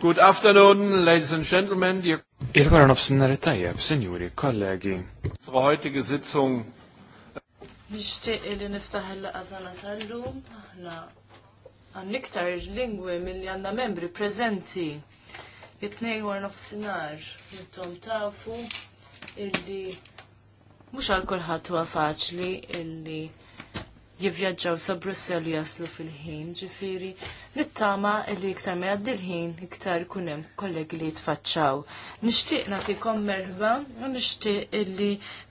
Good afternoon, ladies and gentlemen. Il-għara nofsinnar tajjeb, senjuri, kollegi. Unsere heutige Sitzung. Nishtiq li niftaħ il-laqatana tal-lum, aħna iktar lingwi mill-li għanna membri prezenti. Jitnej għar nofsinnar, jittom tafu illi mux għal-kolħat huwa faċli illi Jivjaġġaw sa Brussel u jaslu fil-ħin, ġifiri, nittama li iktar me l ħin iktar kunem kollegi li jitfacċaw. Nishtiq natikom merħba, u nishtiq illi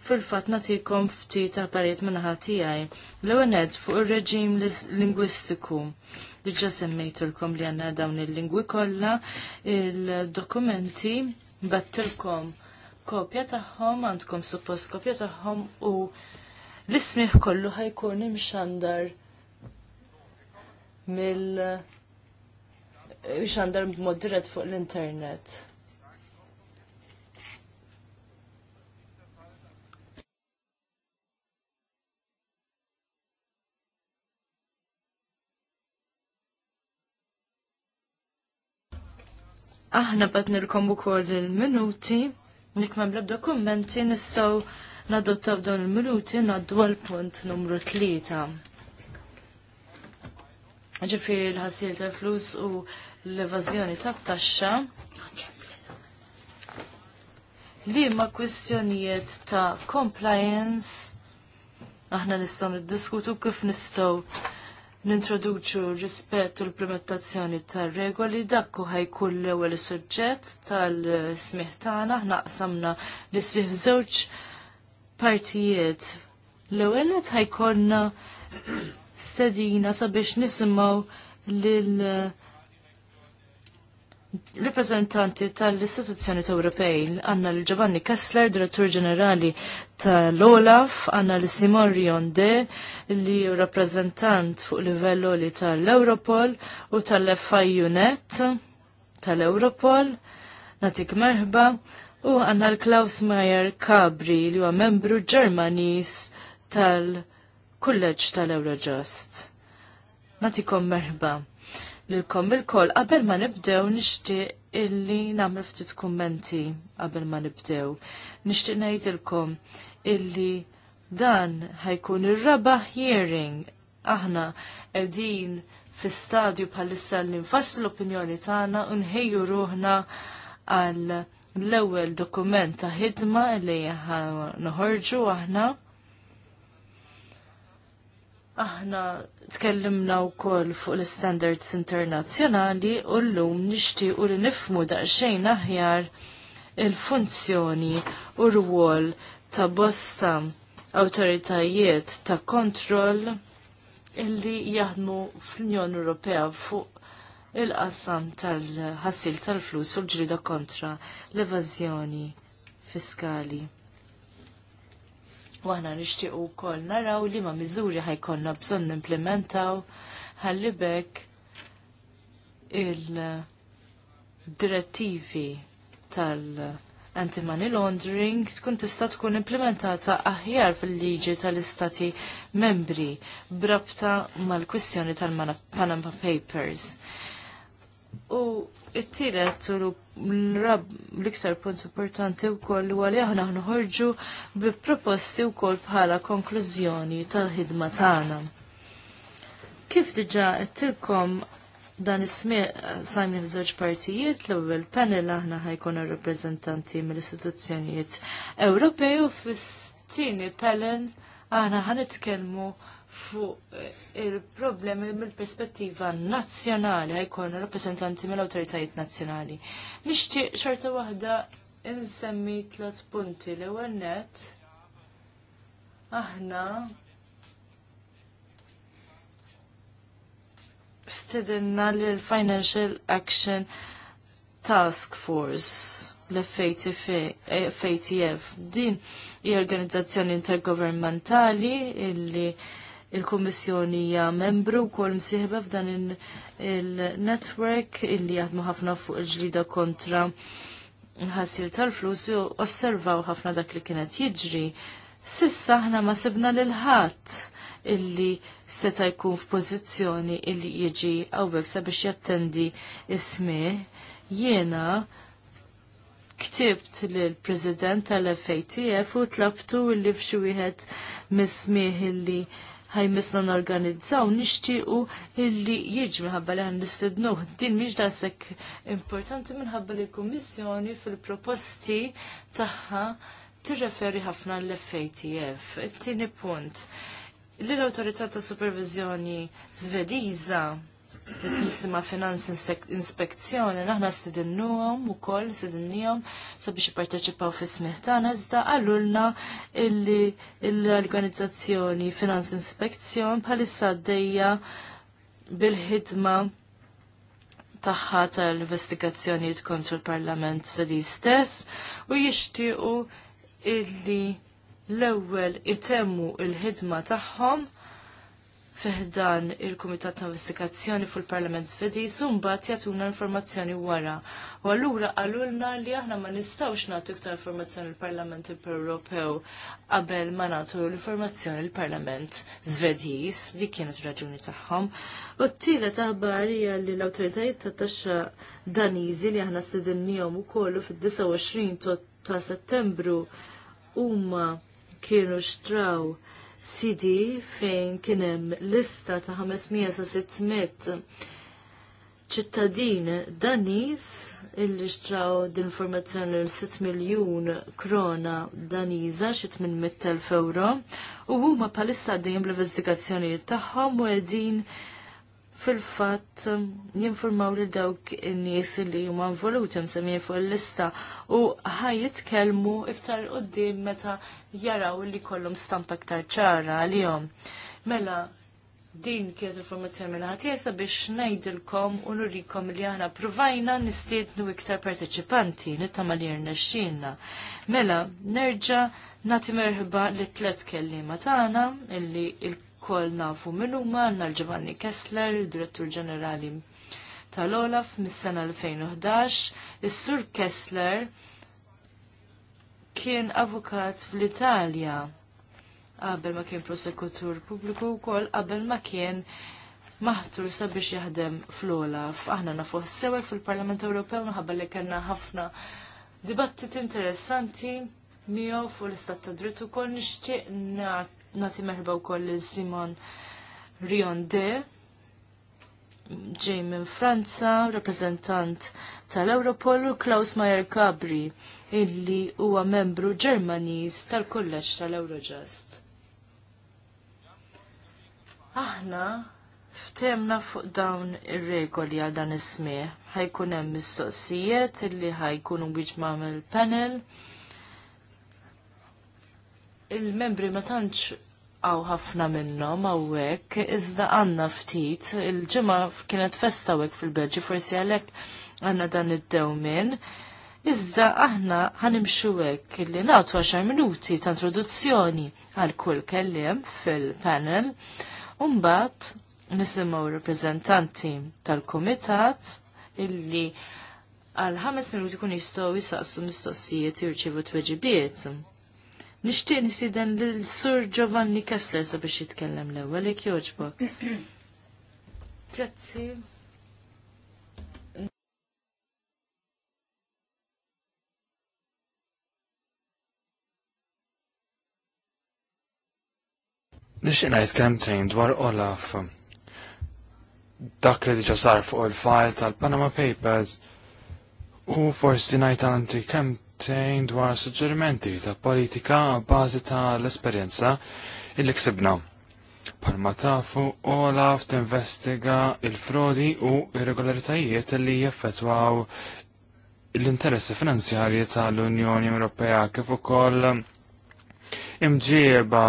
fil-fat natikom ftit għabariet minnaħati għaj. L-għened fuq il-reġim lingwistiku diġa semmejtulkom li għanna dawn il-lingwi kolla, il-dokumenti battilkom kopja taħħom, għandkom suppost kopja taħħom u l-ismiħ kollu ħajkun imxandar mill imxandar dirett fuq l-internet. Aħna bat nilkom ukoll il-minuti, nikmem l-abdokumenti nistgħu nadotta b'dan il-minuti naddu għal-punt numru 3. Ġifiri l-ħasil ta' flus u l-evazjoni ta' taxxa. Li ma' kwistjonijiet ta' compliance aħna nistgħu niddiskutu kif nistgħu nintroduċu rispett u l-implementazzjoni tar regoli dakku ħajkun l-ewwel suġġett tal-smih tagħna ħnaqsamna l-isfih żewġ partijiet. L-ewwel qed ħajkonna stedina sabiex nisimaw lil eh, Rappresentanti tal-istituzzjoni Ewropej għanna l-Giovanni Kessler, direttur ġenerali tal-Olaf, għanna l-Simon Rionde, li rappresentant fuq livello li tal-Europol u tal-FIUNET tal-Europol. Natik merħba, u għanna l-Klaus Mayer Kabri li huwa membru Ġermanis tal-Kulleġġ tal-Eurojust. Natikom merħba lilkom il-koll qabel ma nibdew nixtieq illi nagħmel ftit kummenti qabel ma nibdew. Nixtieq ngħidilkom illi dan ħajkun ir-raba hearing aħna qegħdin fi stadju bħalissa li nfasslu l-opinjoni tagħna u nħejju ruħna għal l-ewwel dokument ta' ħidma li noħorġu aħna. Aħna tkellimna wkoll fuq l-standards internazzjonali u llum nixtiequ li nifmu daqsxejn aħjar il-funzjoni u rwol ta' bosta awtoritajiet ta' kontroll illi jaħdmu fl-Unjoni Ewropea fuq il-qassam tal-ħassil tal-flus u l-ġrida kontra l-evażjoni fiskali. U aħna nixtiequ wkoll naraw li ma' miżuri ħajkonna bżonn nimplementaw ħalli bekk il-direttivi tal- anti-money laundering tkun tista' tkun implementata aħjar fil-liġi tal-istati membri brabta mal-kwistjoni tal-Panama Papers. U it-tielet u l-rab l-iktar punt importanti u koll u għalli aħna ħnħorġu bi proposti u koll bħala konklużjoni tal-ħidma tagħna. Kif diġa għettilkom dan ismiq sajmni f'żewġ partijiet l-ewwel panel aħna ħajkun rappreżentanti mill-istituzzjonijiet Ewropej u fis-tieni panel aħna ħanitkellmu fuq eh, il-problemi mill-perspettiva nazzjonali ħajkun rappresentanti mill-awtoritajiet nazzjonali. Nixtieq xorta waħda insemmi tlat punti l ewwel net aħna stedinna l-Financial Action Task Force l-FATF. Din i organizzazzjoni intergovernmentali illi il-Kommissjoni hija membru wkoll msieħba f'dan il-network illi jaħdmu ħafna fuq il-ġlida kontra ħasil tal-flus u osservaw ħafna dak li kienet jiġri. Sissa ħna ma sibna lil ħadd illi seta jkun f'pożizzjoni illi jiġi hawnhekk sabiex jattendi ismi Jiena ktibt l-President tal-FATF u tlabtu li fxi wieħed mismieħ li ħajmisna norganizzaw nixtiequ illi jiġi minħabba li ħannistednuh. Din mhix dasek importanti minħabba li l-Kummissjoni fil-proposti tagħha tirreferi ħafna l-FATF. it punt. L-autorità ta' supervizjoni Svediża l-pisima finanz inspezzjoni, naħna stidinnuhom ukoll stidinniehom sabiex jipparteċipaw fis smiħtana iżda għallulna l-organizzazzjoni finanz inspezzjoni bħalissa għaddejja bil-ħidma tagħha tal-investigazzjonijiet kontru l-Parlament li stess u jixtiequ illi l-ewwel itemmu il-ħidma tagħhom feħdan il-Kumitat ta' Investigazzjoni fil-Parlament Svedi u mbagħad jagħtuna informazzjoni wara. U allura qalulna li aħna ma nistgħux nagħtu iktar informazzjoni l-Parlament Ewropew qabel ma nagħtu l-informazzjoni l-Parlament Svediż, dik kienet raġuni tagħhom. U t-tielet aħbar hija li l-awtoritajiet ta' taxxa Daniżi li aħna stidinnihom ukoll fid-29 ta' Settembru huma kienu xtraw CD fejn kienem lista ta' 500 600 ċittadin Daniż illi xtraw d-informazzjoni l-6 miljun krona Daniża xi 800,000 euro u huma palissa għaddejjem l-investigazzjonijiet tagħhom u għedin fil-fatt um, jinformaw li dawk in-nies li huma involuti msemmijin fuq il-lista u ħaj jitkellmu iktar qudiem meta jaraw li kollhom stampa iktar ċara għalihom. Mela, din kienet informazzjoni minn ħatiesa biex ngħidilkom u nurikom li aħna provajna nistiednu iktar parteċipanti nittama li rnexxinna. Mela, nerġa' nagħti merħba li tliet kelliema tagħna illi il koll nafu minnuma għanna l-Giovanni Kessler, direttur ġenerali tal-Olaf, mis-sena 2011. Is-Sur Kessler kien avukat fl-Italja qabel ma kien prosekutur pubbliku wkoll qabel ma kien maħtur sabiex jaħdem fl-Olaf. Aħna s sewek fil-Parlament Ewropew naħabba li kellna ħafna dibattit interessanti miegħu fuq l-istat ta' dritt ukoll nixtieq nati merħba u koll Simon Rionde, ġej minn Franza, rappresentant tal-Europol u Klaus Mayer Kabri, illi huwa membru Ġermaniż tal-Kolleġġ tal-Eurojust. Aħna ftemna fuq dawn ir-regoli għal dan is-smieħ. Ħajkun hemm mistoqsijiet illi ħajkunu il panel il-membri ma tantx għaw ħafna minnom għawek, iżda għanna ftit, il-ġimma kienet festa għek fil-Belġi, forsi għalek għanna dan id-dewmin. Iżda aħna ħanimxu hekk li nagħtu 10 minuti ta' introduzzjoni għal kull kellim fil-panel u mbagħad nisimgħu rappreżentanti tal-kumitat illi għal ħames minuti kun jistgħu jisaqsu mistoqsijiet t-weġibiet. Nixtieq nisiden lil Sur Giovanni Kessler sabiex jitkellem l-ewwel jekk jogħġbok. Grazzi. Nixtieq ngħid kemmtejn dwar Olaf. Dak li diġà sar fuq il-file tal-Panama Papers u forsi ngħid anti kemm Tejn dwar suġġerimenti ta' politika bażi ta' l-esperjenza illi ksibna. Palma tafu Olaf tinvestiga il-frodi u irregolaritajiet li jeffetwaw l-interessi finanzjarji tal-Unjoni Ewropea kif ukoll imġieba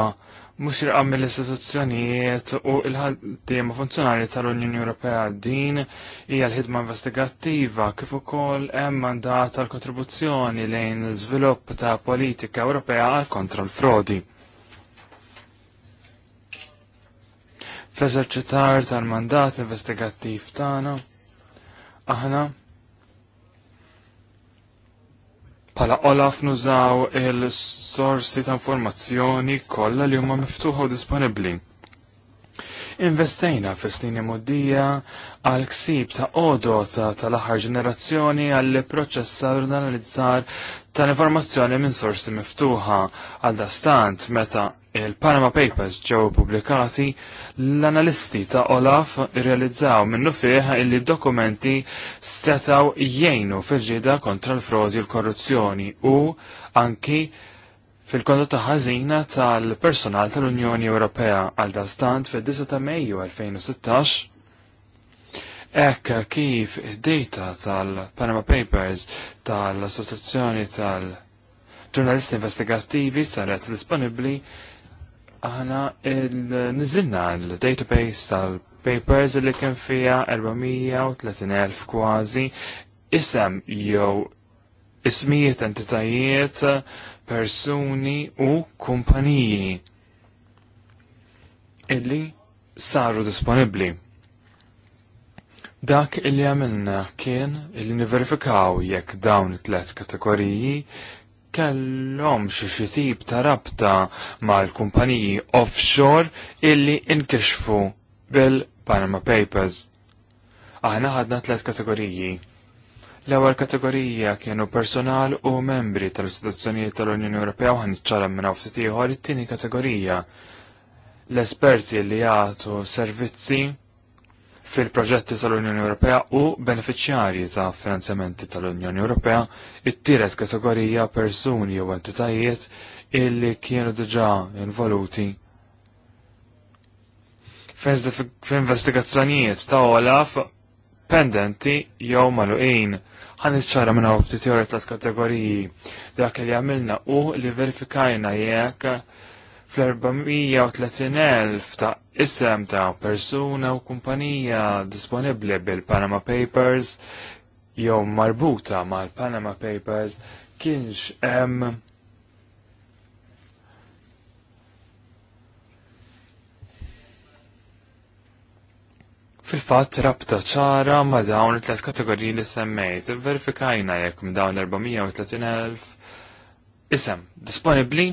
mux irqam mill-istituzzjonijiet u il-ħaddiema funzjonali tal-Unjoni Ewropea din hija l-ħidma investigattiva kif ukoll hemm mandat tal-kontribuzzjoni lejn l-iżvilupp ta' politika Ewropea għal kontra l-frodi. F'eżerċitar tal-mandat investigattiv tagħna aħna Pala Olaf nużaw il-sorsi ta' informazzjoni kollha li huma miftuħu u disponibbli. Investejna fi snin moddija għal ksib ta' odota tal-aħħar ġenerazzjoni għall proċessar u analizzar tal-informazzjoni minn sorsi miftuħa għal dastant meta il-Panama Papers ġew pubblikati, l-analisti ta' Olaf irrealizzaw minnu fih illi dokumenti setaw jgħinu fil-ġida kontra l-frodi l-korruzzjoni u anki fil-kondotta ħażina tal-personal tal-Unjoni Ewropea għal dastant fil 10 ta' Mejju 2016 Ekk kif id-data tal-Panama Papers tal-Assoċjazzjoni tal-Ġurnalisti Investigativi saret disponibbli aħna nizilna l-database tal-papers li kien fija 430.000 kważi isem jew ismijiet entitajiet, persuni u kumpaniji illi saru disponibli. Dak illi għamilna kien illi niverifikaw jekk dawn it-tlet kategoriji kellhom xi tip ta' rabta mal-kumpaniji offshore illi inkixfu bil-Panama Papers. Aħna ħadna tliet kategoriji. L-ewwel kategorija kienu personal u membri tal-istituzzjonijiet tal-Unjoni Ewropea u ħanċċara minn ftit ieħor it-tieni kategorija l-esperti li jagħtu servizzi fil-proġetti tal-Unjoni Ewropea u beneficjarji ta' finanzjamenti tal-Unjoni Ewropea it-tielet kategorija persuni u entitajiet illi kienu diġà involuti f'investigazzjonijiet ta' Olaf pendenti jew maluqin ħan iċċara minna u ftit teori kategoriji dak li għamilna u li verifikajna jekk fl-430.000 ta' isem ta' persuna u kumpanija disponibli bil-Panama Papers jew marbuta mal-Panama Papers kienx hemm Fil-fat rabta ċara ma dawn it-tlet kategoriji li semmejt, verifikajna jekk dawn l-430.000 isem disponibli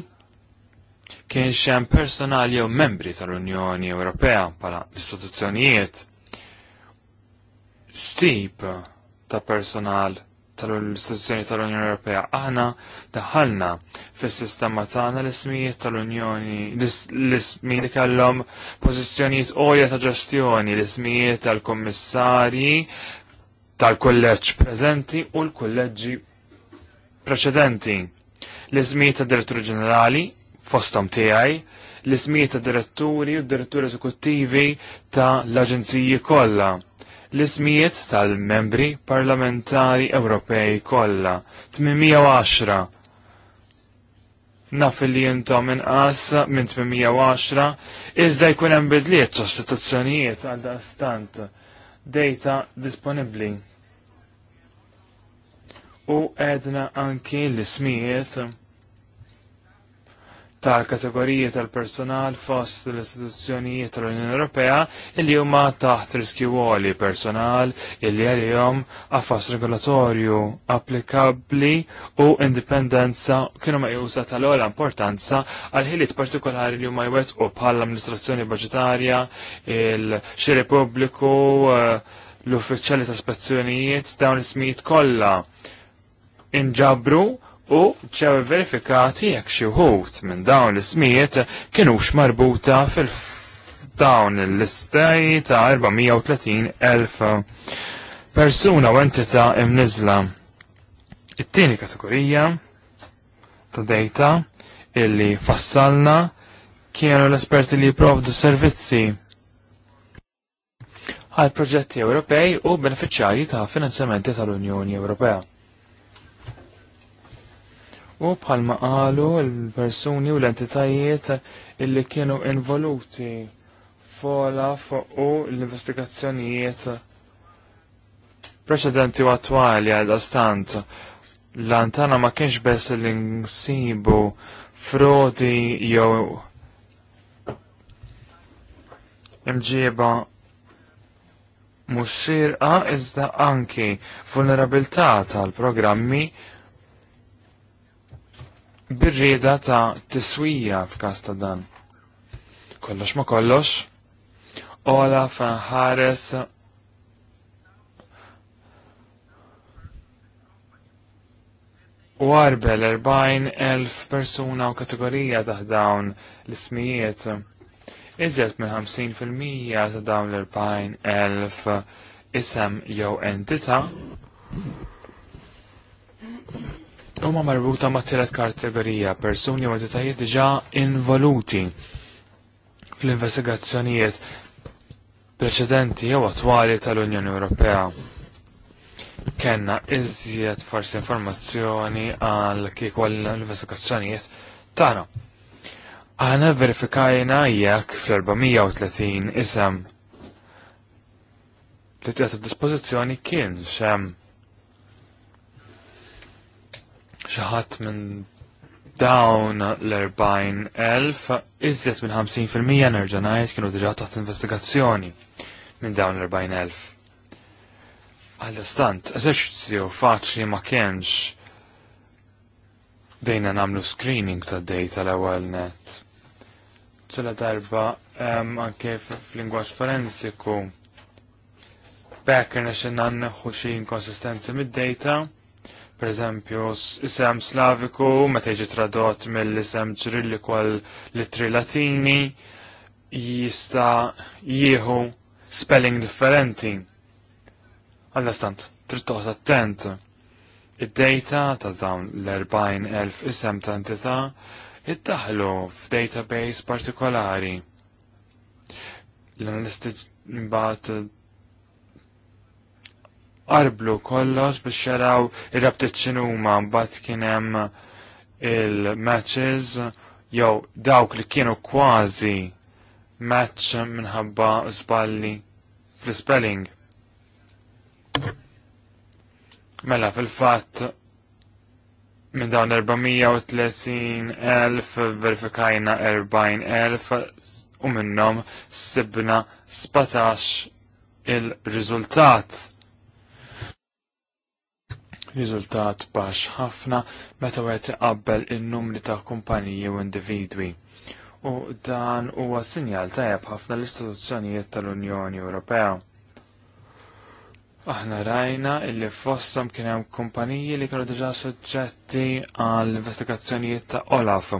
kien xem personal jew membri tal-Unjoni Ewropea pala l-istituzzjonijiet stip ta' personal tal-istituzzjoni tal-Unjoni Ewropea aħna daħalna fis-sistema tagħna l-ismijiet tal-Unjoni l-ismijiet li kellhom pożizzjonijiet għolja ta' ġestjoni l-ismijiet tal-kummissarji tal-kolleġġ preżenti u l-kolleġġi preċedenti l-ismijiet tad direttur ġenerali fostom tiegħi l-ismijiet ta' diretturi u diretturi eżekuttivi ta' l-aġenziji kollha l-ismijiet tal-membri parlamentari Ewropej kollha 810 naf li jintom inqas minn 810 iżda jkun hemm bidliet sostituzzjonijiet għal stant data disponibbli. U edna anki l-ismijiet tal-kategoriji tal-personal fost l-istituzzjonijiet tal-Unjoni Ewropea il huma taħt riskju għoli personal għal-jom għafas regolatorju applikabli u indipendenza kienu ma juża tal ogħla importanza għal ħiliet partikolari li huma jwettqu bħal amministrazzjoni budgetarja il-xiri pubbliku, eh, l-uffiċjali ta' spazzjonijiet dawn is-smijiet kollha inġabru u ġew verifikati jekk xi wħud minn dawn l-ismijiet kienux marbuta fil dawn l-istej ta' 430.000 persuna u entita' imniżla. It-tieni kategorija ta' data illi fassalna kienu l-esperti li jiprovdu servizzi għal proġetti Ewropej u beneficjari ta' finanzjamenti tal-Unjoni Ewropea u bħalma qalu l-persuni u l-entitajiet illi kienu involuti folaf u l-investigazzjonijiet preċedenti u attuali għal stant l-antana ma kienx bess l-insibu frodi jew imġieba mux xirqa iżda anki vulnerabilità tal-programmi birrieda ta' tiswija f'każ ta' dan. Kollox ma kollox, Olaf Fanħares Warbel 40.000 persuna u kategorija ta' dawn l-ismijiet. Iżjed minn 50% ta' dawn l-40.000 isem jew entita' huma marbuta ma' tielet kategorija persuni u entitajiet diġà involuti fl-investigazzjonijiet preċedenti jew attwali tal-Unjoni Ewropea. Kenna iżjed forsi informazzjoni għal kieku l-investigazzjonijiet tagħna. Aħna verifikajna jekk fl-430 isem li t-għat dispożizzjoni kien xem xaħat minn dawn l-40,000 iżjed minn 50% nerġanajt ngħid kienu diġà taħt investigazzjoni minn dawn l-40,000. Għal-istant, eżerċizzju faċli ma kienx dejna namlu screening ta' data l-ewwel net. Ċela darba anke fl-lingwaġġ forensiku bekker nexxin nanneħu xi inkonsistenzi mid-data per eżempju, isem slaviku, meta jiġi tradot mill-isem ċirilliku kol litri latini, jista jieħu spelling differenti. Għallastant, trittoħt attent. Id-data ta' dawn l-40,000 isem ta' entità ittaħlu f'database partikolari. L-analisti mbagħad qarblu kollox biex jaraw ir rabtiċċin huma mbagħad kien hemm il-matches jew dawk li kienu kważi match minħabba żballi fl-spelling. Mela fil-fatt minn dawn 430.000 verifikajna 40.000 u minnom sibna 17 il-riżultat riżultat baxx ħafna meta wieħed qabel in-numri ta' kumpaniji u individwi. U dan huwa sinjal tajjeb ħafna l-istituzzjonijiet tal-Unjoni Ewropea. Aħna rajna illi fostom kien hemm kumpaniji li kienu diġà suġġetti għal investigazzjonijiet ta' Olaf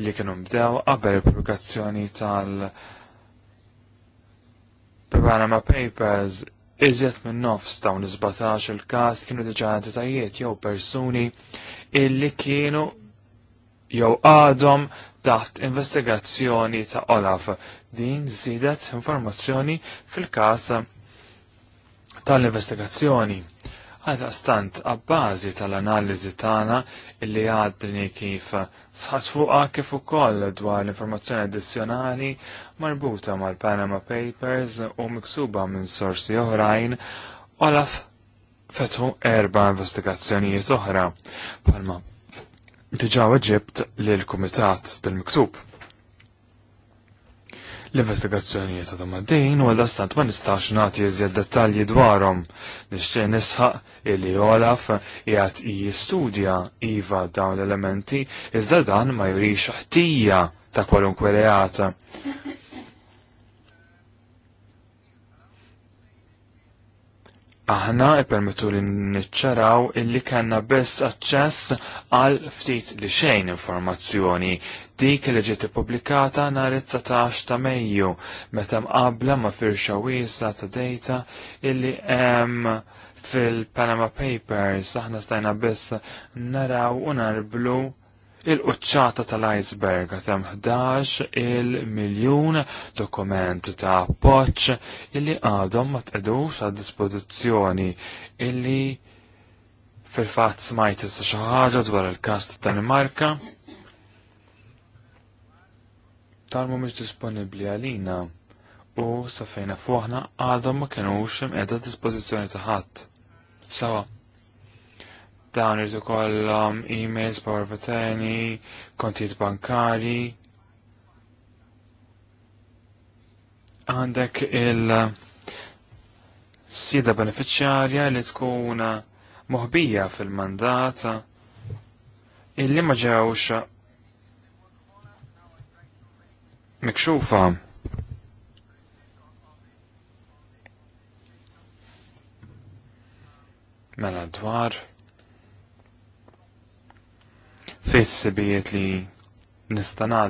li kienu bdew qabel il-pubblikazzjoni tal- Panama Papers Iżjed minn nofs dawn iż-17 il-każ kienu diġà entitajiet jew persuni illi kienu jew għadhom taħt investigazzjoni ta' Olaf. Din żiedet informazzjoni fil-każ tal-investigazzjoni. Għadha stant għabbażi tal-analiżi tagħna illi għadni kif sħat fuqha kif ukoll dwar l-informazzjoni addizzjonali marbuta mal-Panama Papers u miksuba minn sorsi oħrajn Olaf fetħu erba investigazzjonijiet oħra palma diġa ġibt lil kumitat bil-miktub. L-investigazzjonijiet ta' domaddin u għal-dastant ma nistax nagħti iżjed dettalji dwarhom. Nixtieq nisħaq illi Olaf jgħat jistudja iva dawn l-elementi iżda dan ma jurix ħtija ta' kwalunkwe reata Aħna permettu li niċċaraw illi kanna bess aċċess għal ftit li xejn informazzjoni dik li ġiet ippubblikata nhar 19 ta' Mejju meta mqabla ma' firxa wiesa ta' data illi hemm fil-Panama Papers aħna stajna biss naraw u narblu il-qċċata tal-iceberg għatem 11 il-miljun dokument ta' poċ illi għadhom ma tqedux għad dispożizzjoni illi fil-fat smajt issa xi ħaġa dwar il kast ta' Danimarka tal-mu mħiġ disponibbli għalina u safejna fuħna għadhom ma kienux imqiegħda dispożizzjoni ta' ħadd. Sawa, Dan irdu kollhom emails barbateni, kontijiet bankari. Għandek il-sida beneficjarja li tkun moħbija fil mandata illi ma ġewx mikxufa. Mela dwar fis-sibijiet li nista'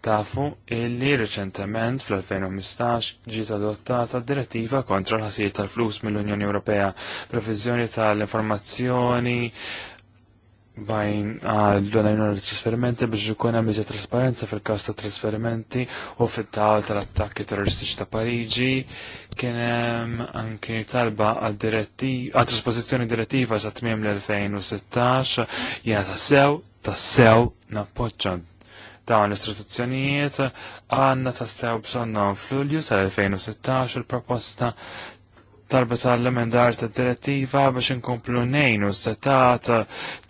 tafu illi riċentement fl-2015 ġiet adottata direttiva kontra l-ħasijiet tal-flus mill-Unjoni Ewropea previżjoni tal-informazzjoni bajn għal-donajn trasferimenti biex ikun hemm iżjed trasparenza fil-każ ta' trasferimenti u fit-tal tal-attakki terroristiċi ta' Pariġi kien hemm anke talba għad-direttiva għat-trasposizzjoni direttiva sa' tmiem l-2016 jiena tassew tassew nappoġġa dawn l-istituzzjonijiet għanna tassew bżonnom fl-Ulju tal-2016 il-proposta talba tal-emendar ta' direttiva biex inkomplu nejnu setat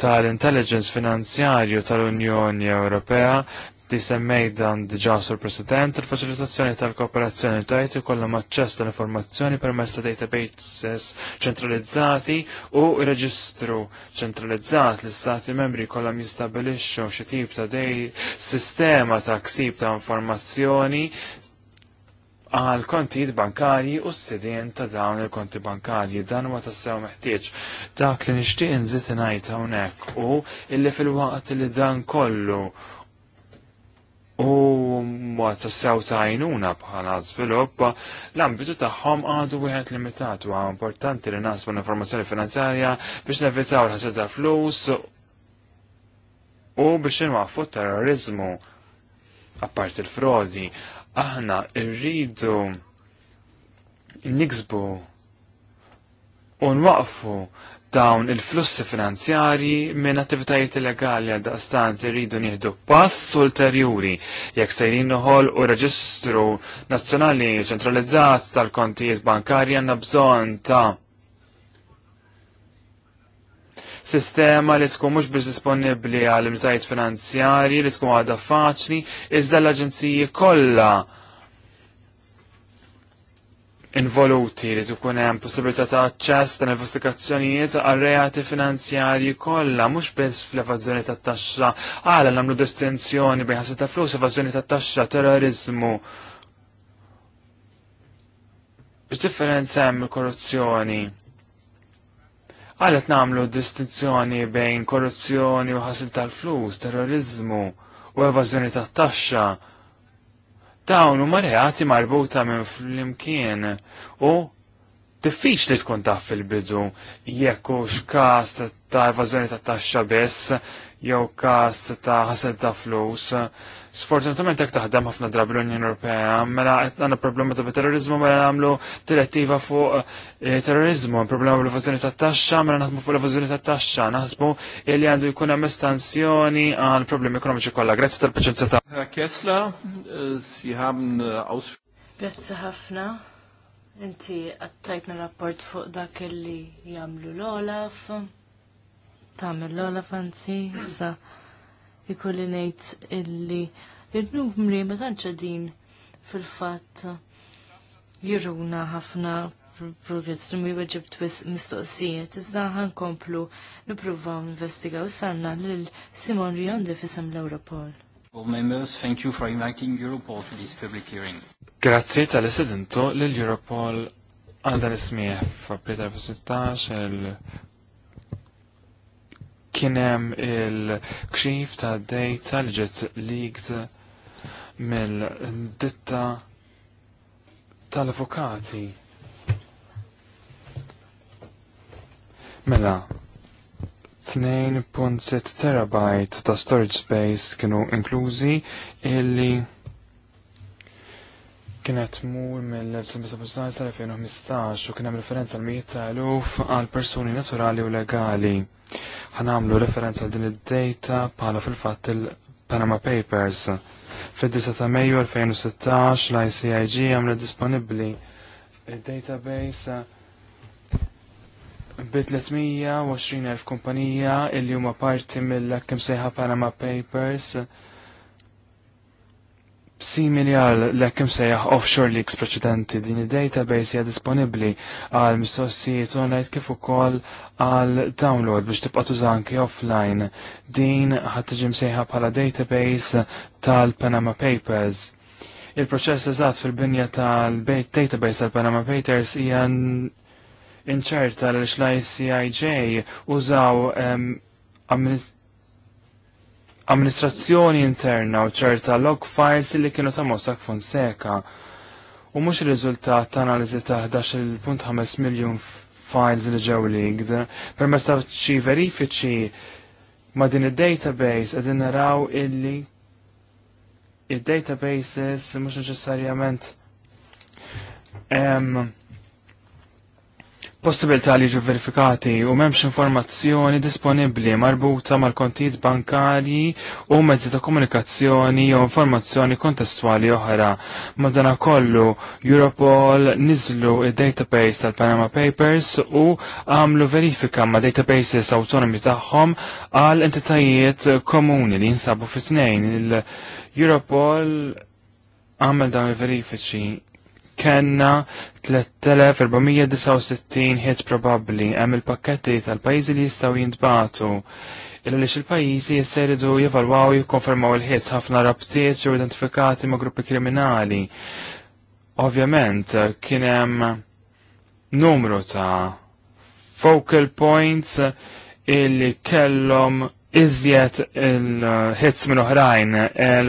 tal-intelligence finanzjarju tal-Unjoni Ewropea Inti semmej dan diġa sur President, il-faċilitazzjoni tal-kooperazzjoni tajt kollha maċċess tal-informazzjoni permezz ta' databases ċentralizzati u reġistru ċentralizzat li stati membri kollha jistabilixxu xi tip ta' dej sistema ta' ksib ta' informazzjoni għal kontijiet bankarji u s-sidien ta' dawn il-konti bankarji dan huwa tassew meħtieġ dak li nixtieq inżid ngħid hawnhekk u illi fil-waqt li dan kollu U ma tassew tajnuna bħala svilupp, l-ambitu tagħhom għadu wieħed limitat u importanti li nasbu l-informazzjoni finanzjarja biex nevitaw l-ħasil ta' flus u biex inwaqfu terrorizmu apparti il-frodi. Aħna rridu niksbu u nwaqfu dawn il-flussi finanzjarji minn attivitajiet illegali għal daqstant iridu nieħdu pass ulterjuri jekk sejrin noħol u reġistru nazzjonali ċentralizzat tal-kontijiet bankarji għandna bżonn ta' sistema li tkun mhux biex disponibbli għal imżajt finanzjarji li tkun għadha faċli iżda l-aġenziji kollha involuti li tukun hemm possibilità ta' aċċess ta' investigazzjonijiet għal reati finanzjarji kollha mhux biss fl-evażjoni tat-taxxa għala nagħmlu distinzjoni bejn ħasib ta' flus evażjoni tat-taxxa terrorizmu. X'differenza hemm korruzzjoni? Għalet namlu distinzjoni bejn korruzzjoni u ħasil tal-flus, terrorizmu u evażjoni tat-taxxa. Dawn huma reati marbuta minn flimkien u Diffiċ li tkun taf fil-bidu jekk hux każ ta' evażjoni ta' taxxa biss jew każ ta' ħasel ta' flus. Sfortunatament jekk taħdem ħafna drabi l-Unjoni Ewropea, mela qed għandna problema ta' terrorizmu mela nagħmlu direttiva fuq eh, terrorizmu, problema bl-evażjoni ta' taxxa, mela naħdmu fuq l-evażjoni ta' taxxa, naħsbu li għandu jkun hemm estansjoni għal problemi ekonomiċi kollha. Grazzi tal-paċenza ta' Kesla, eh, si eh, ħafna. Inti għattajtna rapport fuq dak li jamlu l-Olaf, tamil l-Olaf għanzi, issa ikolli nejt illi il-numri ma tanċadin fil-fat jiruna ħafna progress li mi weġib twis mistoqsijiet, iżda komplu nipruvaw investigaw sanna l-Simon Riondi fissam l-Europol. All members, thank you for inviting Europol to this public hearing. Grazzi tal-istudentu l-Europol għal dan ismieħ f'April f il kienem il-kxif ta' data li ġet ligd mill-ditta tal-avukati. Mela, 2.6 terabyte ta' storage space kienu inklużi illi kienet mur mill-1915 sal-2015 u kien hemm referenza l mijiet eluf għal persuni naturali u legali. Ħanamlu referenza din id-data bħala fil-fatt il-Panama Papers. fid 10 ta' Mejju 2016 l-ICIG għamlet disponibbli il-database bi 320.000 kumpanija li huma parti mill-kem sejħa Panama Papers simili għal l-ekkim sejjaħ offshore leaks preċedenti din il-database hija disponibbli għal mistoqsijiet online kif ukoll għal download biex tibqa' tużanki offline. Din ħadd tiġi msejħa bħala database tal-Panama Papers. Il-proċess eżatt fil-binja tal-database tal-Panama Papers hija inċerta l-ICIJ użaw amministrazzjoni interna u ċerta log files li kienu ta' Mossack Fonseca u mhux ir-riżultat ta' analiżi ta' 11.5 miljun files li ġew leaked per ta' xi verifiċi ma' din id-database qegħdin naraw illi id-databases mhux neċessarjament possibilità li ġu verifikati u memx informazzjoni disponibli marbuta mal-kontijiet bankali u mezzi ta' komunikazzjoni u informazzjoni kontestwali oħra. Madana kollu, Europol nizlu il-database tal-Panama Papers u għamlu verifika ma' databases autonomi tagħhom għal entitajiet komuni li jinsabu fit-tnejn. Il-Europol għamel dan il-verifiċi kena 3469 hit probabli hemm il-pakketti tal-pajjiżi li jistgħu jintbagħtu. Illa lix il-pajjiżi jisseridu jevalwaw jikkonfermaw il ħits ħafna rabtiet u identifikati ma' gruppi kriminali. Ovvjament kien hemm numru ta' focal points illi kellhom iżjed il-hits uh, minn oħrajn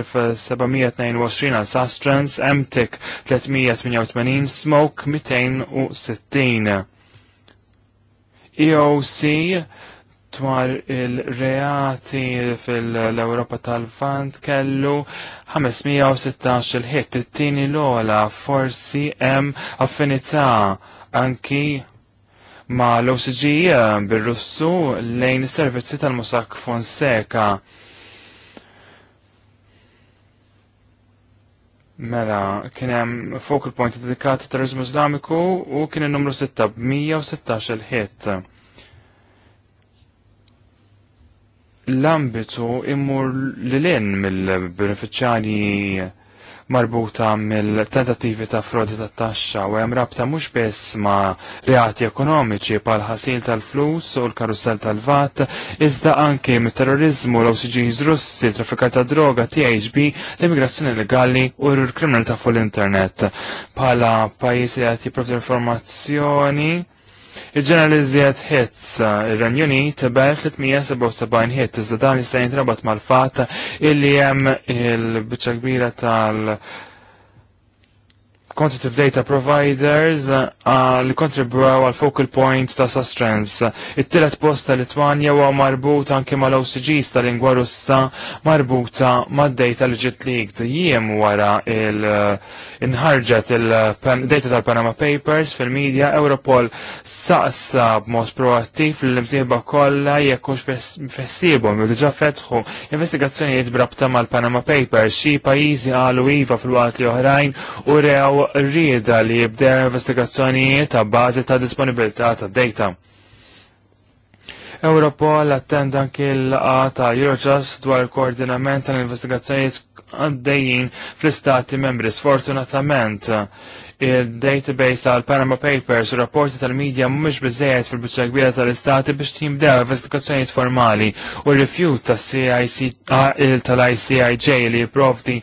1722 għal Sastrans, Emtik 388, Smoke 260. EOC dwar il-reati fil-Europa tal fant kellu 516 il-hit, it-tini l-ola forsi hemm affinità anki ma l-OCG eh, bil-Russu lejn is-servizzi tal-Mossack Fonseca. Mela, kien hemm focal point dedikat terrorizmu Islamiku u kien in-numru 6 b'116 il-ħiet. L-ambitu immur Lilin mill-beneficjani marbuta mill-tentattivi ta' frodi ta' taxxa u hemm rabta mhux biss ma' reati ekonomiċi bħal ħasil tal-flus u l-karussell tal-vat, iżda anke mit-terrorizmu l OCGs Russi, traffikar ta' droga, THB, l-immigrazzjoni legali u l-kriminalità fuq l-internet. Bħala pajjiż li qed jipprovdi informazzjoni Iġġeneralizzjat hits ir-Renju Unit tibel 377 hit iżda dan jista' jintrabat mal-fatt illi hemm il-biċċa kbira tal- quantitative data providers uh, li kontribwew għal focal point ta' sostrans. It-tielet post ta' Litwanja huwa marbut anke mal-OCGs ta' lingwa russa marbuta mad-data li ġiet leaked. Jiem wara il-inħarġet uh, il-data uh, tal-Panama Papers fil-medja Europol saqsa b'mod proattiv l-imsieħba kollha jekk hux fessibhom jew diġà fetħu investigazzjonijiet brabta mal-Panama Papers xi pajjiżi għalu iva fil-waqt li oħrajn u rew fuq rieda li jibdew investigazzjonijiet ta' bażi ta' disponibilità ta' data. Europol attend anki l-laqa ta' Eurojust dwar koordinament tal-investigazzjonijiet għaddejjin fl-istati membri. Sfortunatament, il-database tal-Panama Papers u rapporti tal-medja mhumiex biżejjed fil-biċċa kbira tal-istati biex jimdew investigazzjonijiet formali u rifjut tal-ICIJ eh, li jipprovdi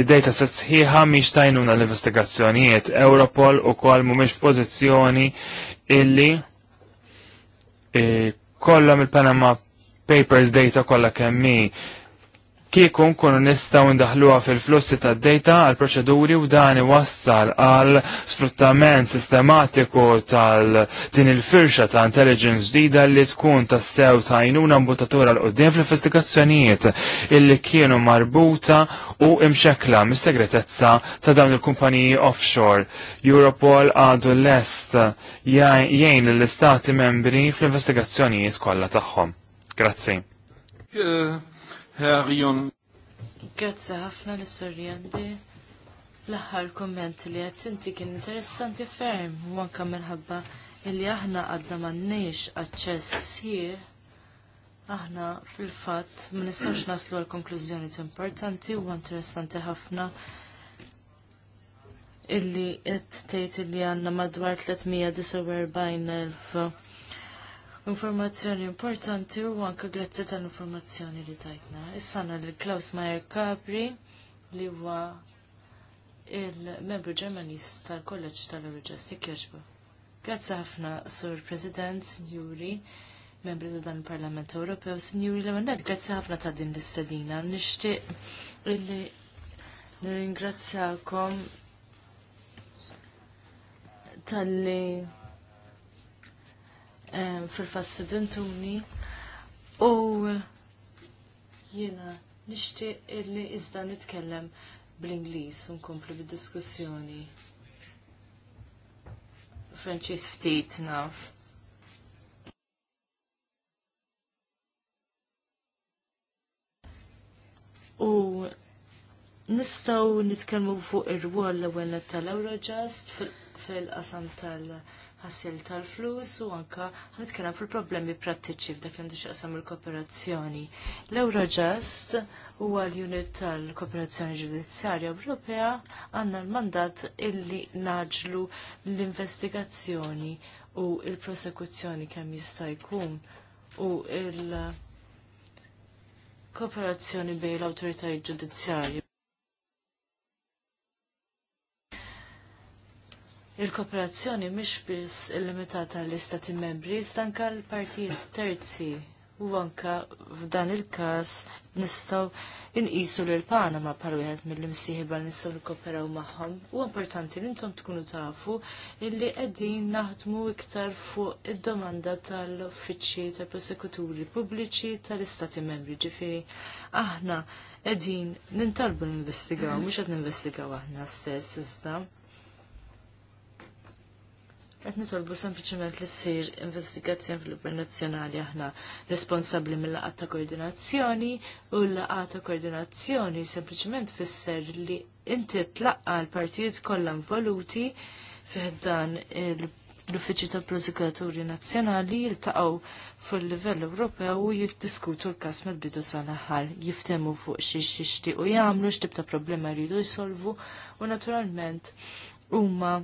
id-data set sħiħa miex tajnuna l-investigazzjonijiet. Europol ukoll mhumiex f'pożizzjoni illi eh, kollha mill-Panama Papers data kollha kemm kieku nkunu nistgħu ndaħluha fil-flussi tad-data għal proċeduri u dan iwassal għal sfruttament sistematiku tal din il-firxa ta' intelligence ġdida li tkun tassew ta' jnuna mbutatura l qudiem fl-investigazzjonijiet illi kienu marbuta u imxekla mis-segretezza ta' dawn il-kumpaniji offshore. Europol għadu l-est jgħin l-istati membri fl-investigazzjonijiet kollha tagħhom. Grazzi. Herjon. Grazzi ħafna l sorjandi L-aħħar komment li għed inti kien interessanti ferm, manka minħabba illi aħna għadna m'għandniex aċċess sieħ, aħna fil-fatt ma nistax naslu għal konklużjoni importanti u interessanti ħafna illi qed tgħid illi għandna madwar 349,000 informazzjoni importanti u anke grazzi tal-informazzjoni li tajtna. Issana li Klaus Mayer Capri li huwa il-membru Ġermanis tal-Kolleġġ tal-Oriġas Jekjerġba. Grazzi ħafna, Sur President, Juri, membri ta' dan il-Parlament Ewropew, Sinjuri Lemonet, grazzi ħafna ta' din l-istadina. Nixtieq illi nirringrazzjakom tal-li fil-fassidentuni u jiena nixtieq illi iżda nitkellem bl-Ingliż u nkomplu bid-diskussjoni. Franċiż ftit naf. U nistaw nitkellmu fuq ir-rwol l-ewwel tal-Eurojust fil-qasam tal-, -tal ħassil tal-flus u anka ħanitkellem fil-problemi prattiċi f'dak li għandu xaqsam il-kooperazzjoni. L-Eurojust u l-unit tal-Kooperazzjoni Ġudizzjarja Ewropea għandna l-mandat illi naġlu l-investigazzjoni u il-prosekuzzjoni kemm jista' jkun u il- kooperazzjoni bejn l-autoritajiet ġudizzjarja. il-kooperazzjoni mhix biss illimitata l-istati membri, iżda anke l-partijiet terzi u anke f'dan il-każ nistgħu inqisu lil Panama bħal wieħed mill-imsieħba bħal nistgħu nikkoperaw magħhom. U importanti li intom tkunu tafu illi qegħdin naħdmu iktar fuq id-domanda tal-uffiċċji tal-prosekuturi pubbliċi tal-istati membri, ġifieri aħna qegħdin nintalbu ninvestigaw, mhux qed ninvestigaw aħna stess iżda Qed nisolbu sempliċement li ssir investigazzjoni fil-Libri Nazzjonali aħna responsabbli mill-laqgħa ta' koordinazzjoni u l-laqgħa ta' koordinazzjoni sempliċement fisser li inti tlaqqa l-partijiet kollha involuti fih dan l-Uffiċċju tal-Prosekuturi Nazzjonali jiltaqgħu fuq livell Ewropew u jiddiskutu l-każ mill-bidu sal-aħħar, jiftemu fuq xi xixtiequ jagħmlu x'tib ta' problema jridu jsolvu u naturalment huma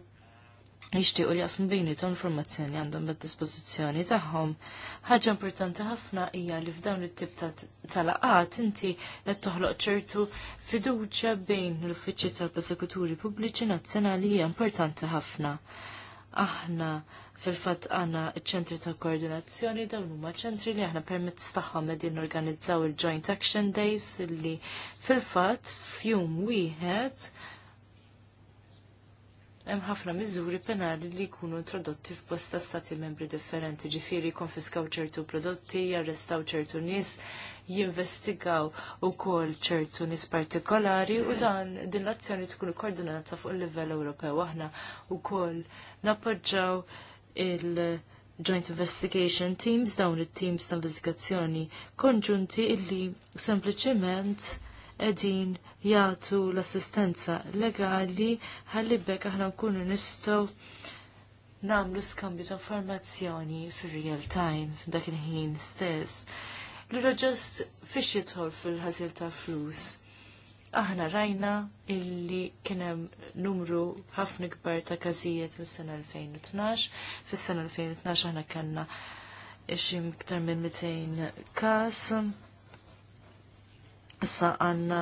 jixtiequ li jasmu bejnietom informazzjoni għandhom bid-dispożizzjoni tagħhom. Ħaġa importanti ħafna hija li f'dawn it-tip tal-laqat inti qed toħloq ċertu fiduċja bejn l-uffiċċji tal-Prosekuturi Pubbliċi Nazzjonali hija importanti ħafna. Aħna fil-fatt għandna ċ-ċentri ta' koordinazzjoni dawn huma ċentri li aħna permezz tagħhom qegħdin organizzaw il-Joint Action Days illi fil-fatt f'jum wieħed hemm ħafna miżuri penali li jkunu introdotti f'bosta stati membri differenti, ġifieri konfiskaw ċertu prodotti, jarrestaw ċertu nies, jinvestigaw ukoll ċertu nies partikolari u dan din l-azzjoni tkun koordinata fuq il-livell Ewropew aħna wkoll nappoġġaw il- Joint Investigation Teams, dawn it-teams ta' investigazzjoni konġunti illi sempliċement edin jagħtu l-assistenza legali ħalli bekk aħna nkunu nistgħu nagħmlu skambju ta' informazzjoni fir-real time f'dak il-ħin stess. Lura ġust fiex jidħol fil ħazil ta' flus aħna rajna illi kienem numru ħafna kbar ta' kazijiet mis sena 2012. Fis sena 2012 aħna kanna xim ktar minn 200 kas. Issa għanna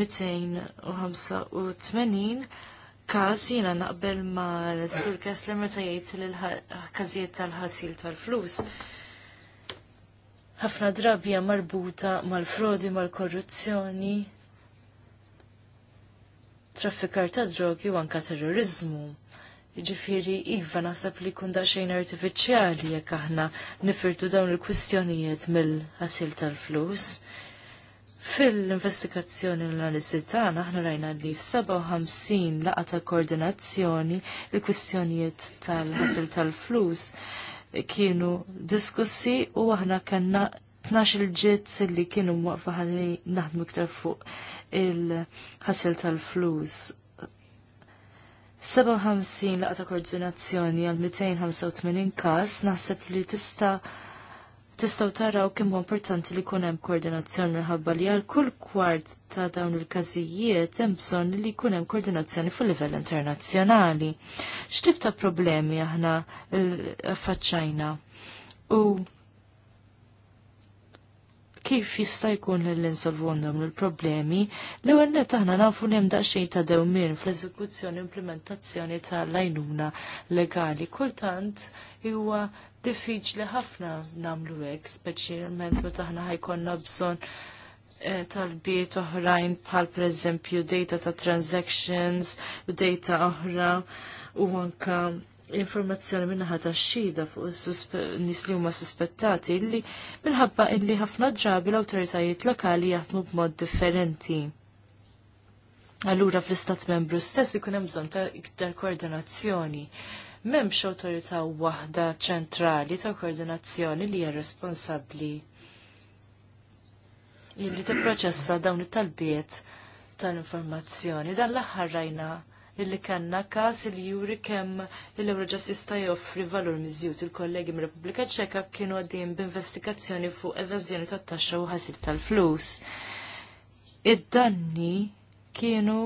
285 kas jina naqbel ma l-sur Kessler meta jgħid l-każijiet tal-ħasil tal-flus. Ħafna drabja marbuta mal-frodi, mal-korruzzjoni, traffikar ta' drogi u anka terrorizmu. Ġifiri, iva nasab li kun daċxajn artifiċjali jekk aħna nifirtu dawn il-kwistjonijiet mill-ħasil tal-flus. Fil-investigazzjoni l-analizi tagħna aħna rajna li f'57 laqa ta' koordinazzjoni il-kwistjonijiet tal-ħasil tal-flus kienu diskussi u aħna kellna 12 ġiet li kienu waqfa ħalli naħdmu iktar fuq il-ħasil tal-flus. 57 laqta koordinazzjoni għal 285 kas naħseb li tista' tistgħu taraw kemm importanti li jkun hemm koordinazzjoni minħabba li għal kull kwart ta' dawn il-każijiet hemm bżonn li jkun hemm koordinazzjoni fuq livell internazzjonali. X'tib ta' problemi aħna eh, faċċajna? U kif jista' jkun li insolvondhom il-problemi li għanna aħna nafu li hemm daqsxejn ta' dewmien fl-eżekuzzjoni u implementazzjoni tal-lajnuna legali. Kultant huwa diffiċli ħafna namlu hekk, speċjalment meta aħna ħajkonna bżonn eh, tal-biet oħrajn bħal per eżempju data ta' transactions, data oħra u anka informazzjoni minnaħa ta' xida fuq nis li huma suspettati illi minħabba illi ħafna drabi l-awtoritajiet lokali jaħdmu b'mod differenti. Allura fl-istat membru stess ikun hemm bżonn ta' iktar koordinazzjoni. M'hemmx awtorità waħda ċentrali ta' koordinazzjoni li hija responsabbli li tipproċessa dawn it-talbiet tal-informazzjoni. Dan l-aħħar rajna illi kanna kas li juri kem il-Euroġustista joffri valur miżjut il-kollegi mir repubblika ċeka kienu għaddin b'investigazzjoni fuq evażjoni tat taxxa u ħasil tal-flus. Id-danni kienu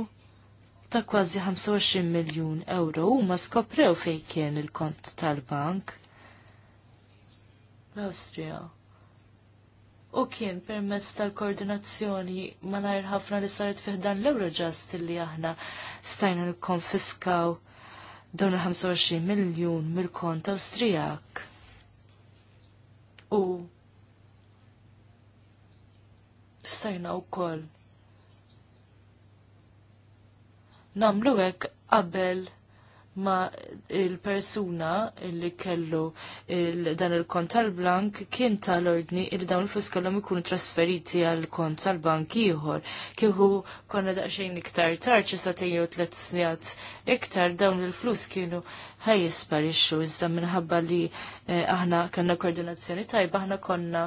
ta' kważi 25 miljun euro huma skoprew fejn kien il-kont tal-bank. L-Austria. U kien permezz tal-koordinazzjoni ma nhar ħafna li saret fiħdan l-Eurojust li aħna stajna nikkonfiskaw dawn il-25 miljun mill-kont Awstrijak. U stajna wkoll namlu hekk qabel ma il-persuna li kellu il dan il-kont tal-blank kien tal-ordni li dawn il-flus kellhom ikunu trasferiti għal kont tal-bank ieħor. Kieku konna daqsxejn iktar tard sa satejn tliet snijat iktar dawn il-flus kienu ħaj jisparixxu iżda minħabba li eh, aħna kellna koordinazzjoni tajba aħna konna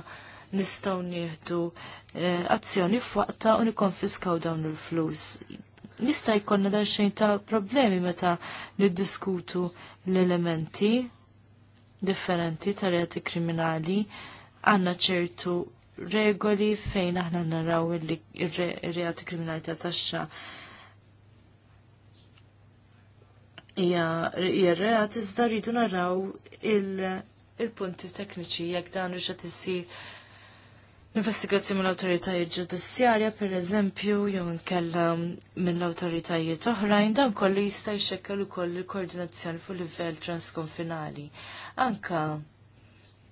nistgħu nieħdu eh, azzjoni f'waqta u nikkonfiskaw dawn il-flus. Nista' jkollna dan xejn ta' problemi meta niddiskutu l-elementi differenti tal-reati kriminali għandna ċertu regoli fejn aħna naraw il-reati kriminali ta' taxxa hija r-reati iżda jidu naraw il-punti tekniċi jekk dan rixat issir investigazzjoni mill-awtoritajiet ġudizzjarja pereżempju jew nkella mill-awtoritajiet oħrajn dan kollu jista' jxekkel ukoll il-koordinazzjoni fuq livell transkonfinali. Anka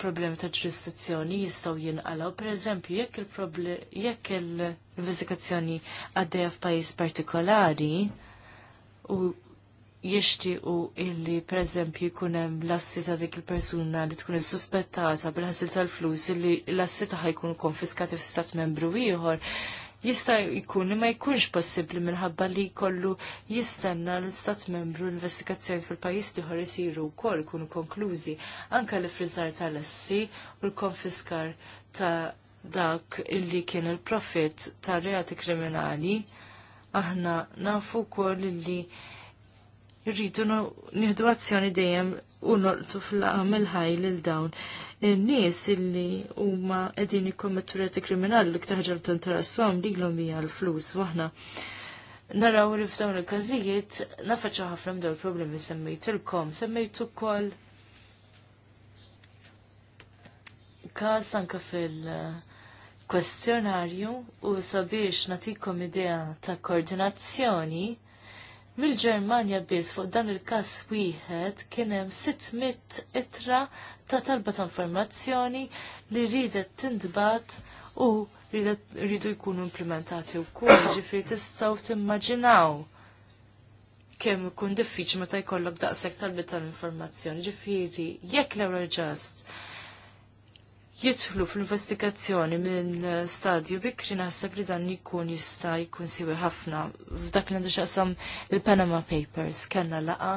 problemi ta' ġurisdizzjoni jistgħu jinqalgħu pereżempju jekk il jekk l-investigazzjoni għaddejja f'pajjiż partikolari u jixtiequ illi pereżempju jkun hemm l-assi ta' dik il-persuna li tkun suspettata bil-ħasil tal-flus illi l-assi tagħha jkun konfiskati f'stat membru ieħor jista' jkun ma jkunx possibbli minħabba li jkollu jistenna l-istat membru l-investigazzjoni fil-pajjiż ieħor isiru wkoll ikunu konklużi anke li friżar tal-assi u l-konfiskar ta' dak illi kien il-profit ta' reati kriminali aħna nafu wkoll illi rridu nieħdu azzjoni dejjem u nortu fl-għamil ħaj lil dawn. In-nies illi huma qegħdin jikkommettu reti kriminali li ktar ġarb tinterassom li hija l-flus waħna. Naraw li f'dawn il-każijiet nafaċċa ħafna mdew il-problemi semmejtilkom, semmejtu ukoll każ anke fil- kwestjonarju u sabiex natikom idea ta' koordinazzjoni Mill-Ġermanja biss fuq dan il-każ wieħed kien hemm 600 itra ta' talba ta' informazzjoni li ridet tintbat u rridu jkunu implementati wkoll ġifri tistgħu timmaġinaw kemm ikun diffiċli meta jkollok daqshekk talbi tal-informazzjoni. Ġifieri jekk l ġast jidħlu fl-investigazzjoni minn eh, stadju bikri naħseb li dan jikun jista' jkun siwi ħafna. F'dak li xaqsam il-Panama Papers kellna laqa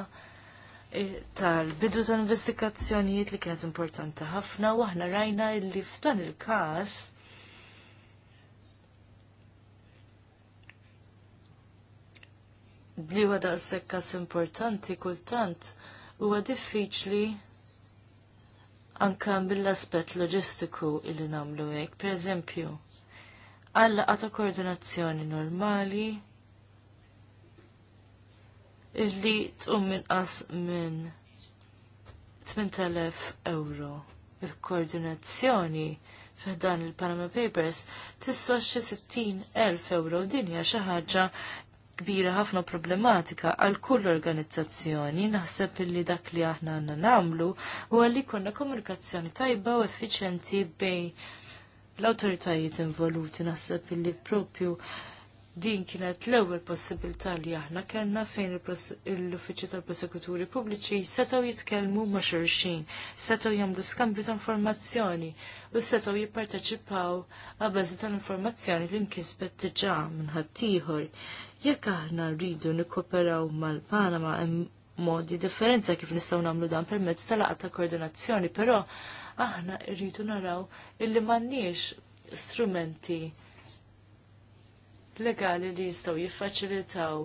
eh, tal-bidu tal-investigazzjonijiet li kienet importanti ħafna u aħna rajna li f'dan il-każ li huwa daqshekk każ importanti kultant huwa diffiċli anka mill-aspett loġistiku illi nagħmlu hekk. Pereżempju, għal ta' koordinazzjoni normali illi tqum minqas minn 8,000 euro. Il-koordinazzjoni f'dan il-Panama Papers tiswa xi 60,000 euro din hija xi ħaġa kbira ħafna problematika għal kull organizzazzjoni naħseb li dak li aħna għanna namlu u għalli konna komunikazzjoni tajba u effiċenti bejn l-autoritajiet involuti naħseb li propju din kienet l-ewwel possibilità li aħna kellna fejn l-Uffiċċju tal-Prosekuturi Pubbliċi setgħu jitkellmu ma' xulxin, setgħu jagħmlu skambju ta' informazzjoni u setgħu jipparteċipaw għabażi tal-informazzjoni li nkisbet diġà minn ħaddieħor. Jekk aħna rridu nikkoperaw mal-Panama hemm modi differenza kif nistgħu nagħmlu dan permezz tal-laqgħa ta' koordinazzjoni, però aħna rridu naraw illi m'għandniex strumenti legali li jistgħu jiffaċilitaw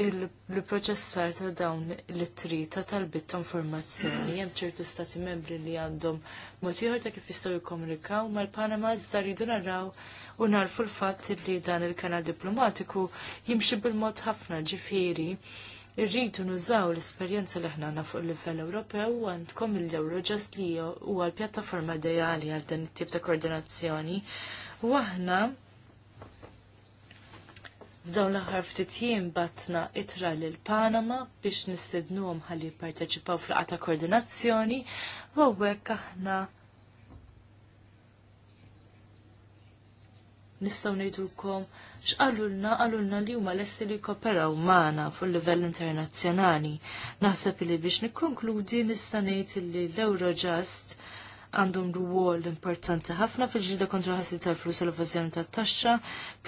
il-proċessar ta' dawn l-tri ta' talbit ta' informazzjoni hemm ċertu stati membri li għandhom mod ieħor ta' kif jistgħu jikkomunikaw mal-Panama iżda rridu naraw u narfu l-fatt li dan il-kanal diplomatiku jimxi bil-mod ħafna ġifieri irridu nużaw l-esperjenza li ħna fuq l-livell Ewropew u għandkom il-Eurojust li huwa l-pjattaforma ideali għal dan it-tip ta' koordinazzjoni u aħna F'dawn l-aħħar ftit jien batna itra lil Panama biex nistednuhom ħalli jipparteċipaw fl ta' koordinazzjoni u hawnhekk aħna nistgħu ngħidulkom x'qalulna qalulna li huma lesti li jkoperaw magħna fuq livell internazzjonali. Naħseb li biex nikkonkludi nista' ngħid li l-Eurojust għandhom ruwol importanti ħafna fil ġilda kontra ħasib tal-flus u l-evazjoni tat-taxxa,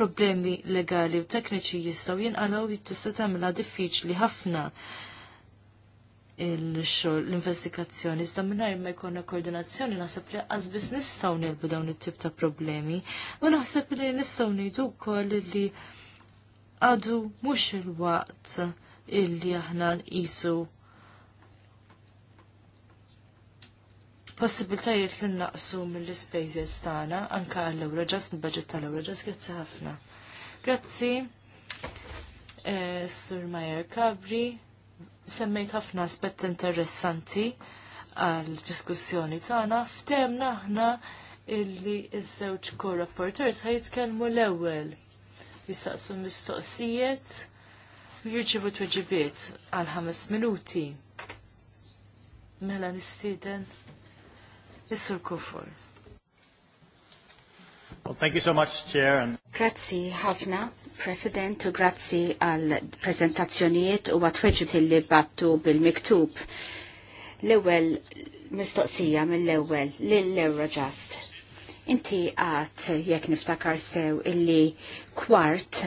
problemi legali u tekniċi jistgħu jinqalgħu jittista' tagħmilha diffiċli ħafna il-xogħol l-investigazzjoni. Iżda mingħajr ma jkollna koordinazzjoni naħseb li qasbis nistgħu nilbu dawn it-tip ta' problemi. U naħseb li nistgħu ngħidu wkoll li għadu mhux il-waqt illi aħna nqisu possibiltajiet li naqsu mill spaces tagħna anke għall ġas mill-budget tal ġas grazzi ħafna. Grazzi, eh, Sur Majer Kabri, semmejt ħafna aspett interessanti għal-diskussjoni tagħna f'temna aħna illi iż-żewġ ħaj jitkellmu l-ewwel jistaqsu mistoqsijiet u jirċivu tweġibiet għal ħames minuti. Mela nistieden Mr. Kufur. Well, thank you so much, Chair. And... Grazzi ħafna, President, u grazzi għal prezentazzjonijiet u għatweġit li battu bil-miktub. L-ewel mistoqsija mill-ewel l-Eurojust. Inti għat jekk niftakar sew illi kwart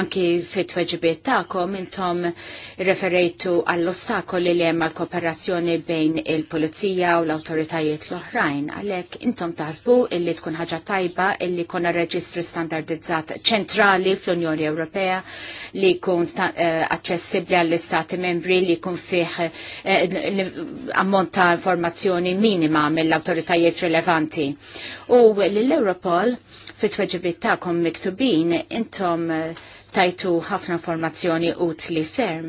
Anki fit weġibiet ta'kom intom referejtu għall-ostakoli li hemm għall-kooperazzjoni bejn il-Pulizija u l-awtoritajiet l-oħrajn. Għalhekk intom taħsbu illi tkun ħaġa tajba illi jkun reġistru standardizzat ċentrali fl-Unjoni Ewropea li jkun eh, aċċessibbli għall-Istati membri li jkun fih eh, ammont ta' informazzjoni minima mill-awtoritajiet rilevanti. U l-Europol fit-tweġibiet tagħkom miktubin intom eh, tajtu ħafna informazzjoni utli ferm.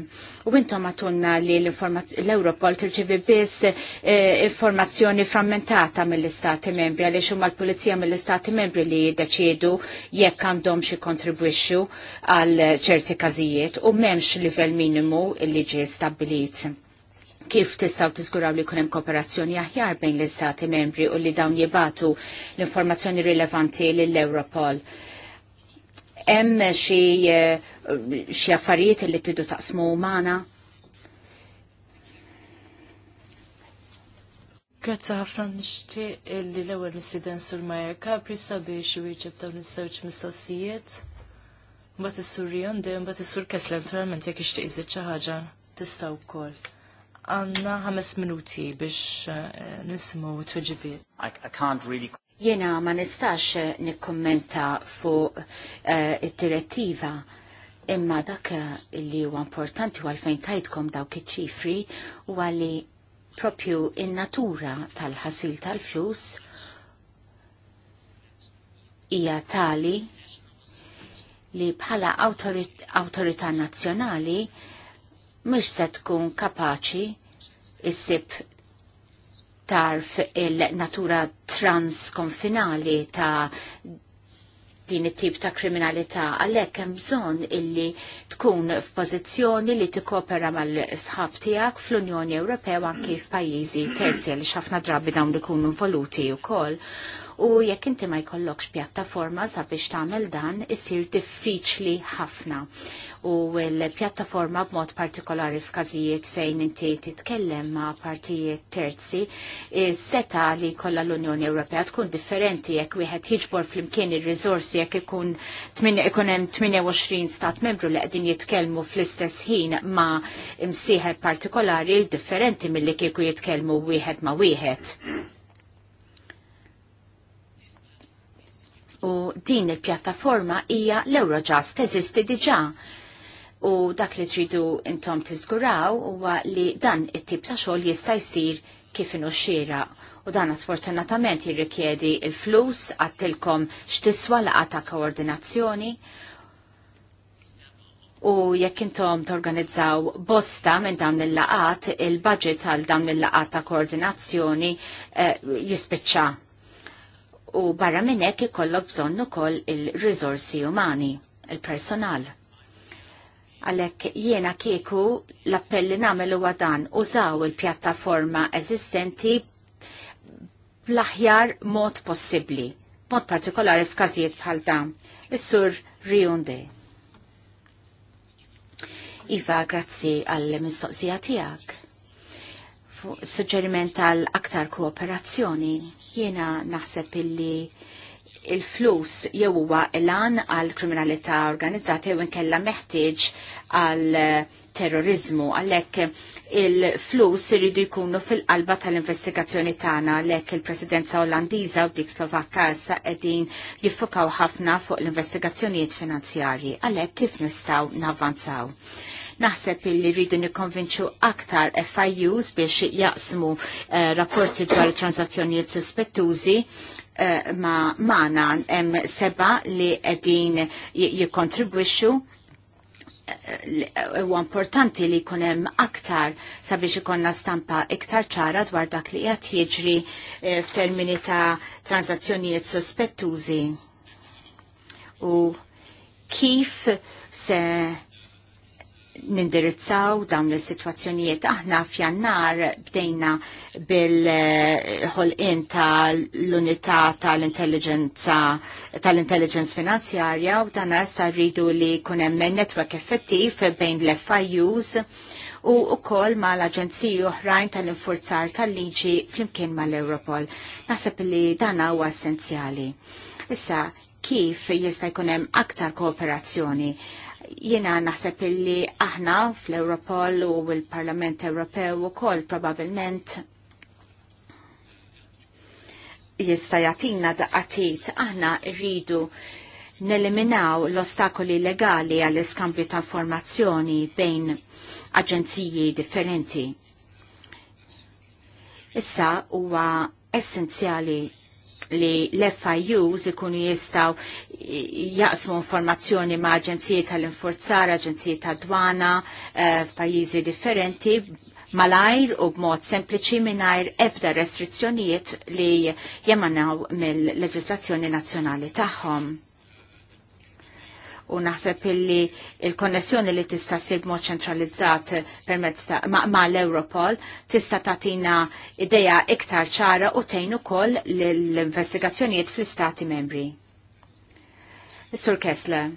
U intom għatunna li l-Europol tirċivi biss eh, informazzjoni frammentata mill-Istati membri, għaliex huma l-Pulizija mill-Istati membri li jiddeċiedu jekk għandhom xi kontribwixxu għal ċerti każijiet u m'hemmx livell minimu li ġie stabbilit kif tistaw tiżguraw li kunem kooperazzjoni aħjar bejn l-istati membri u li dawn jibatu l-informazzjoni rilevanti l-Europol. Hemm eh, xi affarijiet li tidu taqsmu umana? Grazzi ħafna nixtieq li l-ewwel nisiden sur Majer Kapri sabiex wieġeb dawn iż-żewġ mistoqsijiet. Mbagħad is-sur Rion dejjem mbagħad is-sur Kesla naturalment jekk ixtieq iżid xi ħaġa tista' wkoll għanna ħames minuti biex eh, nismu t-tweġibiet. Really... Jena ma nistax nikkommenta fuq uh, eh, id-direttiva imma dak li huwa importanti għalfejn tajtkom dawk iċ-ċifri u għalli propju in-natura tal-ħasil tal-flus hija tali li bħala awtorità nazzjonali mhux se tkun kapaċi issib tarf il-natura transkonfinali ta' din it-tip ta' kriminalità għalhekk hemm bżonn illi tkun f'pożizzjoni li tikkopera mal-sħab tiegħek fl-Unjoni Ewropea u anke f'pajjiżi terzi għaliex ħafna drabi dawn li jkunu involuti wkoll u jekk inti ma jkollokx pjattaforma sabiex tagħmel dan isir diffiċli ħafna. U l-pjattaforma b'mod partikolari f'każijiet fejn inti titkellem ma' partijiet terzi, seta li kollha l-Unjoni Ewropea tkun differenti jekk wieħed jiġbor flimkien ir-riżorsi jekk ikun ikun hemm 28 stat membru li qegħdin jitkellmu fl-istess ħin ma' msieħeb partikolari differenti milli kieku jitkellmu wieħed ma' wieħed. u din il-pjattaforma hija l-Eurojust teżisti diġà u dak li tridu intom tiżguraw huwa li dan it-tip ta' xogħol jista' jsir kif inu xira u dan sfortunatament jirrikjedi il-flus għattilkom x'tiswa laqa ta' koordinazzjoni u jekk intom torganizzaw bosta minn dawn il-laqat, il-budget għal dawn il-laqat ta' koordinazzjoni eh, jispiċċa u barra minn hekk ikollok bżonn ukoll il-riżorsi umani, il-personal. Għalhekk jiena kieku l-appelli nagħmel huwa dan użaw il-pjattaforma eżistenti bl-aħjar mod possibbli, mod partikolari f'każijiet bħal dan. Is-sur Riunde. Iva, grazzi għall-mistoqsija tiegħek. Suġġeriment għal aktar kooperazzjoni Jiena naħseb illi il-flus jew huwa lan għal kriminalità organizzata jew inkella meħtieġ għal terrorizmu għalhekk il-flus iridu jkunu fil-qalba tal-investigazzjoni tagħna għalhekk il-Presidenza Olandiża u dik Slovakka issa qegħdin jiffukaw ħafna fuq l-investigazzjonijiet finanzjarji għalhekk kif nistgħu navvanzaw. Naħseb illi rridu nikkonvinċu aktar FIUs biex jaqsmu eh, rapporti dwar transazzjonijiet suspettużi eh, ma maħna hemm seba li qegħdin jikkontribwixxu eh, huwa importanti li jkun hemm aktar sabiex ikonna stampa iktar ċara dwar dak li qed jiġri eh, f'termini ta' transazzjonijiet sospettużi u kif se nindirizzaw dawn l sitwazzjonijiet Aħna f'jannar bdejna bil-ħolqin tal-unità tal-intelligenza tal-intelligence finanzjarja u dan issa rridu li kunem netwerk effettiv bejn l-FIUs u wkoll ma l-Aġenziji oħrajn tal-infurzar tal-liġi flimkien mal-Europol. Naħseb li dan huwa essenzjali. Issa, kif jista' jkun hemm aktar kooperazzjoni Jiena naħseb illi aħna fl-Europol u l-Parlament Ewropew ukoll probabbilment jista' jagħtina daqqatit aħna rridu neliminaw l-ostakoli legali għall-iskambju ta' informazzjoni bejn aġenziji differenti. Issa huwa essenzjali li l-FIUs ikunu jistaw jaqsmu informazzjoni ma' aġenzijiet tal-infurzar, aġenzijiet tal-dwana eh, f'pajjiżi differenti malajr u b'mod sempliċi mingħajr ebda restrizzjonijiet li jemanaw mill-leġislazzjoni nazzjonali tagħhom u naħseb illi il-konnessjoni li tista' ssir b'mod ċentralizzat permezz ma, ma l-Europol tista' tatina idea iktar ċara u tgħin ukoll l-investigazzjonijiet fl-istati membri. Sur Kessler.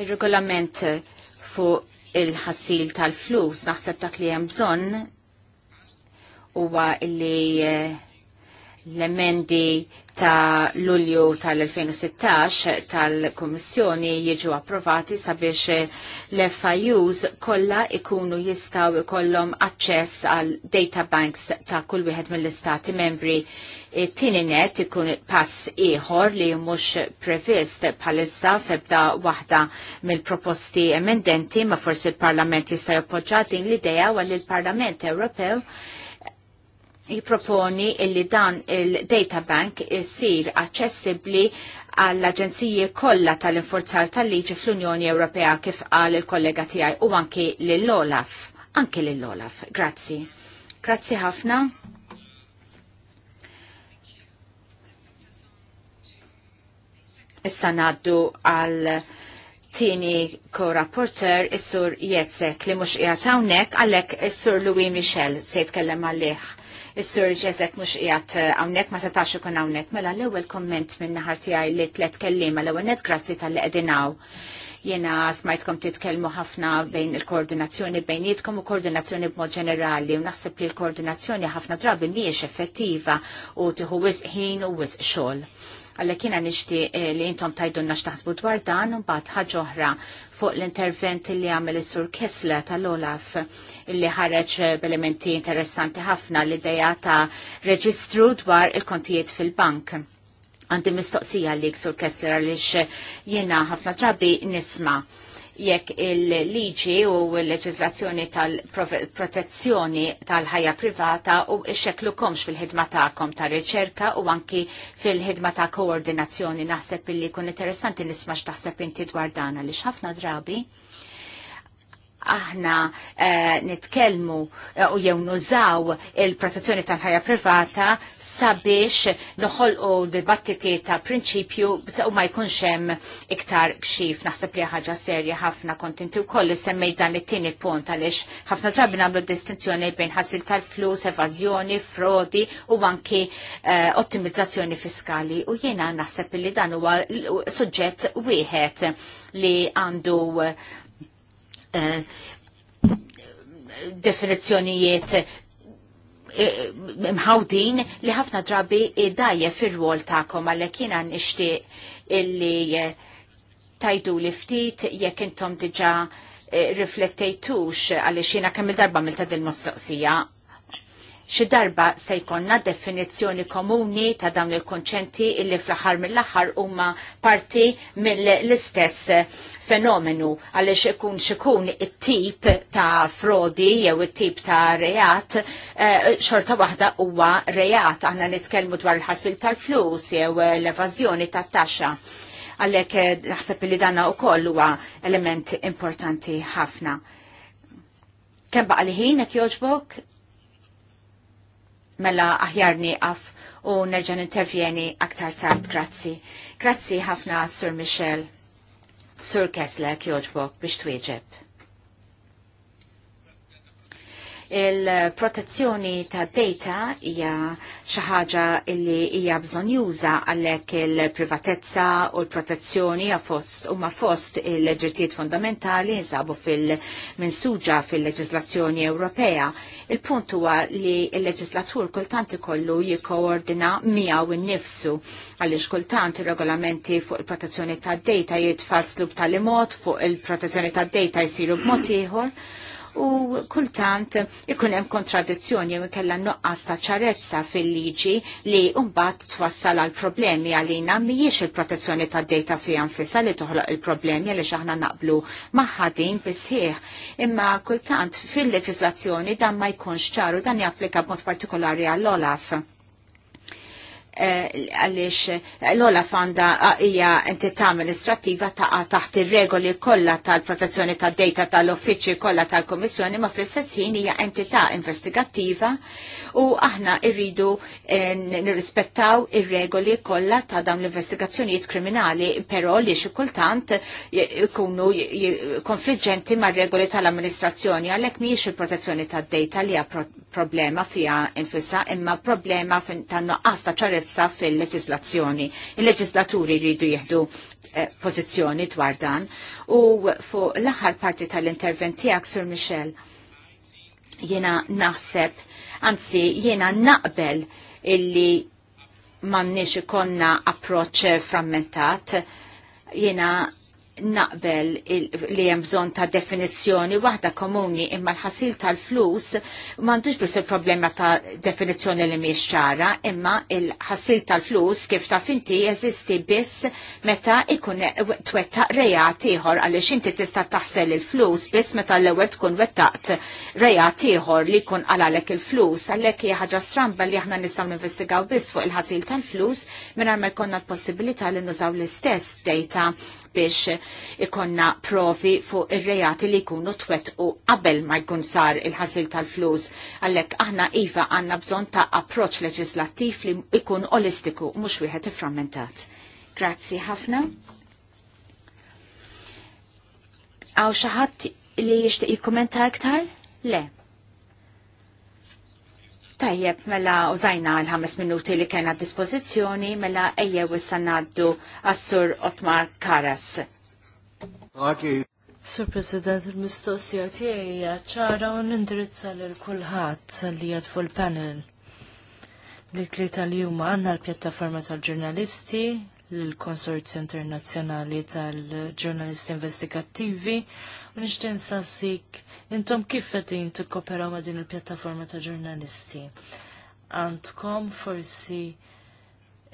Il-regolament fuq il-ħassil tal-flus naħseb dak li hemm bżonn huwa li eh, l-emendi ta' Lulju tal-2016 tal komissjoni jiġu approvati sabiex eh, l-FIUs kollha ikunu jistaw ikollhom aċċess għal data banks ta' kull wieħed mill-istati membri. Tini net ikun pass ieħor li mhux previst bħalissa febda waħda mill-proposti emendenti ma' forsi l-Parlament jista' jappoġġa din l-idea għal il-Parlament Ewropew jiproponi illi dan il-data bank sir accessibli għall-Aġenziji kollha tal-Inforzar tal-Liġi fl-Unjoni Ewropea kif qal il-kollega tiegħi u anki lill-Olaf. Anki lill-Olaf. Grazzi. Grazzi ħafna. Issa naddu għal tini ko-rapporter is-sur Jetzek li mux hawnhekk għalhekk is-sur Louis Michel se jitkellem għalih. Is-sur ġezek mux jgħat għawnek eh, ma setax ikun għawnek mela l-ewel komment minn naħarti għaj li tlet kellima l-ewel net grazzi tal-li għedinaw. Jena smajtkom titkelmu ħafna bejn il-koordinazzjoni jitkom u koordinazzjoni b'mod ġenerali u naħseb li l-koordinazzjoni ħafna drabi miex effettiva u tiħu ħin u wisq xogħol Għallek jena nishti eh, li intom tajdunna xtaħsbu dwar dan un bat ħagġoħra fuq l-intervent li għamil sur Kessla tal-Olaf li ħareċ b'elementi interessanti ħafna li dejja ta' reġistru dwar il-kontijiet fil-bank. Għandi mistoqsija li sur Kessler għalix jiena ħafna drabi nisma' jekk il-liġi u l-leġizlazzjoni tal-protezzjoni tal-ħajja privata u komx fil-ħidma ta'kom ta' riċerka u anki fil-ħidma ta' koordinazzjoni naħseb illi kun interessanti nisma x'taħseb inti dwar dan għaliex ħafna drabi aħna eh, nitkelmu eh, u jew nużaw il-protezzjoni tal-ħajja privata sabiex noħolqu dibattiti ta' prinċipju u ma jkunx hemm iktar kxif. Naħseb li ħaġa serja ħafna kontinti wkoll semmej dan it-tieni punt għaliex ħafna drabi nagħmlu distinzjoni bejn ħasil tal-flus, evażjoni, frodi u anki eh, ottimizzazzjoni fiskali u jiena naħseb li dan huwa suġġett wieħed li għandu Eh, definizzjonijiet eh, mħawdin li ħafna drabi id-dajje fir-rwol ta'kom għalhekk jiena nixtieq illi eh, tajdu li ftit jekk intom diġà riflettejtux għaliex xina kemm il-darba mill-ta' dil-mistoqsija Xi darba se jkollna definizzjoni komuni ta' dawn il-konċenti illi fl-aħħar mill-aħħar huma parti mill-istess fenomenu għaliex ikun xikun it-tip ta' frodi jew it-tip ta' reat eh, xorta waħda huwa reat aħna nitkellmu dwar il-ħassil tal-flus jew l-evażjoni tat-taxxa Għalhekk eh, naħseb li danna u koll huwa element importanti ħafna. Kem baqa li ħin jek joġbok, mela aħjar nieqaf u nerġa' intervjeni aktar tard, grazzi. Grazzi ħafna Sur Michel, Sur Kessler, kjoġbok biex twieġeb. Il-protezzjoni ta' data hija xi ħaġa li hija bżonn juża għalhekk il-privatezza u l-protezzjoni fost huma fost il-ġrittijiet fundamentali jinsabu fil-minsuġa fil-leġislazzjoni Ewropea. Il-punt huwa li l-leġislatur kultant ikollu jikkoordina miegħu innifsu għaliex kultant ir-regolamenti fuq il-protezzjoni ta' data jitfal slub tal-imot fuq il-protezzjoni ta' data jsiru b'mod ieħor u kultant ikun hemm kontradizzjoni jew ikella nuqqas ta' ċarezza fil-liġi li mbagħad twassal għal problemi għalina mhijiex il-protezzjoni ta' data fiha nfisha li toħloq il-problemi għaliex aħna naqblu maħħadin bisħieħ. Imma kultant fil-leġislazzjoni dan ma jkunx ċaru dan japplika b'mod partikolari għall-Olaf Eh, għaliex eh, l-ola fanda eh, hija entità amministrativa taqa taħt ir-regoli kollha tal-protezzjoni tad-data tal uffiċċju kollha tal-Kummissjoni ma fl sessin hija entità investigattiva u aħna rridu nirrispettaw ir-regoli kollha ta' dawn l-investigazzjonijiet kriminali però li xi kultant ikunu konfliġġenti mar-regoli tal-amministrazzjoni għalhekk mhijiex il-protezzjoni tad-data li hija problema fiha infissa imma problema tan noqqas ta' ċarezza ċertezza fil-leġislazzjoni. Il-leġislaturi jridu jieħdu eh, pożizzjoni dwar dan. U fuq l-aħħar parti tal-intervent tiegħek, Sur Michel, jiena naħseb, anzi jiena naqbel illi m'għandniex ikonna approċċ frammentat, jena naqbel li hemm bżonn ta' definizzjoni waħda komuni imma l-ħasil tal-flus m'għandux biss il-problema ta' definizzjoni li mhix ċara, imma l ħasil tal-flus kif taf inti jeżisti biss meta ikun twettaq rejat ieħor għaliex inti tista' taħsel il-flus biss meta l-ewwel tkun wettaqt rejat ieħor li jkun għalalek il-flus għalhekk hija ħaġa stramba li aħna nistgħu ninvestigaw biss fuq il-ħasil tal-flus mingħajr ma jkollna l-possibilità li nużaw l-istess data biex ikonna provi fuq ir-rejati li jkunu twet u qabel ma jkun sar il-ħasil tal-flus. Għallek aħna iva għanna bżon ta' approċ leġislattiv li ikun olistiku mhux wieħed iframmentat. Grazzi ħafna. Għaw xaħat li jishtiq jikkumenta iktar? Le. Tajjeb, mela użajna l-ħames minuti li kena dispozizjoni, mela ejja wissanaddu għassur Otmar Karas. Sur President, il-mistoqsija tiegħi ċara u nindirizza lil kulħadd li qed fuq il-panel. Li tlieta li juma għandna l-pjattaforma tal-ġurnalisti, l-Konsorzju Internazzjonali tal-Ġurnalisti Investigattivi u nixtieq nsassik Intom kif qegħdin tikkoperaw ma' din il-pjattaforma ta' ġurnalisti? Għandkom forsi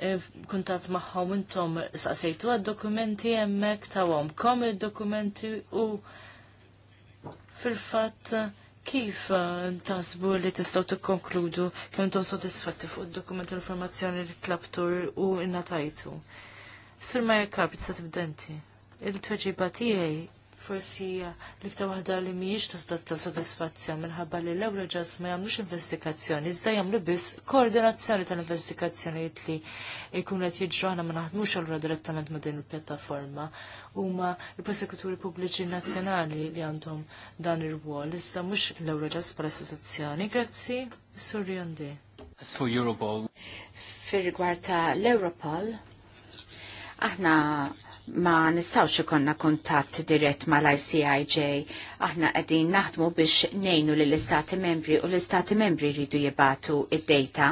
eh, kuntat maħħom intom saqsejtu għad-dokumenti jemmek tawom kom il-dokumenti u fil-fat kif eh, tasbu li tistgħu t-konkludu kem sodisfatti fuq il-dokumenti l-informazzjoni li tlabtur u innatajtu. Sir Majer Kabit sa tibdenti, il-tweġiba tiegħi? forsi l-iktar waħda li mhijiex ta' sodisfazzja minħabba li l ġas ma jagħmlux investigazzjoni, iżda jagħmlu biss koordinazzjoni tal-investigazzjonijiet li jkun qed jiġru aħna ma naħdmux allura direttament ma' din il-pjattaforma. Huma l-prosekuturi pubbliċi nazzjonali li għandhom dan ir wol iżda mhux l ġas bħala istituzzjoni. Grazzi, Sur Riondi. As for Europol. Fir-rigward ta' l-Europol, aħna ma nistawx ikonna kuntatt dirett mal-ICIJ. Aħna qegħdin naħdmu biex nejnu lill istati membri u l-istati membri jridu jibatu id-data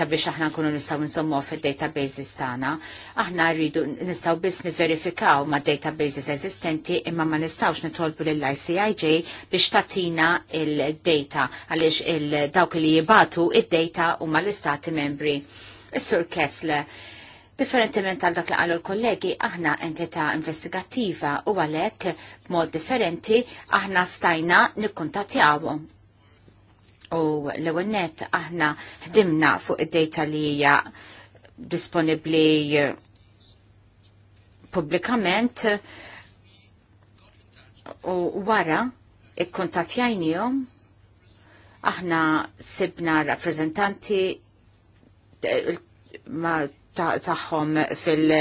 sabiex aħna nkunu nistgħu nżommu fil-databases tagħna. Aħna rridu nistgħu biss niverifikaw ma' databases eżistenti imma ma nistgħux nitolbu lill-ICIJ biex tatina il-data għaliex il-dawk li jibatu id-data huma l istati membri. Is-Sur Kessler, Differentiment għal dak li qalu l-kollegi, aħna entita' investigattiva u għalhekk b'mod differenti aħna stajna nikkuntattjawhom. U l-ewwel nett aħna ħdimna fuq id-data li hija disponibbli pubblikament u wara ikkuntattjajnihom aħna sibna rappreżentanti eh, ma tagħhom fil-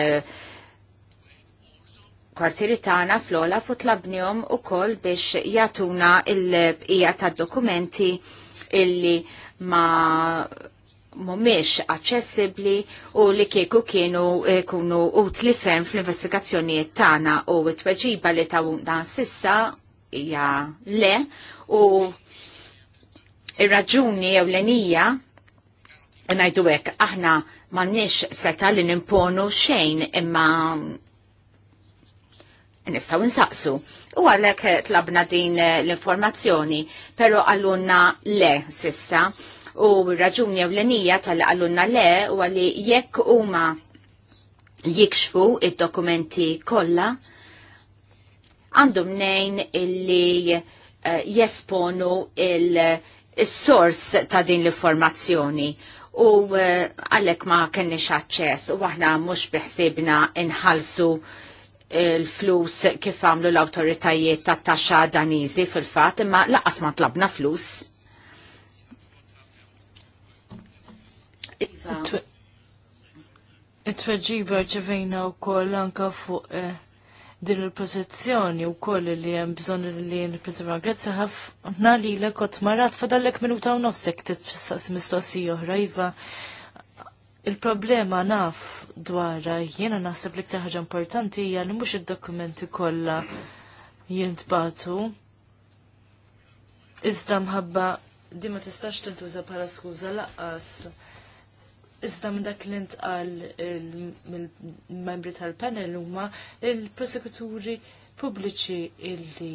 kwartieri tagħna fl-ola fu u ukoll biex jagħtuna l-bqija tad-dokumenti illi ma mhumiex aċċessibbli u li kieku kienu eh, kunu utli ferm fl-investigazzjonijiet tagħna u t-tweġiba li ta' tawna sissa hija le u ir-raġuni ewlenija ngħidu hekk aħna m'għandniex seta li nimponu xejn imma nistaw nsaqsu. U għalek tlabna din eh, l-informazzjoni, pero għallunna le sissa. U raġuni u l nija tal-għallunna le u għalli jekk huma jikxfu id-dokumenti kolla, għandhom nejn illi eh, jesponu il-sors ta' din l-informazzjoni u eh, għalek ma kenni aċċess u aħna mhux biħsibna inħalsu il-flus kif għamlu l-autoritajiet tat taxxa daniżi fil-fatt imma laqas ma tlabna flus. Iva. It-tweġiba ġivejna u koll anka fuq eh, din il-protezzjoni u koll li jem bżon li nippreserva. Grazzi ħafna li l marat fadallek minuta u nofsek t-saqs mistoqsi oħra, Iva. Il-problema naf dwarra jiena naħseb li ħaġa importanti hija li mhux id-dokumenti kollha jintbatu. Iżda mħabba di ma tistax tintuża bħala skuża laqqas Iżda minn dak li ntqal mill-membri tal-panel huma il-prosekuturi pubbliċi illi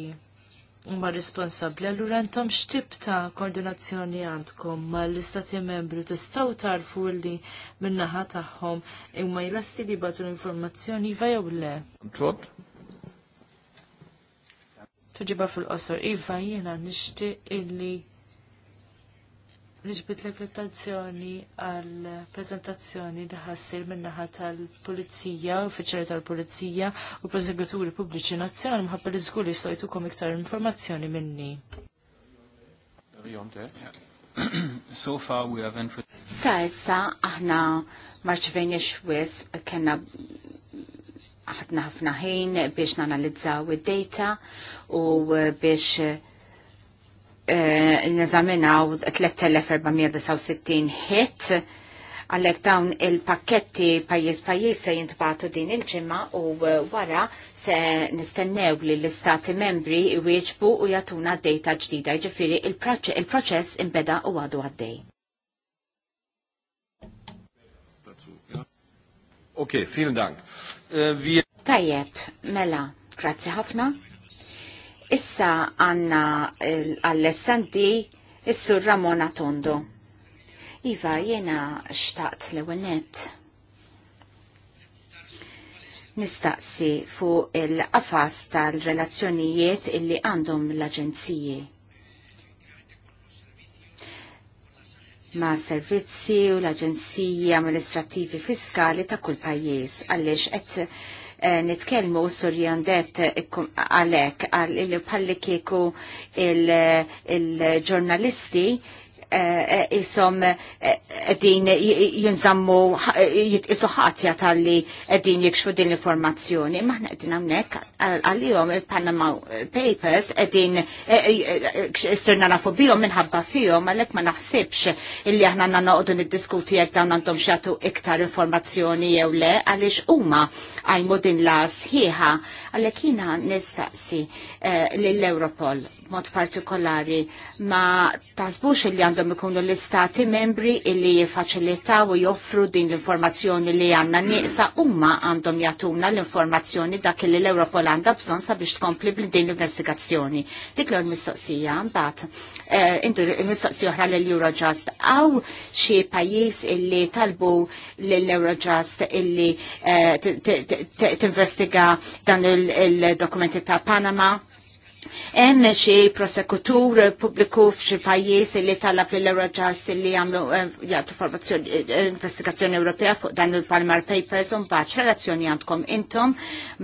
huma responsabbli. Allura intom x'tip ta' koordinazzjoni għandkom mal-istati membri tistgħu tarfu illi min-naħa tagħhom huma jlasti li batu l-informazzjoni iva jew le. Trod? Tuġiba fil-qosor iva jiena nixtieq illi nġbid l-applikazzjoni għal prezentazzjoni li ħassir minnaħa tal-Pulizija, uffiċjali tal-Pulizija u proseguturi pubbliċi nazzjonali mħabba li żgur li kom iktar informazzjoni minni. So far we have Sa issa aħna marċvejni xwis kena ħadna ħafna ħin biex nanalizzaw id-data u biex Eh, n-ezaminaw 3469 hit għallek dawn il-pakketti pajis pajis se jintbatu din il-ġimma u eh, wara se nistennew li l-istati membri iwieġbu u jatuna data ġdida ġifiri il-proċess imbeda u għadu għaddej. Ok, fil Dank. Eh, Tajjeb, mela, grazie ħafna. Issa għanna għall essenti Is-Sur Ramona Tondo. Iva, jena xtaqt l ewwelnet Nistaqsi fuq il-qafas tal-relazzjonijiet illi għandhom l-aġenziji. ma' servizzi u l-aġenziji amministrativi fiskali ta' kull pajjiż għaliex qed Eh, nitkellmu sur jandet eh, għalek għal il palli kieku il-ġurnalisti il Eh, isom eh, din jinżammu jitqisu ħatja tal-li din jikxfu din l-informazzjoni. Maħna qegħdin hawnhekk għalihom il-Panama Papers qegħdin eh, sirna nafu bijom minħabba fihom għalhekk ma naħsibx illi aħna għodun noqogħdu niddiskuti jekk dawn għandhom xagħtu iktar informazzjoni jew le għaliex huma għajmu din la sħiħa għalhekk jiena nistaqsi lill-Europol mod partikolari ma tasbux li għandhom għandhom ikunu l-istati membri illi jifaċilitaw u joffru din l-informazzjoni li għanna nieqsa umma għandhom jatuna l-informazzjoni dak li l-Europol għandha bżon sabiex tkompli din l-investigazzjoni. Dik l mistoqsija mbagħad il mistoqsija uħra l eurojust għaw xi pajjiż illi talbu l-Eurojust illi tinvestiga dan il-dokumenti ta' Panama Hemm xi prosekutur pubbliku f'xi pajjiż li talab lil Eurojust li jagħmlu eh, jagħtu formazzjoni eh, investigazzjoni Ewropea fuq dan il-Palmar Papers u mbagħad relazzjoni għandkom intom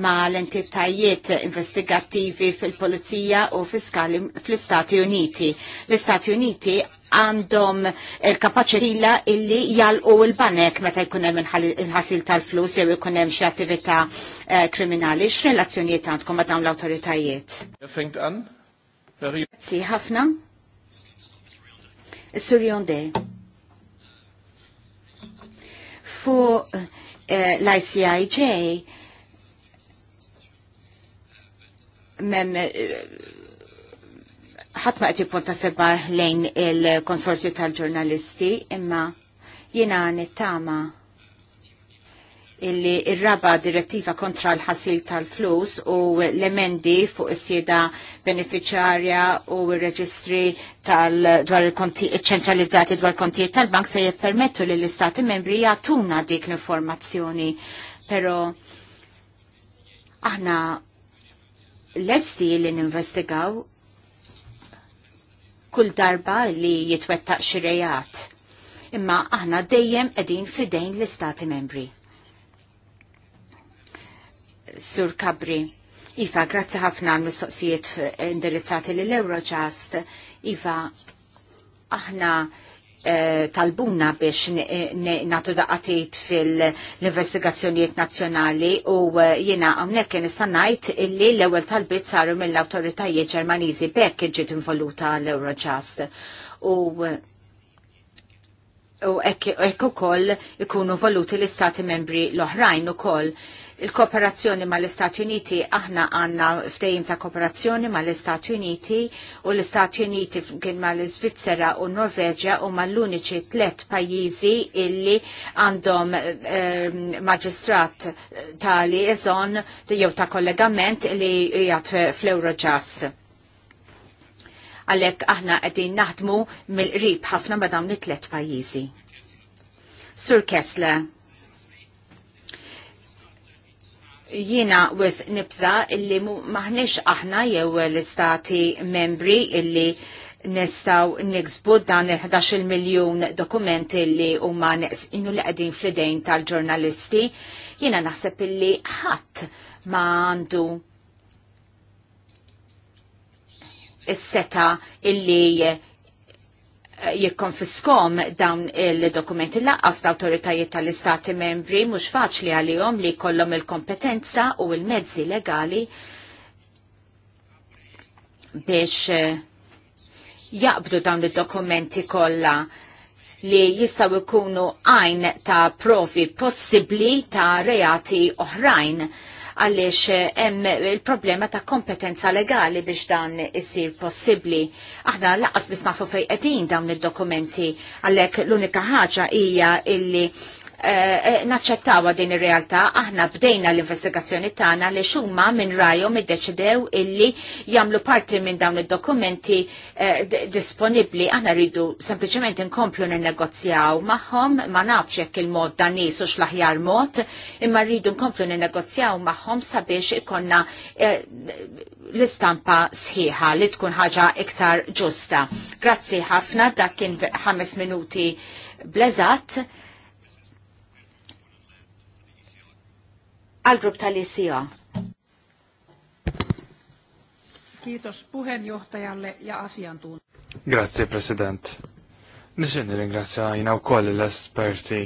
ma' l-entitajiet investigattivi fil-Pulizija u fiskali fl-Istati Uniti. L-Istati Uniti għandhom il-kapaċitila illi jalqu il-banek meta jkun hemm il-ħasil tal-flus jew ikun hemm xi attività eh, kriminali. X'relazzjonijiet għandkom ma' dawn l-awtoritajiet? Grazie ħafna. Is-Surjon Dej. Fu eh, l-ICIJ mem eh, ma qed jippunta seba lejn il-konsorzju tal-ġurnalisti imma jiena nittama illi ir-raba direttiva kontra l-ħasil tal-flus u l-emendi fuq is-sieda beneficjarja u r-reġistri tal-dwar il-konti ċentralizzati dwar konti tal-bank se jippermettu li l-istati membri jagħtuna dik l-informazzjoni. Però aħna lesti li ninvestigaw kull darba li jitwettaq xi rejat. Imma aħna dejjem qegħdin fidejn l-istati membri. Sur Kabri, Iva, grazzi ħafna għal mistoqsijiet indirizzati lill eurojust Iva, aħna Eh, talbuna biex natu daqatit fil-investigazzjonijiet nazjonali u eh, jena għamnek kien istanajt illi l-ewel talbit saru mill-autoritajiet ġermanizi bekk ġiet involuta l-Eurojust. U u ekku ukoll ikunu voluti l-istati membri l-oħrajn ukoll il-kooperazzjoni mal-Istati Uniti, aħna għanna ftejim ta' kooperazzjoni mal-Istati Uniti u l-Istati Uniti kien mal-Svizzera u Norveġja u l uniċi tlet pajjiżi illi għandhom eh, maġistrat li eżon jew ta' kollegament li jgħat fl-Eurojust għalek aħna għedin naħdmu mill-qrib ħafna ma dawn it-tlet pajjiżi. Sur Kessler, Jiena wis nibza illi maħniex aħna jew l-istati membri illi nistaw niksbu dan il-11 miljon dokument illi huma neqsinu li qegħdin fl-idejn tal-ġurnalisti. Jiena naħseb illi ħadd ma għandu is-seta illi Eh, jikkonfiskom dawn il-dokumenti laqqas l-autoritajiet tal-istati membri mhux faċli għalihom li jkollhom il-kompetenza u il-mezzi legali biex eh, jaqbdu dawn id-dokumenti kollha li jistaw ikunu għajn ta' provi possibli ta' reati oħrajn għaliex eh, hemm il-problema ta' kompetenza legali biex dan isir possibbli. Aħna laqas biss nafu fejn qegħdin dawn id-dokumenti għalhekk l-unika ħaġa hija illi Eh, eh, naċċettawa din ir-realtà aħna bdejna l-investigazzjoni tagħna li xuma minn rajhom iddeċidew illi jagħmlu parti minn dawn id-dokumenti eh, disponibbli aħna rridu sempliċement inkomplu ninnegozjaw magħhom ma nafx jekk il-mod dan nisu x'l-aħjar mod imma rridu nkomplu ninnegozjaw magħhom sabiex ikonna l-istampa sħiħa li tkun ħaġa iktar ġusta. Grazzi ħafna dak kien ħames minuti blezat għal-grupp tal-ICO. Kiitos puheenjohtajalle ja asjantun. Grazie, President. Nixin ringrazzja jina u koll l-esperti.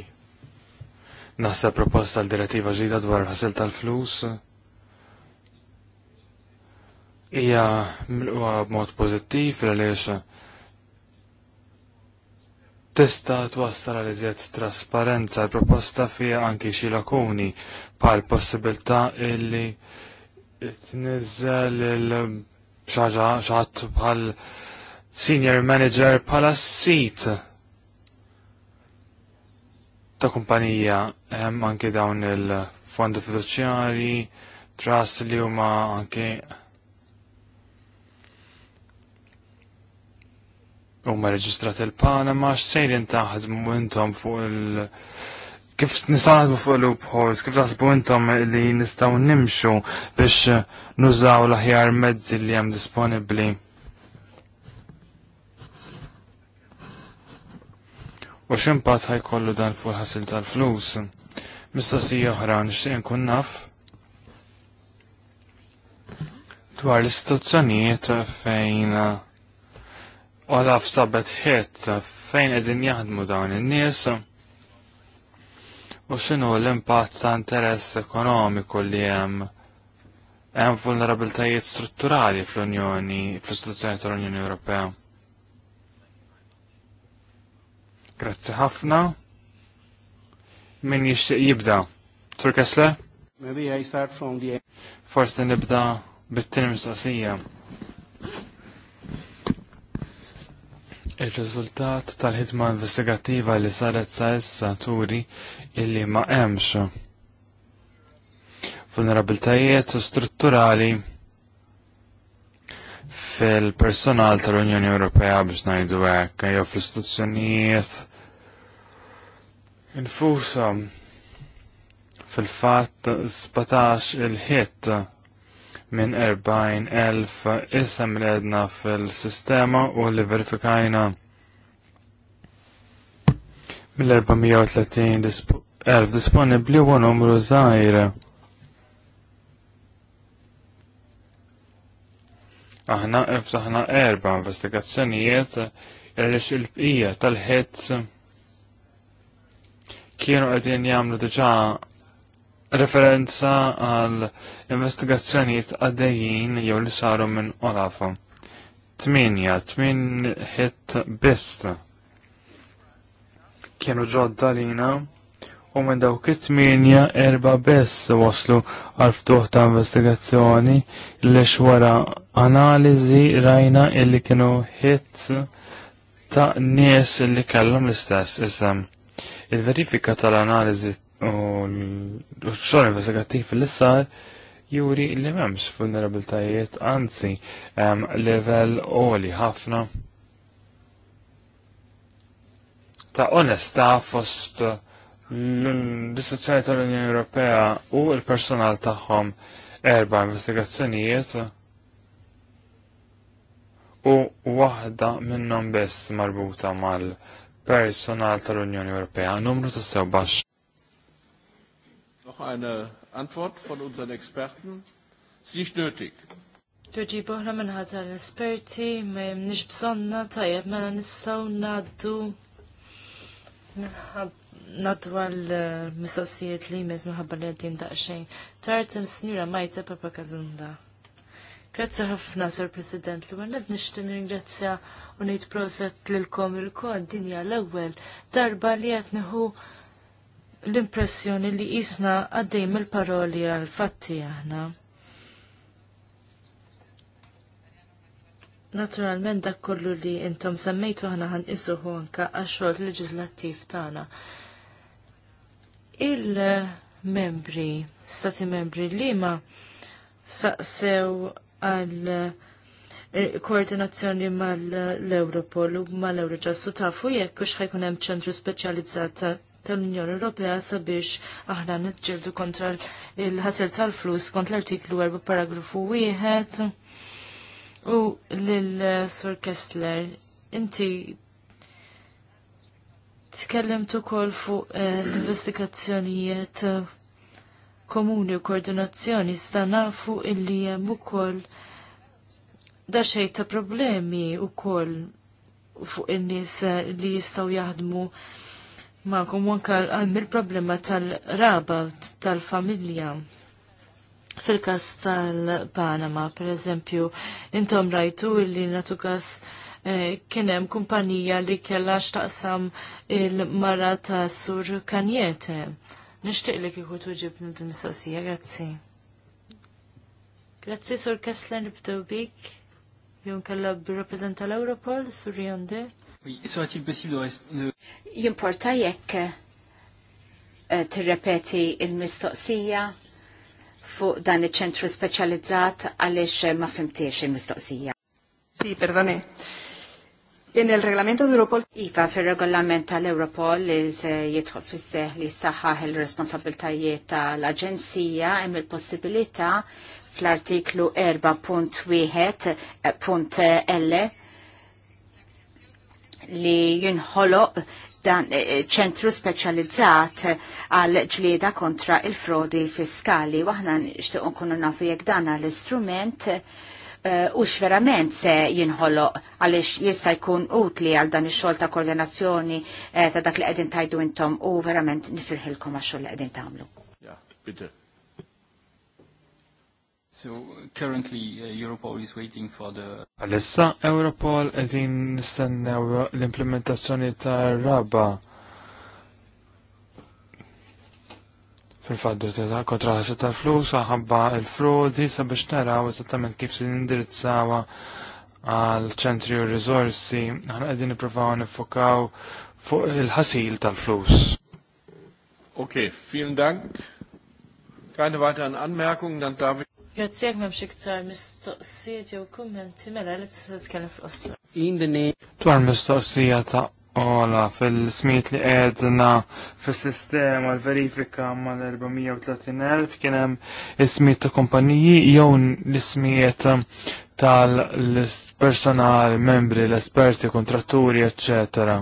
Nasa proposta l-direttiva ġida dwar ħasil tal-flus. Ija mluqa b'mod pozittiv għaliex tista twassal għal iżjed trasparenza l-proposta fija anki xi lakuni bħal possibilità illi t-nizzel il-xaġat bħal senior manager bħala sit ta' kumpanija hemm anke dawn il-fondi fiduċjari, trust li huma anke huma reġistrat il-Panama x'sejrin taħdmu intom fuq il- Kif nistaħdu fuq fuq loopholes, kif taħsbu intom li nistaw nimxu biex nużaw l-aħjar mezzi li hemm disponibbli? U x'impatt ħajkollu dan fuq ħasil tal-flus? Mistoqsija oħra nixtieq nkun naf dwar l-istituzzjonijiet fejn Olaf sabet ħiet fejn qegħdin jaħdmu dawn in-nies u x'inhu l-impatt ta' interess ekonomiku li hemm hemm vulnerabiltajiet strutturali fl-Unjoni, fl-istituzzjoni tal-Unjoni Ewropea. Grazzi ħafna. Min jixtieq jibda? Tur Kessler? Maybe I start from the Forse nibda bit-tieni mistoqsija. Ir-riżultat tal-ħidma investigattiva li saret sa issa turi illi ma hemmx vulnerabiltajiet strutturali fil-personal tal-Unjoni Ewropea biex ngħidu hekk jew fl-istituzzjonijiet infushom fil-fatt 17 il-ħitt minn 40.000 isem li għedna fil-sistema u li verifikajna mill-430.000 disponibli u numru zaħir. Aħna iftaħna erba investigazzjonijiet għaliex il-bqija tal-ħitt kienu għedin jamlu diġa referenza għal investigazzjonijiet għaddejjin jew li saru minn Olaf. Tminja, tmin hit bist. Kienu ġodda lina u minn dawk it-tminja erba biss waslu għal ftuħ ta' investigazzjoni li xwara analizi rajna illi kienu hit ta' nies illi kellhom l-istess isem. Il-verifika tal-analiżi u l-xor investigattiv li juri li memx vulnerabiltajiet, anzi, um, level oli ħafna ta' onesta fost l-istituzzjoni tal-Unjoni Ewropea u l-personal tagħhom erba' investigazzjonijiet u waħda minnhom biss marbuta mal-personal tal-Unjoni Ewropea, numru ta' sew Noch eine Antwort von unseren Experten. Ist nicht nötig. Tuġi boħra minn ħata l-esperti, nix bżonna tajab, mela nissaw naddu naddu għal-mistoqsijiet eh, li jmiz maħabba li għaddin daqxejn. Tart il majta Papa Kazunda. Grazzi ħafna, Sir President, li nishtin ringrazzja unajt proset l-kom kod dinja l-ewel darba li għatniħu l-impressjoni li jisna għaddej mill-paroli għal-fatti aħna. Naturalment dak kollu li intom semmejtu aħna ħan isuħu anka għaxħol leġislattiv tagħna. Il-membri, stati membri li ma saqsew għal eh, koordinazzjoni mal-Europol u mal-Eurojust u tafu jekk u xħajkunem ċentru specializzata tal-Unjoni Ewropea sabiex aħna nitġeldu kontra il-ħasel tal-flus kont l-artiklu 4 paragrafu 1 u lil-Sur Kessler inti tkellimt ukoll fuq eh, l-investigazzjonijiet komuni u koordinazzjoni sta nafu illi hemm ukoll da xejn ta' problemi kol fuq in-nies eh, li jistgħu jaħdmu ma'kom anka il problema tal-raba tal-familja. Fil-kas tal-Panama, per eżempju, intom rajtu illi natu kas eh, kienem kumpanija li kella xtaqsam il-mara ta' sur kanjete. Nishtiq li kiku tuġib d-mistoqsija, grazzi. Grazzi, Sur Kessler, nibdew bik. jom kalla bi rappresenta l-Europol, Sur Jonde. Oui, sera-t-il possible de... Jimporta jekk eh, tirrepeti il-mistoqsija fuq dan il ċentru speċjalizzat għaliex ma fimtiex il-mistoqsija. Si, perdone. In il-reglamento d'Europol. Iva, fil-regolament tal-Europol li jitħol fis li saħħaħ il-responsabiltajiet tal-Aġenzija hemm il-possibilità fl-artiklu 4.1.l li jinħoloq dan eh, eh, ċentru speċjalizzat għal ġlieda kontra il-frodi fiskali. Waħna nixtieq nkunu nafu jekk dan l-istrument eh, u verament se jinħoloq għalix jista jkun utli għal dan ix-xogħol ta' koordinazzjoni ta' dak li qegħdin tajdu intom u verament nifirħilkom għax-xogħol li qegħdin tagħmlu. So currently uh, Europol is waiting for the Alissa Europol qegħdin nistennew l-implementazzjoni ta' raba fil-faddu ta' kontra ta' flus ħabba il-frodi sabiex naraw eżattament kif se nindirizzawa għal ċentri u riżorsi aħna qegħdin nippruvaw nifokaw fuq il-ħasil tal-flus. Ok, vielen Dank. Keine weiteren Anmerkungen, dann darf ich Grazie għak memx iktar mistoqsijiet jew kummenti mela li tista' titkellem fil-qosor. Dwar mistoqsija ta' Ola, fil-smiet li għedna fil-sistema l-verifika ma l-430.000 kienem ismiet ta' kompaniji jew l-ismiet tal-personal, membri, l-esperti, kontratturi, eccetera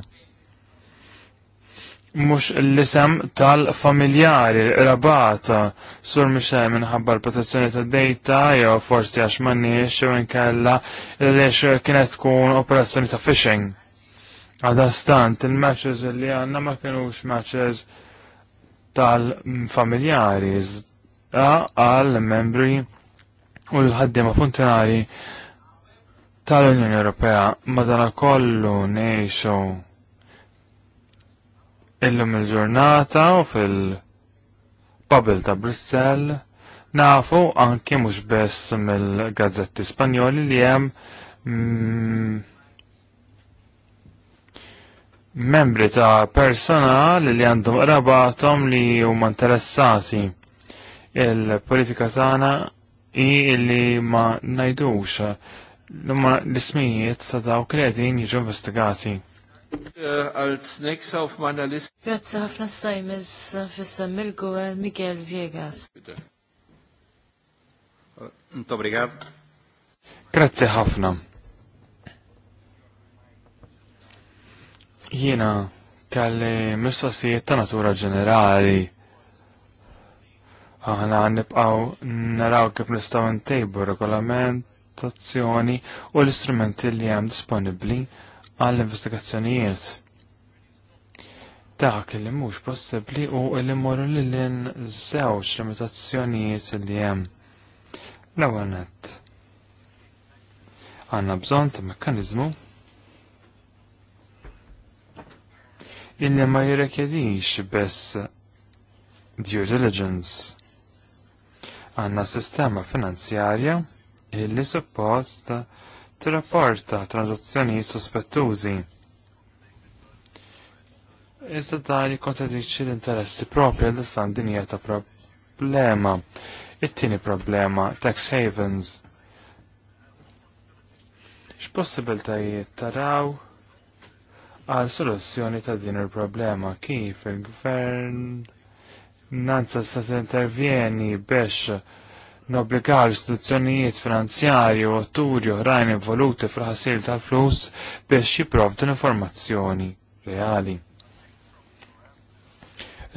mux l-isem tal-familjari, rabata, sur mxe minħabba l-protezzjoni ta' dejta, jew forsi għax manniex, jew inkella l-lex kienet tkun operazzjoni ta' phishing. Għadastant, il-matches li għanna ma kienux matches tal-familjari, għal-membri u l-ħaddima funzjonari tal-Unjoni Ewropea, madana kollu nejxu Illum il-ġurnata u fil-Babel ta' Brussell nafu anki mhux bess mill-gazzetti Spanjoli li hemm mm, membri ta' personal li għandhom rabatom li huma interessati. Il-politika tagħna i li ma ngħidux l-ismijiet sa' dawk li qegħdin jiġu investigati. Äh, als next auf meiner Liste. Grazie ħafna sajmiz fissam il-gwer Miguel Viegas. Ntobrigad. Grazie ħafna. Jiena kalli mistoqsijiet ta' natura ġenerali. Aħna nibqaw naraw kif nistgħu ntejbu regolamentazzjoni u l-istrumenti li hemm disponibbli għall-investigazzjonijiet. Dak li mhux possibbli u li mmorru lil hinn żewġ limitazzjonijiet li hemm. L-ewwel nett. Għandna bżonn ta' mekkaniżmu illi ma jirrekjedix biss due diligence. Għanna sistema finanzjarja illi suppost tirrapporta transazzjoni sospettużi. Iżda dan kontradiċi l-interessi propri għal istan dinja ta' problema. It-tieni problema, tax havens. ta' taraw għal soluzzjoni ta' din il-problema kif il-gvern nanza se intervjeni biex nobbligaw istituzzjonijiet finanzjarji u atturi oħrajn involuti fil-ħasil tal-flus biex jipprovdu informazzjoni reali.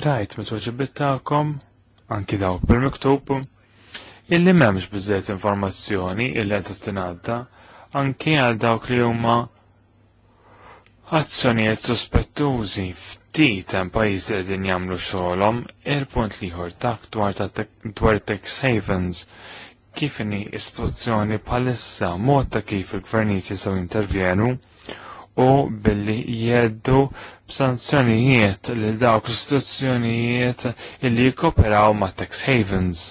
Rajt me tweġibit anki dawk bil-miktub illi m'hemmx bizzet informazzjoni illi qed tingħadda anki għal dawk li huma azzjonijiet sospettużi ftit hemm pajjiżi qegħdin jagħmlu xogħolhom, il-punt liħor tak dwar dwar tax havens kif inhi istituzzjoni bħalissa mod ta' kif il-gvernijiet jistgħu intervjenu u billi jeddu b'sanzjonijiet lil dawk l-istituzzjonijiet illi jikkoperaw ma' tax havens.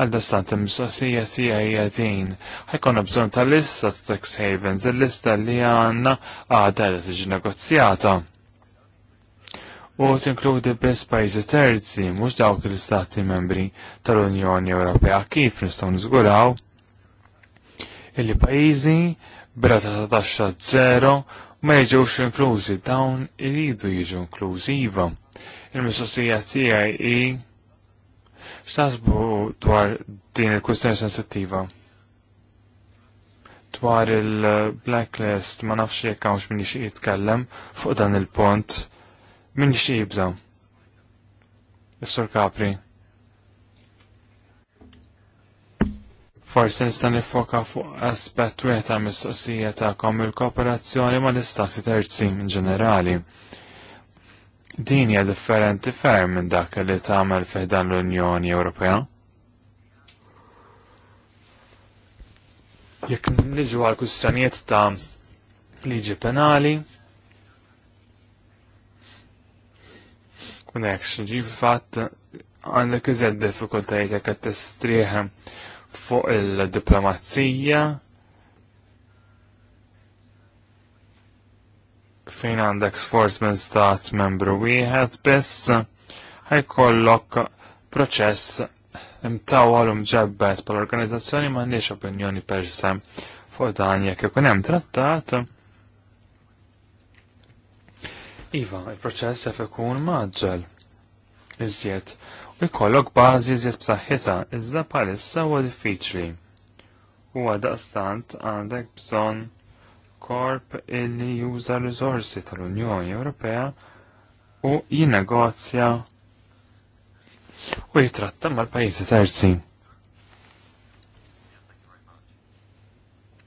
Għal-dastant imsosija tijaj jadin. ħajkon bżonn tal-lista ta' tax havens, il-lista li għandna għadha li tiġi negozjata. U tinkludi biss pajjiżi terzi mhux dawk l-istati membri tal-Unjoni Ewropea kif nistgħu niżguraw illi pajzi, bra ta' taxxa zero ma jiġux inklużi dawn iridu jiġu inklużiva. Il-mistoqsija tiegħi hi X'taħsbu dwar din il-kwistjoni sensittiva? Dwar il-blacklist ma nafx jekk hawnx min jitkellem fuq dan il-pont minni xie jibza. Is-Sur Kapri. Forsi nista' nifoka fuq aspett wieħed tal-mistoqsija tagħkom il-kooperazzjoni ma l-istati terzi in ġenerali. Din hija differenti ferm minn dak li tagħmel fiħdan l-Unjoni Ewropea. Jekk niġu għal kustanijiet ta' liġi penali, connection xi fatt għandek iżed diffikultajiet jekk qed tistrieħ fuq il-diplomazija, fejn għandek sforz stat membru wieħed biss ħajkollok proċess imtawal u mġebbet pal organizzazzjoni m'għandniex opinjoni per se fuq dan jekk ikun hemm trattat. Iva, il-proċess jaf ikun maġġel. Iżjed, u jkollok bażi iżjed b'saħħitha, iżda bħalissa huwa diffiċli. Huwa daqstant għandek bżonn korp illi juża l riżorsi tal-Unjoni Ewropea u jinnegozja u jitratta mal-pajjiżi terzi.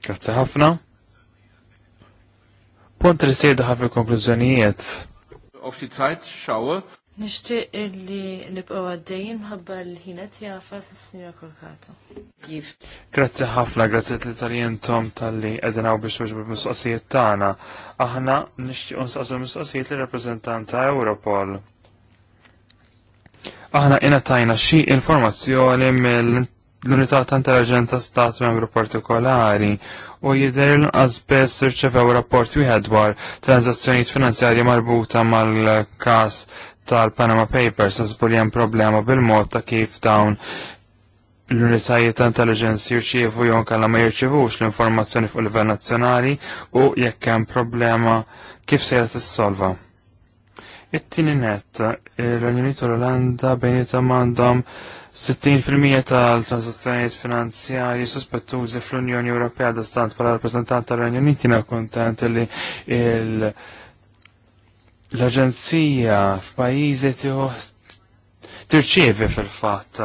Grazie ħafna. Punt li sejdu ħafna konklużjonijiet. Auf die Zeit schaue. Nishtiq illi nibqaw għaddejjin mħabba l-ħinet jafa s sinja Kolkato. Grazzi ħafna, grazzi l tom tal-li għedinaw biex uġbu mistoqsijiet tagħna. Aħna nishtiq nsaqsu mistoqsijiet qasijiet li ta' Europol. Aħna ina tajna xi informazzjoni mill-unità ta' intelligenza stat membru partikolari u jidher l-inqas bess irċevew rapport wieħed dwar tranzazzjonijiet finanzjarji marbuta mal-każ tal-Panama Papers nasbu li hemm problema bil-mod ta' kif dawn l-unitajiet ta' intelligence jirċievu jon kalla ma jirċivux l-informazzjoni fuq livell nazzjonali u jekk hemm problema kif se tissolva. It-tieni net, l-Unjoniet u l-Olanda bejnietom għandhom 60% tal-transazzjonijiet finanzjarji sospettużi fl-Unjoni Ewropea da stant bħala rappresentant tal unjoniet Uniti kontent li il- l-Aġenzija f'pajjiżi tirċievi fil-fatt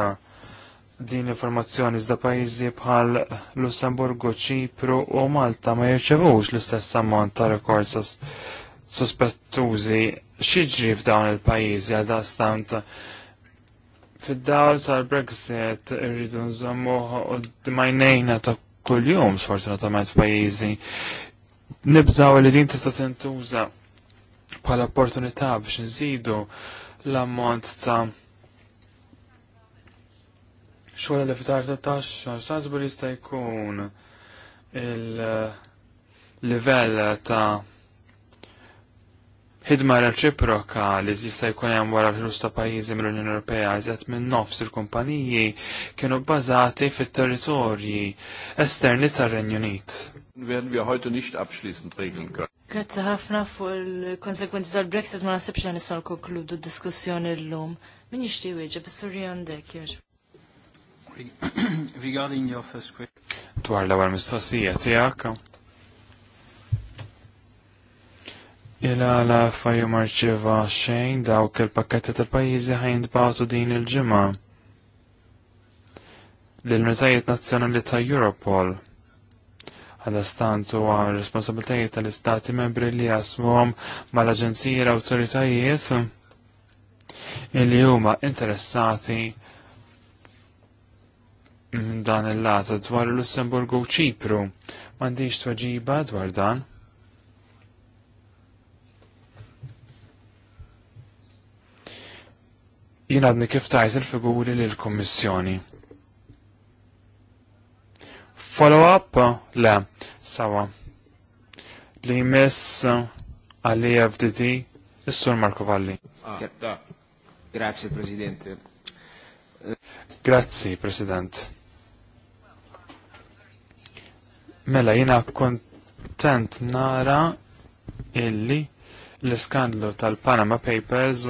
din l-informazzjoni iżda pajjiżi bħal Lussemburgu, Ċipru u Malta ma jirċevux l-istess ammont ta' rekords sospettużi xiġri f'dawn il-pajjiżi għal dastant fid-dawl tal-Brexit irridu nżommu u d-majnejna ta' kull-jum sfortunatament f'pajjiżi nibżaw li din tista' tintuża bħala opportunità biex nżidu l-ammont ta' xogħol li ftar ta' taxxa li jista' jkun il-livell ta' ħidma reċiproka li jista' jkun hemm wara l-ħlus ta' pajjiżi mill-Unjoni Ewropea iżjed minn nofs il-kumpaniji kienu bbażati fit-territorji esterni tar-Renju Unit. Werden wir heute nicht abschließend regeln können. Grazzi ħafna fuq il-konsekwenzi tal-Brexit ma nasibx li nistgħu konkludu d-diskussjoni llum. Min jixtieq wieġeb is-Surri għandek Regarding your first question. Dwar l-ewwel mistoqsija tiegħek. Ila la fajju marċiva xejn dawk il-pakketti tal-pajjiżi tbagħtu din il-ġimgħa. L-Metajiet Nazzjonali ta' Europol għal-istantu għal responsabiltajiet tal-istati membri li jasmuhom mal-aġenziji l-autoritajiet li huma interessati minn dan il-lat dwar Lussemburgu u Ċipru. M'għandix tweġiba dwar dan. jien għadni kif tajt il-figuri li l-Kommissjoni. Follow-up? Le, sawa. Li jmiss għalli FDD, Is-Sur Marko Valli. Ah, Grazie, Presidente. Grazie, President. Mela, jina kontent nara illi l-skandlu tal-Panama Papers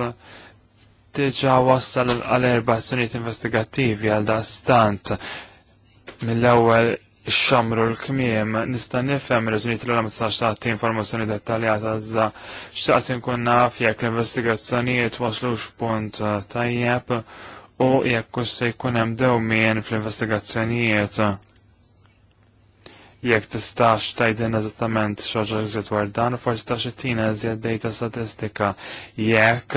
tiġa wassal għal erba investigativi investigattivi għal da stant mill-ewwel xamru l-kmiem, nista' nifhem raġunijiet l ma tistax tagħti informazzjoni dettaljata iżda x'taqt inkun naf jekk l-investigazzjonijiet waslux punt eh, tajjeb u jekk se jkun hemm dewmien fl-investigazzjonijiet. Jekk tistax tajden eżattament xoġa eżatt għardan, u forsi ta' xittina eżjed dejta statistika jekk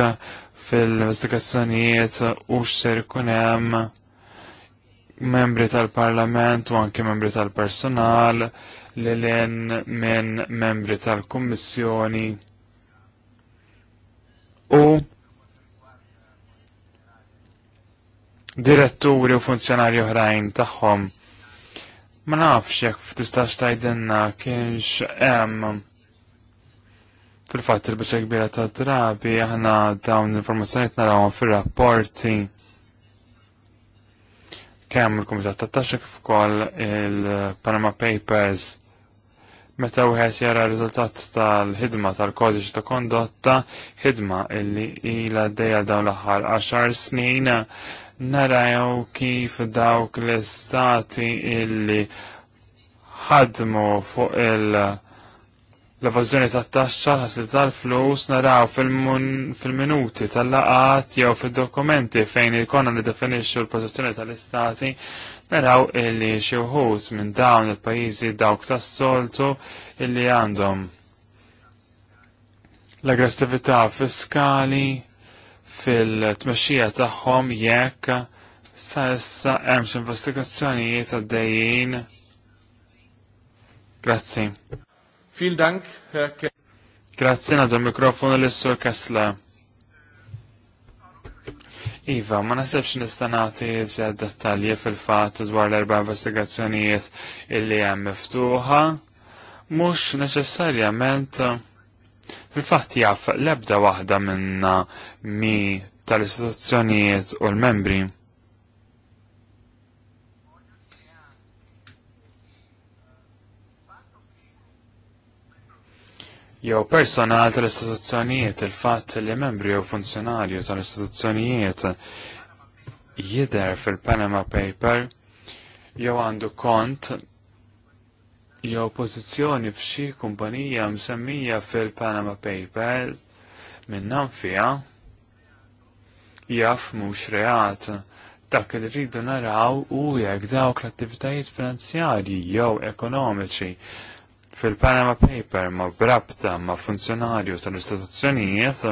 fil-investigazzjonijiet u x'ser ikun hemm membri tal-Parlament u anke membri tal-personal li l minn membri tal-Kummissjoni u diretturi u funzjonari oħrajn tagħhom. Ma nafx jekk tistax tgħidilna kienx hemm fil-fatt il-biċċa kbira ta' drabi aħna dawn l-informazzjoni narawhom fir-rapporti kemm il komitat ta' Taxxa kif ukoll il-Panama Papers meta wieħed jara r-riżultat tal-ħidma tal-kodiċi ta' kondotta, ħidma illi ilha dejja dawn l-aħħar 10 snin naraw kif dawk l-istati illi ħadmu fuq il- l-evażjoni tat-taxxa, l-ħasil tal-flus naraw fil-minuti tal-laqat jew fil-dokumenti fejn il-konna li l-pożizzjoni tal-istati naraw illi xi wħud minn dawn il-pajjiżi dawk tas-soltu illi għandhom l-aggressività fiskali fil-tmexxija tagħhom jekk sa issa hemmx investigazzjonijiet għaddejjin. Grazzi. Vielen Dank, Herr Ke Grazie, nadu mikrofonu l-Sur Kessler. Iva, ma nasibx nistanati zjad dettalji fil-fat dwar l-erba investigazzjonijiet illi hemm miftuħa, mux neċessarjament fil-fat jaff lebda waħda minna mi tal-istituzzjonijiet u l-membri. jew personal tal-istituzzjonijiet il-fatt li membri jew funzjonarju tal-istituzzjonijiet jider fil-Panama Paper jew għandu kont jew pożizzjoni f'xi kumpanija msemmija fil-Panama Papers minnan fija jaf mhux reat dak li rridu naraw u jekk dawk l-attivitajiet finanzjarji jew ekonomiċi fil-Panama Paper ma' brabta ma' funzjonarju tal-istituzzjonijiet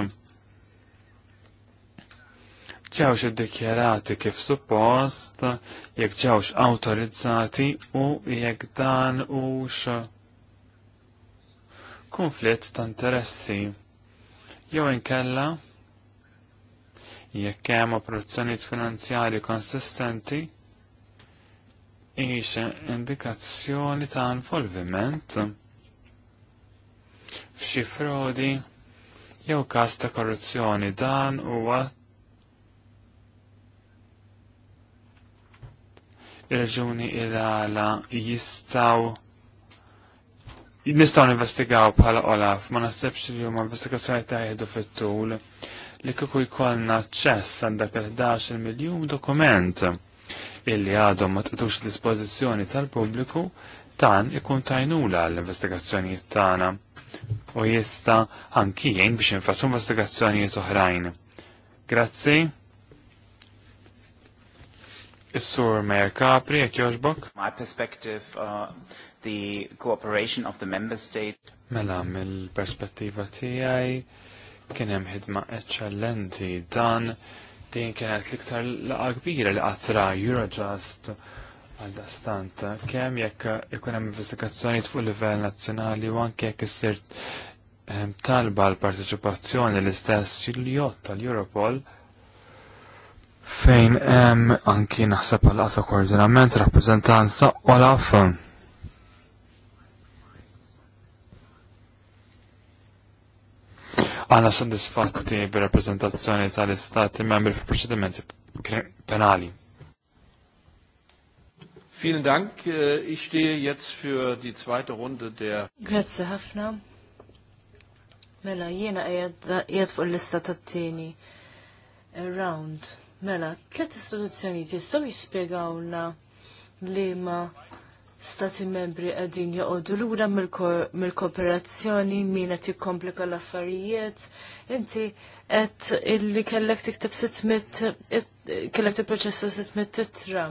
ġewx iddikjarati kif suppost, jekk ġewx awtorizzati u jekk dan ux konflitt ta' interessi. Jew inkella jekk hemm operazzjonijiet finanzjarji konsistenti, hija indikazzjoni ta' involviment f'xi frodi jew każ ta' korruzzjoni dan huwa il-raġuni il-għala jistaw nistaw investigaw bħala Olaf, ma nasibx li huma investigazzjoni ta' jihdu fit-tul li kiku jkollna ċess għandak il-11 miljum dokument illi għadhom ma tqitux dispożizzjoni tal-pubbliku tan ikun tajnula l-investigazzjonijiet tagħna u jista' anki jgħin biex infassu investigazzjonijiet oħrajn. Grazzi. Is-sur Mayor Capri, jekk joġbok? My perspective, uh, the cooperation of the member state. Mela, mill-perspettiva tiegħi kien hemm ħidma eċċellenti dan Din kienet l-iktar laqa kbira li għatra Eurojust għal dastant. Kemm jekk ikun hemm investigazzjonijiet fuq livell nazzjonali u anke jekk issir ehm, talba l-parteċipazzjoni l-istess ċiljot tal-Europol fejn hemm anki naħseb għal qasa koordinament rappreżentanza Olaf Għana soddisfatti bir reprezentazzjoni tal-Istati membri fil proċedimenti penali. Vielen Dank. Äh, ich stehe jetzt für die zweite Runde der. Grazie ħafna. Mela, jiena jgħed fuq l-lista tat-tieni round. Mela, tliet istituzzjoni jistgħu jispjegawna li ma stati membri għadin joqodu l-ura mill-kooperazzjoni min qed jikkomplika l-affarijiet. Inti qed illi kellek tikteb 600 kellek proċessa 600 titra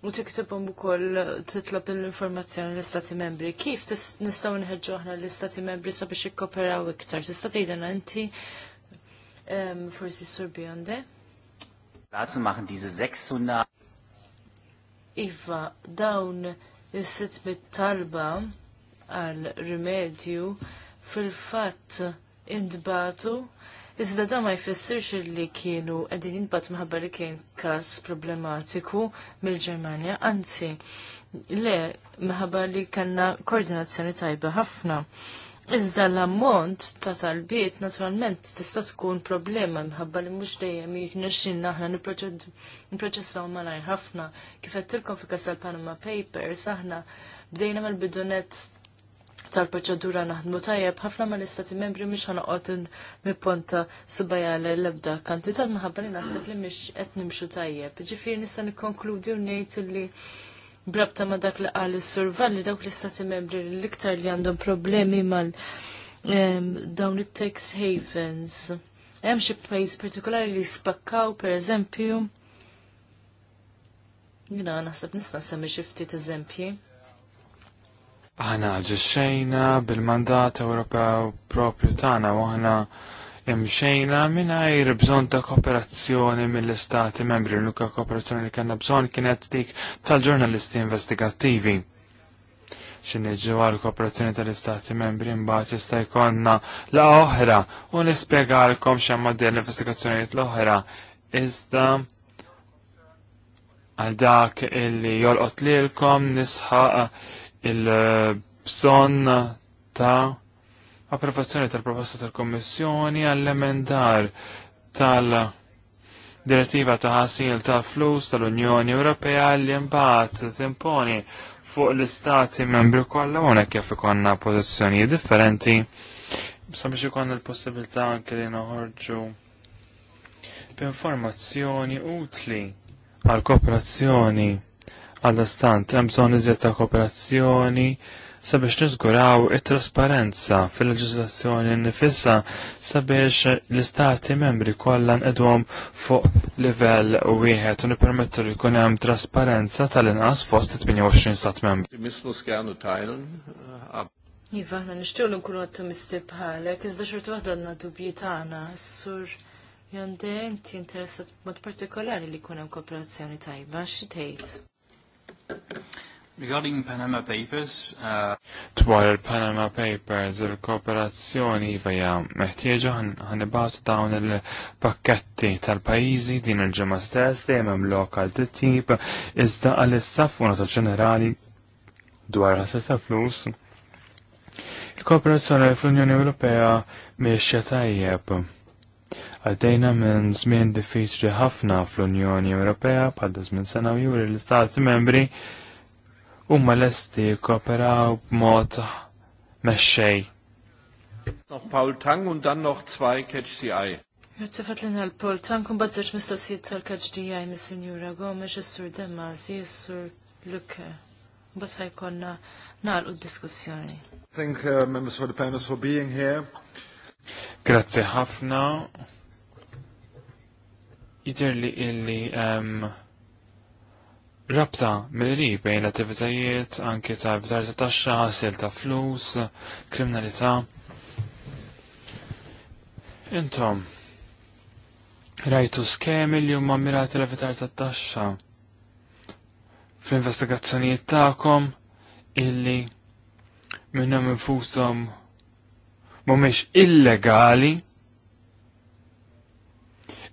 u tiktibhom ukoll titlob l-informazzjoni l-istati membri. Kif nistgħu nħedġu ħna l-istati membri sabiex jikkoperaw iktar? Tista' tgħidilna inti forsi surbjonde? Dazu machen diese 600 Iva, dawn is-sit bit-talba għal rimedju fil-fatt indbatu Iżda da ma jfissirx li kienu għedin jinbat minħabba li kien kas problematiku mill-Ġermanja, anzi, le, minħabba li kanna koordinazzjoni tajba ħafna. Iżda l-ammont ta' talbiet naturalment tista' tkun problema minħabba li mhux dejjem jiknexxin aħna nipproċessaw malajr ħafna. Kif qed tilkom fi kasal Panama Papers aħna bdejna mal-bidunet tal-proċedura naħdmu tajjeb ħafna mal istati membri mhux ħanoqgħod nipponta subajja l-ebda kantitat minħabba li naħseb li mhix qed nimxu tajjeb. Ġifieri nista' nikkonkludi u ngħid li brabta ma dak li qal is-survan li dawk l-istati membri l-iktar li għandhom problemi mal dawn it-tax havens. Hemm xi pajjiż partikolari li spakkaw pereżempju. Jina naħseb nista' semmi xi ftit eżempji. Aħna ġexxejna bil-mandat Ewropew propju tagħna u aħna imxejna mingħajr bżonn ta' kooperazzjoni mill-istati membri. L-unika kooperazzjoni li kellna bżonn kienet dik tal-ġurnalisti investigattivi xinniġu għal kooperazzjoni tal-istati membri mbagħad jista' jkollna la oħra u nispjegalkom x'hemm għaddej l-investigazzjonijiet l-oħra. Iżda għal dak illi jolqot lilkom nisħaq il bżonn ta' approvazzjoni tal-proposta tal-Kommissjoni għall-emendar tal-direttiva ta' ħasil tal-flus tal-Unjoni Ewropea li mbagħad timponi fuq l-istati membri kollha hawnhekk kif ikonna pożizzjoni differenti sabiex ikon il-possibilità anke li noħorġu b'informazzjoni utli għal kooperazzjoni għall istant hemm bżonn iżjed ta' kooperazzjoni sabiex niżguraw it-trasparenza fil-leġislazzjoni nifissa sabiex l-istati membri kollha nqedhom fuq livell wieħed u nippermettu li jkun hemm trasparenza tal-inqas fost 28 stat membri. Äh, iva, ħna nixtiew li nkunu ottimisti bħalek, iżda xortu waħda għandna dubji tagħna, s-sur Jonde, inti interesat mod partikolari li jkun hemm kooperazzjoni tajba, xi tgħid? Regarding Panama Papers, uh, dwar il-Panama Papers, il-kooperazzjoni vajja meħtieġu ħanibatu dawn il-pakketti tal-pajizi din il-ġemma stess li hemm lokal tittib iżda għall issaf ġenerali dwar għasetta flus. Il-kooperazzjoni fl-Unjoni Ewropea mhix tajjeb. Għaddejna minn żmien diffiċli ħafna fl-Unjoni Ewropea pal żmien sena juri l-Istati membri umma huma lesti kooperaw b'mod mexxej. Noch Paul Tang un dan noħ zwei Catch the Eye. Grazie fatlina l-Paul Tang, un bazzaċ mistoqsijiet tal-Catch the mis-Sinjura Gomes, s-Sur Demasi, s-Sur Luke. Bas ħajkonna naqlu u diskussjoni Thank you, uh, members for the panels for being here. Grazie ħafna. Jider illi um, rabta mill-ri bejn l-attivitajiet anki ta' bżar ta' taxxa, ħasil ta' flus, kriminalità. Intom, rajtu skemi li huma mirati l-evitar ta' taxxa fl-investigazzjonijiet tagħkom illi minnhom infushom mhumiex illegali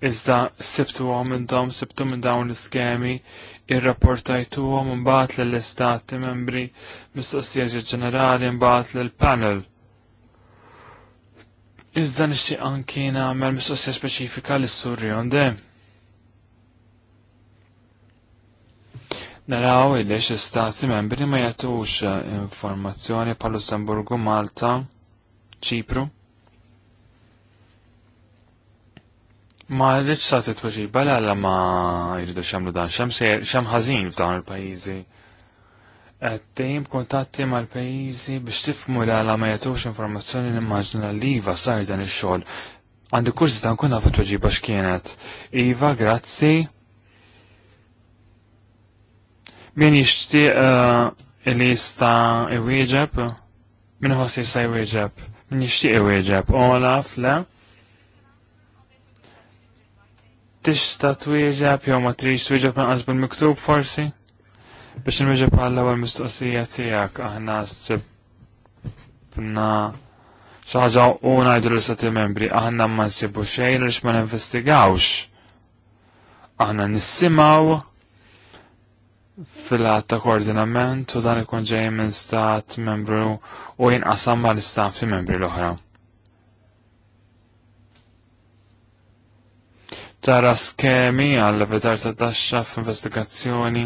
iżda sibtu għom minn dom, sibtu minn dawn l-skemi irrapportajtuhom mbagħad lill-istati membri mistoqsija ġenerali mbagħad lill-panel. Iżda nixtieq anki nagħmel mistoqsija speċifika lis sur Rionde. Naraw li istati membri ma jagħtux informazzjoni pa' Lussemburgu, Malta, Ċipru. Ma rridx sa titweġiba għalla ma jridu xamlu dan xam xam ħażin f'dawn il-pajjiżi. Għaddejjem kontatti mal-pajjiżi biex tifmu għalla ma jagħtux informazzjoni nimmaġna li iva sar dan ix-xogħol. Għandi kursi dan kun nafu tweġiba x'kienet. Iva, grazzi. Min jixtieq eh, li jista' iwieġeb? Min ħossi jista' iwieġeb? Min jixtieq iwieġeb? Olaf, le? tista twieġa jew ma trix twieġeb naqas bil-miktub forsi? Biex nwieġeb għall ewwel mistoqsija tiegħek aħna sibna xi ħaġa u ngħidu l-istati membri aħna ma nsibu xejn għaliex ma ninvestigawx. Aħna nissimgħu fil-għat ta' koordinament u dan ikun ġej minn stat membru u jinqasam mal-istaff membri l-oħra. tara skemi għall vetar ta' taxxa f'investigazzjoni.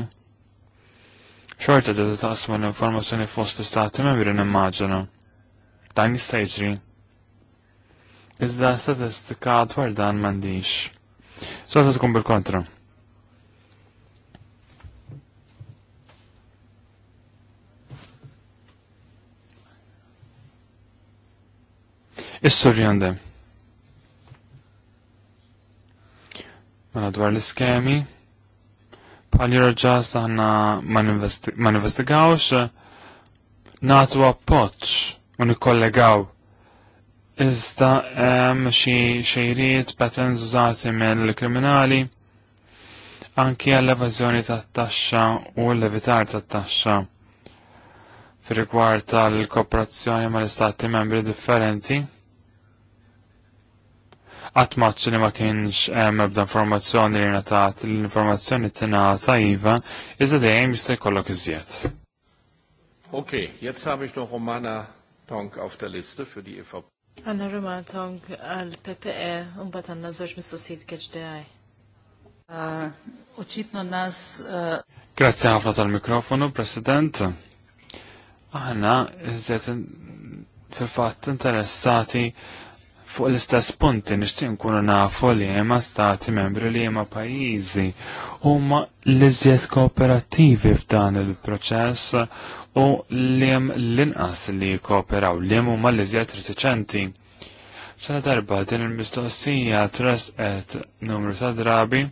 Xorta da taqsmu l-informazzjoni fost istati membri nimmaġinu. Dan jista' jiġri. Iżda statistika dwar dan m'għandix. Sota tkun bil-kontra. Is-sur Mela dwar l-iskemi. Bħal jirraġas aħna ma investigawx, natu appoċ u nikollegaw. Iżda hemm xi xejriet patterns użati mill-kriminali anki għall-evażjoni tat-taxxa u l-levitar tat-taxxa fir-rigward tal-kooperazzjoni mal-istati membri differenti għatmaċ li ma kienx eh, ebda informazzjoni li natat l-informazzjoni t tina tajiva, iżda dejjem jista' jkollok iżjed. Okay, jetzt habe ich noch Romana Tonk għaf der Liste für di EVP. Għanna Romana Tonk għal PPE un bat għanna zoċ mistoqsijiet keċ Uċitna eh, nas. Eh, Grazie għafna tal-mikrofonu, President. Għanna, Aħna, fil fat interessati Fuq l-istess punti nixtieq nkunu nafu li hemm stati membri li hemm pajjiżi huma l-iżjed kooperattivi f'dan il-proċess u li hemm l-inqas li jikkooperaw li hemm huma l-iżjed reticenti. Sala darba din il-mistoqsija et numru ta' drabi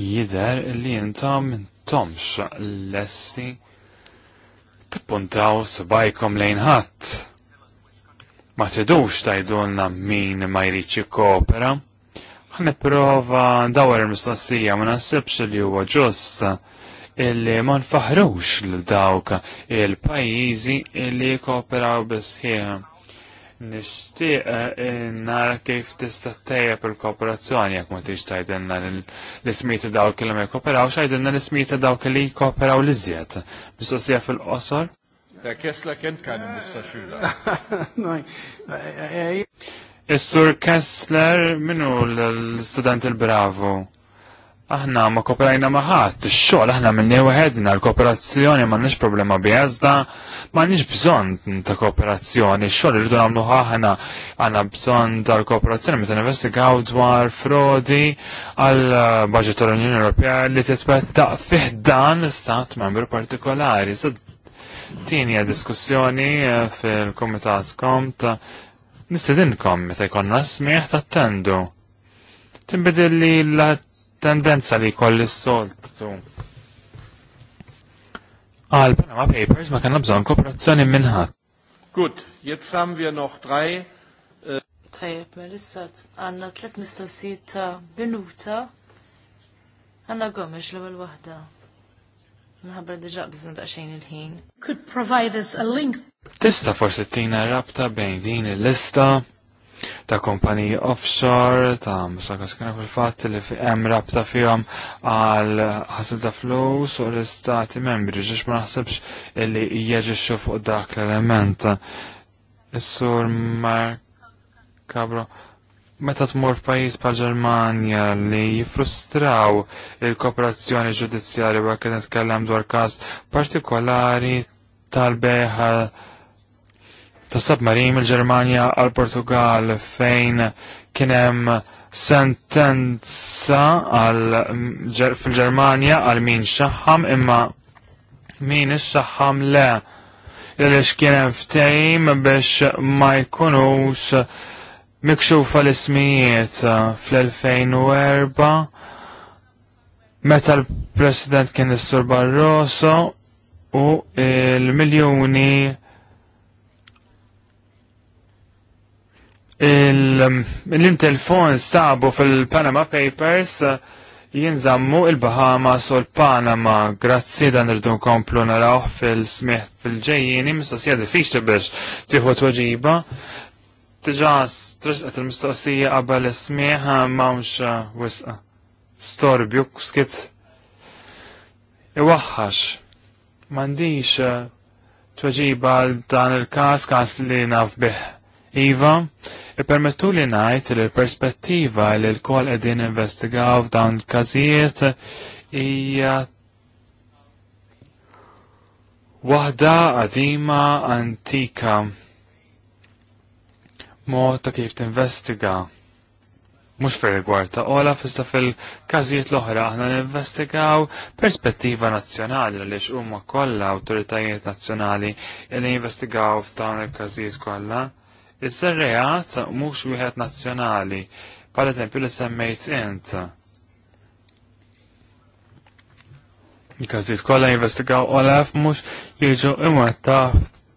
jider li jintom tomx l-essi tippuntaw subajkom lejn ħadd ma tidux tajdulna min ma jrid jikkopera. prova dawar il-mistoqsija ma nasibx li huwa ġust illi ma nfaħrux l dawk il-pajjiżi illi jikkooperaw bisħieħ. Nixtieq eh, nara kif tista' tejjeb il-kooperazzjoni jekk ma tix tgħidilna l ismiet dawk li ma jkooperawx għajdilna l ismiet dawk li jkooperaw l-iżjed. Mistoqsija fil-qosor? Da Kessler kennt keine Musterschüler. Nein. Eh, Is-sur eh, eh. Kessler minu l-student il-bravo? Aħna ma koperajna maħat, xogħol aħna minni weħedna l-kooperazzjoni ma nix problema bieżda, ma nix bżon ta' kooperazzjoni, xogħol rridu nagħmlu aħna għandna bżon tal-kooperazzjoni meta investigaw dwar frodi għal budget tal-Unjoni Ewropea li titwettaq fih dan l stat membru partikolari. Sad Tini għad diskussjoni eh, fil-komitat komt. Nistedinkom meta jkonna smieħ tendu. Timbidilli l-tendenza li kolli s-soltu. Għal Panama Papers ma kanna bżon kooperazzjoni minnħat. Gut, jetz sam wir noch drei. Äh, Tajab, Melissat, għanna tlet mistoqsijiet ta' minuta. Għanna għomex l-ewwel waħda diġa bizna daqxajn il-ħin. Could provide us a link. Tista forsi tina rabta bejn din il-lista ta' kompani offshore, ta' musakas kena fil fatt li hemm rabta fihom għal ħasil ta' flows u l-istati membri, ġiex ma naħsebx illi jieġixxu fuq dak l-element. Is-sur Mark Cabro meta tmur f'pajjiż bħal Ġermanja li jifrustraw il-kooperazzjoni ġudizzjarja wa kien nitkellem dwar każ partikolari tal-beħa ta' submarin mill-Ġermanja għal Portugal fejn kien hemm sentenza fil-Ġermanja għal min xaħam imma min ix-xaħam le għaliex kien hemm ftejm biex ma jkunux mikxufa l-ismijiet uh, fl-2004 meta l-President kien is-Sur Barroso u l-miljoni l-intelfon stabu fil-Panama Papers uh, jinżammu il-Bahamas u l-Panama. Grazzi dan irdu nkomplu naraw fil smiħ fil-ġejjini, mistoqsija diffiċli biex tieħu tweġiba. Tiġas, trisqet il-mistoqsija qabel ismieħ mawx wisqa. Storbju skit iwaħħax. mandiġ tuġiba dan il-kas kas li nafbih. bih. Iva, permettu li najt li l-perspettiva li l-kol edin investigaw dan il-kazijiet ija wahda qadima antika mod ta' kif t-investiga. Mux fil rigward ta' Olaf, iżda fil-każijiet l-oħra aħna ninvestigaw perspettiva nazzjonali għaliex huma kollha awtoritajiet nazzjonali li jinvestigaw f'dawn il-każijiet kollha. iż reat mhux wieħed nazzjonali, pal eżempju li semmejt int. Il-każijiet kollha jinvestigaw Olaf mhux jiġu imwettaf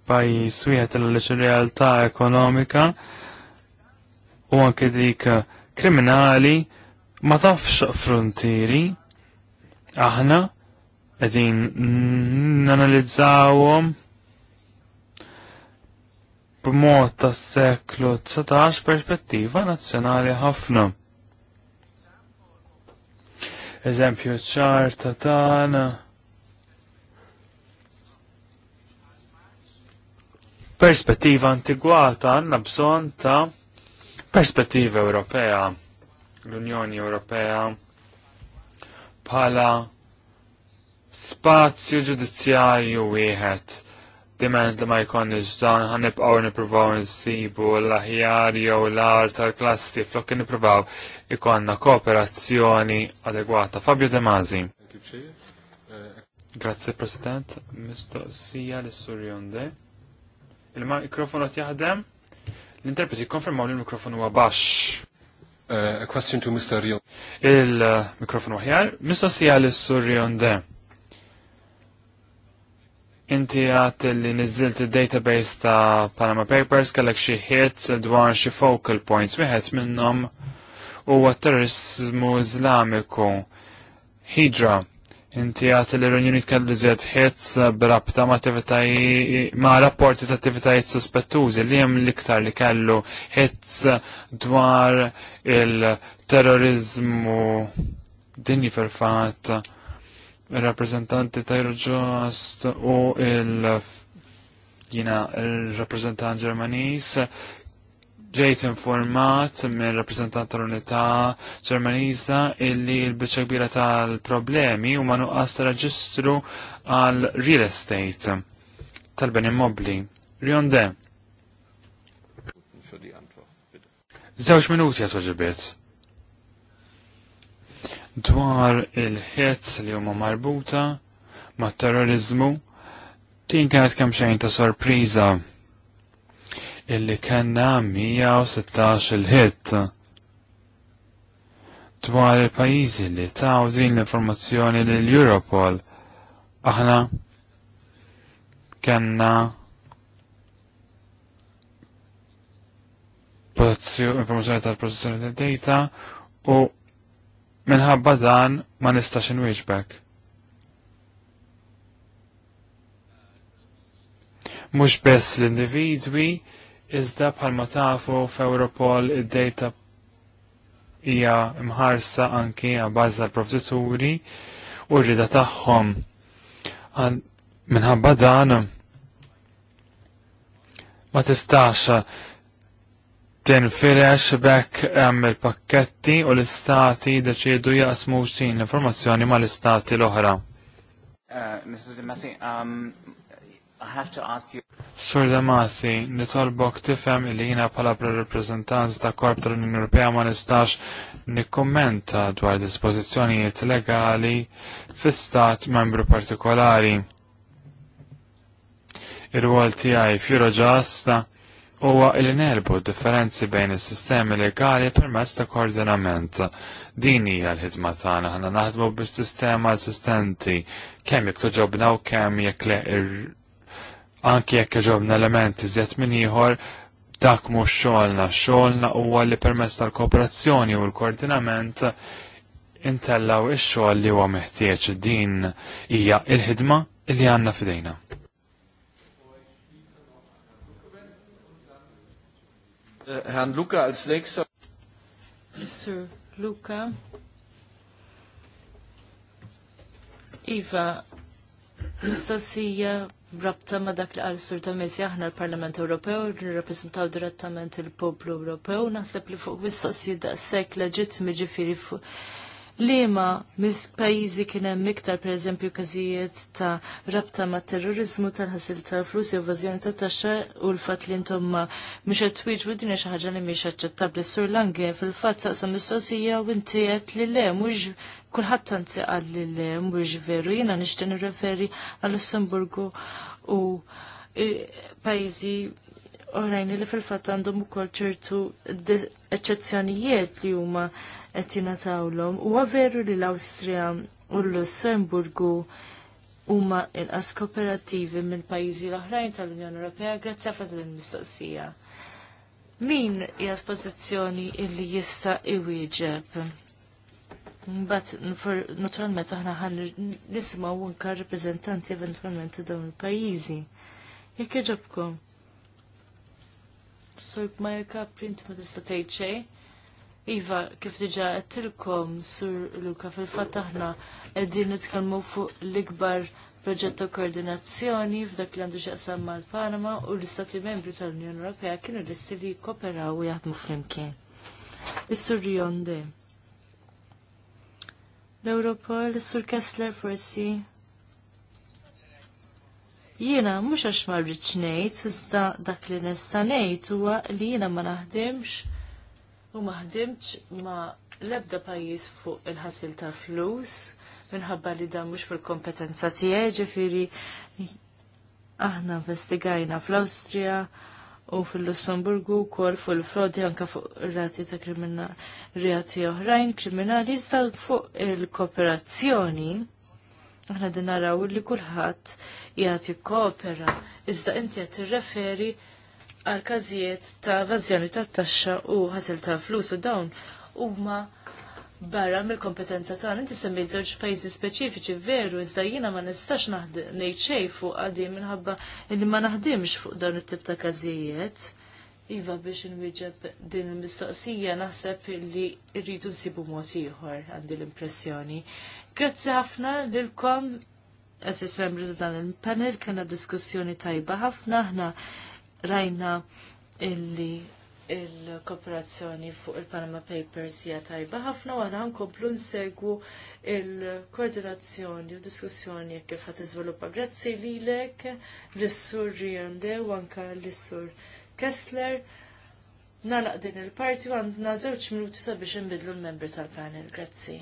pajjiż wieħed għaliex ir-realtà ekonomika u anke dik kriminali ma tafx frontieri aħna qegħdin nanalizzawhom b'mod tas-seklu 19 perspettiva nazzjonali ħafna. Eżempju ċarta ta' tagħna. Perspettiva antigwata għandna bżonn ta' perspettiva Ewropea. L-Unjoni Ewropea bħala spazju ġudizzjarju wieħed dimen li ma jkun dan ħan nibqgħu nippruvaw insibu l-aħjar jew l art tal-klassi flok nippruvaw ikonna kooperazzjoni adegwata. Fabio De Masi. Grazie President, mistoqsija l-surjonde. Il-mikrofonu jaħdem? L-interpreti konfermaw li l-mikrofonu huwa baxx. Uh, a question to Mr. Rion. Il-mikrofonu ħjar, Mr. Sialis sur Rion de. Inti għat li nizzilt il-database ta' Panama Papers kellek xi hits dwar xi focal points wieħed minnhom huwa terrorismu Islamiku. Hidra Inti għati li l-Unjoni kelli zjed ħitz b'rabta ma' attivitajiet ma' rapporti ta' attivitajiet sospettużi li hemm l-iktar li kellu ħetz dwar il-terrorizmu dinji fil-fatt il-rappresentanti ta' ġost u il- jina il-rappresentant Ġermanis ġejt informat minn rappresentant tal-unità ġermaniza illi l biċċa kbira tal-problemi huma nuqqas ta' reġistru għal real estate tal-ben immobli. Rionde. Zewġ minuti għat waġibiet. Dwar il-ħetz li huma marbuta ma' terrorizmu, tin kienet kemm xejn ta' sorpriża illi kanna 116 il-hit dwar il-pajizi li taw din l-informazzjoni l-Europol. Aħna kanna informazzjoni tal-protezzjoni tal-data u minħabba dan ma nistax inwieġbek. Mhux bess l-individwi, Iżda bħalma tafu f'Europol id-data hija mħarsa anki għal bażi tal-provdituri u rrida tagħhom. Minħabba dan ma tistax tinfirex bekk hemm il-pakketti u l-istati deċiedu jaqsmu din l-informazzjoni mal-istati l-oħra. Uh, Mr. Demasi, um, Sur Damasi, nitolbok tifhem li jiena bħala reprezentanz ta' Korp tal-Unjoni Ewropea ma nistax nikkommenta dwar dispożizzjonijiet legali fi stat membru partikolari. Ir-rwol tiegħi f'Eurojust huwa li nerbu differenzi bejn is-sistemi legali permezz ta' koordinament. Din hija l-ħidma tagħna ħana naħdmu bis-sistema assistenti. kemm jekk toġobna u kemm jekk anki jekk ġobna elementi zjed minn ieħor dak mhux xogħolna, xogħolna huwa li permezz tal-kooperazzjoni u l-koordinament intellaw ix-xogħol li huwa meħtieġ din hija il-ħidma li għandna f'idejna. Eh, Herrn Luca als nächster. Sir Luca. Iva, mistoqsija rabta ma dak li għal sur ta' Tamesi aħna l-Parlament Ewropew, rappresentaw direttament il-poplu Ewropew, naħseb li fuq mistoqsijiet daqshekk leġittmi ġifieri fuq Lima, mis pajizi kien hemm iktar pereżempju każijiet ta' rabta ma' terrorizmu tal-ħasil tal-flus, evażjoni ta' taxxa u l-fatt li intom ma mhux qed twieġbu din xi ħaġa li mhix aċċettabbli sur Lange fil-fatt saqsam mistoqsija u inti qed li le mhux Kulħadd tanti qal l mhuwiex veru, jiena nixtieq referi għal Lussemburgu u e, pajjiżi oħrajn li fil-fatt għandhom ukoll ċertu eċċezzjonijiet li huma qed jingħatawhom. Huwa veru li l austria u l-Lussemburgu huma inqas kooperativi minn pajjiżi l-oħrajn tal-Unjoni Ewropea grazzi għal din mistoqsija Min hija pożizzjoni illi jista' iwieġeb? Mbagħad naturalment aħna ħan nisimgħu anke eventualment eventwalment dawn il-pajjiżi. Jekk iġobkom. Sur Marka print ma tista' tgħid xejn. Iva, kif diġà qedtilkom sur Luka fil-fatt aħna qegħdin nitkellmu fuq l-ikbar proġett ta' koordinazzjoni f'dak li għandu x'jaqsam mal-Panama u l-Istati Membri tal-Unjoni Ewropea kienu l istili jikkoperaw u jaħdmu flimkien. Is-sur Rionde l l Sur Kessler forsi. Jiena, mhux għax ma rridx ngħid, iżda dak li nista' ngħid huwa li jiena ma naħdimx u ma ħdimx ma l-ebda pajjiż fuq il-ħasil ta' flus minħabba li dan mhux fil-kompetenza tiegħi ġifieri aħna investigajna fl-Awstrija u fil-Lussemburgu kol fuq il-frodi anka fuq rati ta' kriminali, reati oħrajn kriminali, iżda fuq il-kooperazzjoni, aħna din naraw li kulħadd jagħti koopera, iżda inti qed tirreferi għal każijiet ta' vazjoni tat taxxa u ħasil ta' flus u dawn huma barra mill-kompetenza tagħna inti semmi żewġ pajjiżi speċifiċi veru iżda jiena ma nistax ngħid fuq għadim minħabba li ma naħdimx fuq dawn it-tip ta' każijiet. Iva biex inwieġeb din il-mistoqsija naħseb li rridu nsibu mod ieħor għandi l-impressjoni. Grazzi ħafna lilkom Assis membri ta' dan il-panel kena diskussjoni tajba ħafna aħna rajna illi il-kooperazzjoni fuq il-Panama Papers hija tajba ħafna u għana nkomplu nsegwu il-koordinazzjoni u diskussjoni jekk kif ħat iżviluppa. Grazzi lilek, l-sur Riande u anke l-sur Kessler. Nalaq din il-parti u għandna żewġ minuti sabiex nbidlu l-membri tal-panel. Grazzi.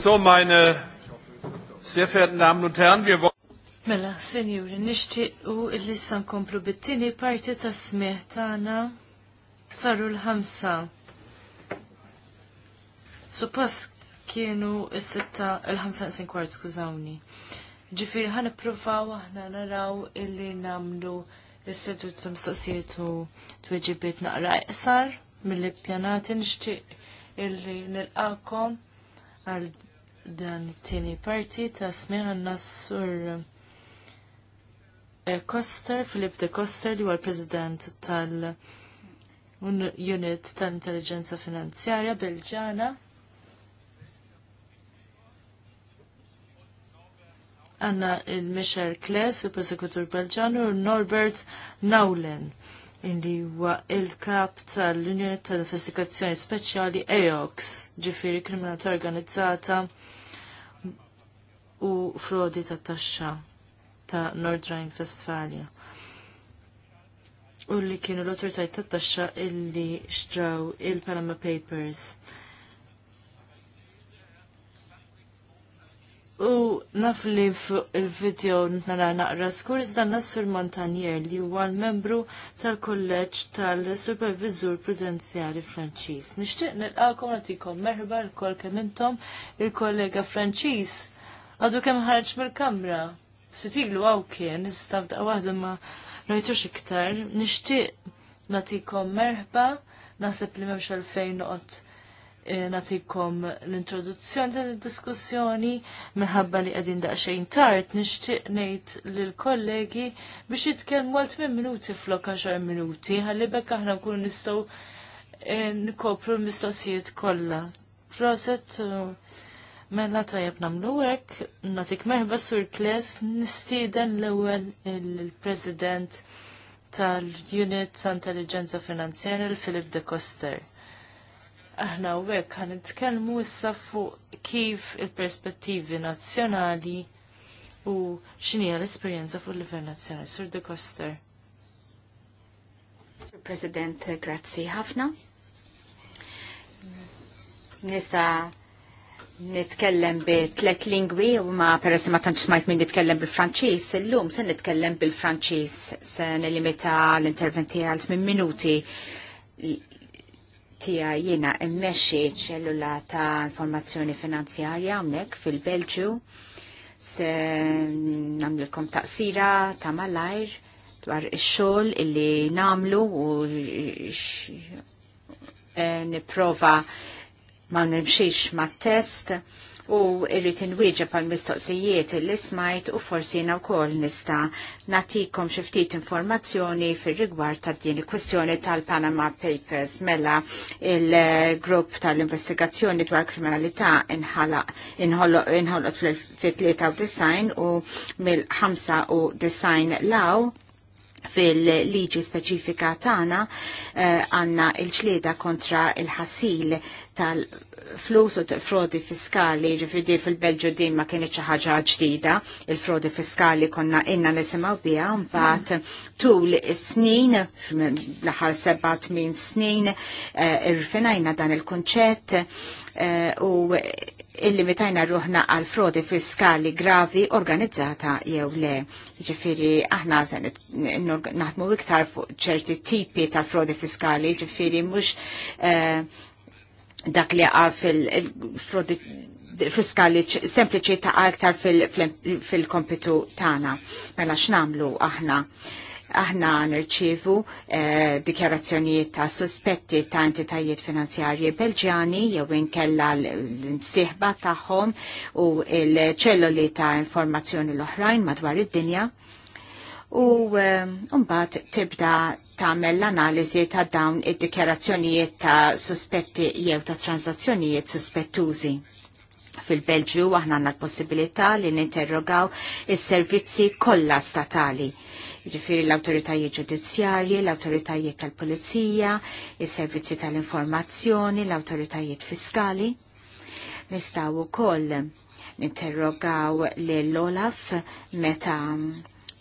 So, meine sehr verehrten Damen und Herren, wir wollen... Mela, senjuri, u il lissan nkomplu bit parti ta' smieħ tagħna saru l-ħamsa. Suppost kienu il sitta l-ħamsa nsin kwart, skużawni. Ġifiri, ħan provaw aħna naraw illi namlu l-sedu ta' t tweġibiet naqra iqsar mill-pjanati nishtiq illi nilqakom għal dan it-tieni parti ta' smiħan sur eh, Koster, Filip de Koster, li huwa l-President tal-Unit tal-Intelligenza Finanzjarja Belġana. Għanna il-Michel Kles, il-Prosekutur Belġanu, Norbert Nawlen illi huwa il-kap tal-Unjoni tal-Investigazzjoni Speċjali EOX, ġifiri kriminalità organizzata u frodi ta' taxxa ta' Nordrhein westfalia U li kienu l-autoritajt ta' taxxa illi xtraw il-Panama Papers. U naf li il-video nara naqra skur iżda Nassur Montanier li huwa l-membru tal kolleġġ tal-Supervizur Prudenzjali Franċiż. Nixtieq nilqakom nagħtikom merħba l-kol kemm intom il-kollega Franċiż Għadu kem ħarġ mill-kamra. Sitilu għaw kien, istabda għahda ma rajtux iktar. Nishtiq natikom merħba, nasib li memx għalfejn noqot eh, natikom l-introduzzjoni ta' diskussjoni minħabba li għadin xejn tard nixtieq ngħid lill-kollegi biex jitkellmu għalt minn minuti flok għaxar minuti ħalli bekk aħna nkunu nistgħu eh, nkopru l-mistoqsijiet kollha. Proset eh, Mela tajab għek, natik meħba sur kles nistiden l-ewel il-president tal-Unit ta' Intelligenza Finanzjera l-Filip de Koster. Aħna u għek għan it-kelmu s fuq kif il-perspettivi nazzjonali u xini l-esperienza fuq l-livell nazzjonali. Sur de Koster. Sur President, grazzi ħafna. Nisa nitkellem bi tlet lingwi u ma peressi ma tantx smajt minn nitkellem bil-Franċis, illum se nitkellem bil-Franċis se nelimita l-interventi għal 8 minuti tija jina immexxi ċellula ta' informazzjoni finanzjarja hawnhekk fil-Belġu se namlilkom taqsira ta' malajr dwar ix-xogħol illi namlu u eh, nipprova ma nimxiex ma test u irrit inwieġa pal mistoqsijiet li smajt u forsi jena u kol nista natikom xiftit informazzjoni fir rigward ta' din il-kwestjoni tal-Panama Papers mela il-grupp tal-investigazzjoni dwar kriminalità inħolot fil-93 u mill-5 u design law fil-liġi speċifika tagħna eh, għandna il-ġlieda kontra il-ħasil tal-flus u frodi fiskali, ġifridi fil-Belġu din ma kienet xi ħaġa ġdida, il-frodi fiskali konna inna nisimgħu biha mbaħt tul is-snin, l-aħħar seba' tmien snin, eh, irfinajna dan il-kunċett eh, u illimitajna ruħna għal frodi fiskali gravi organizzata jew le. Ġifiri, aħna naħdmu iktar fuq ċerti tipi ta' frodi fiskali, ġifiri mux eh, dak li għaf fil fiskali sempliċi ta' aktar fil-kompitu tana. Mela x'namlu aħna? Aħna nirċivu eh, dikjarazzjonijiet ta' suspetti ta' entitajiet finanzjarji belġjani jew inkella l-imsieħba tagħhom u l-ċelloli ta' informazzjoni l-oħrajn madwar id-dinja u ehm, mbagħad tibda tagħmel l-analiżi ta' dawn id-dikjarazzjonijiet ta' suspetti jew ta' transazzjonijiet suspettużi. Fil-Belġju aħna għandna l-possibilità li ninterrogaw is-servizzi kollha statali ġifiri l-autoritajiet ġudizzjarji, l-autoritajiet tal-polizija, il-servizzi tal-informazzjoni, l-autoritajiet fiskali. Nistaw u ninterrogaw l-Olaf meta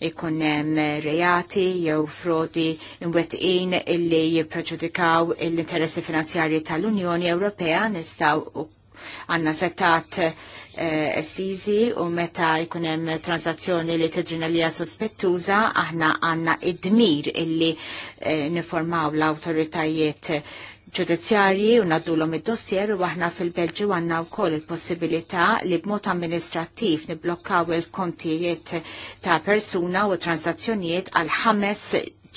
ikun hemm reati jew frodi imwettqin illi jippreġudikaw l-interessi finanzjarji tal-Unjoni Ewropea nistgħu għanna settat essizi eh, u meta jkun hemm transazzjoni li tidrina li hija sospettuża aħna għanna id-dmir illi eh, niformaw l awtoritajiet ġudizzjarji u naddulhom id-dossier u aħna fil-Belġu għandna wkoll il-possibilità li b'mod amministrattiv niblokkaw il-kontijiet ta' persuna u transazzjonijiet għal ħames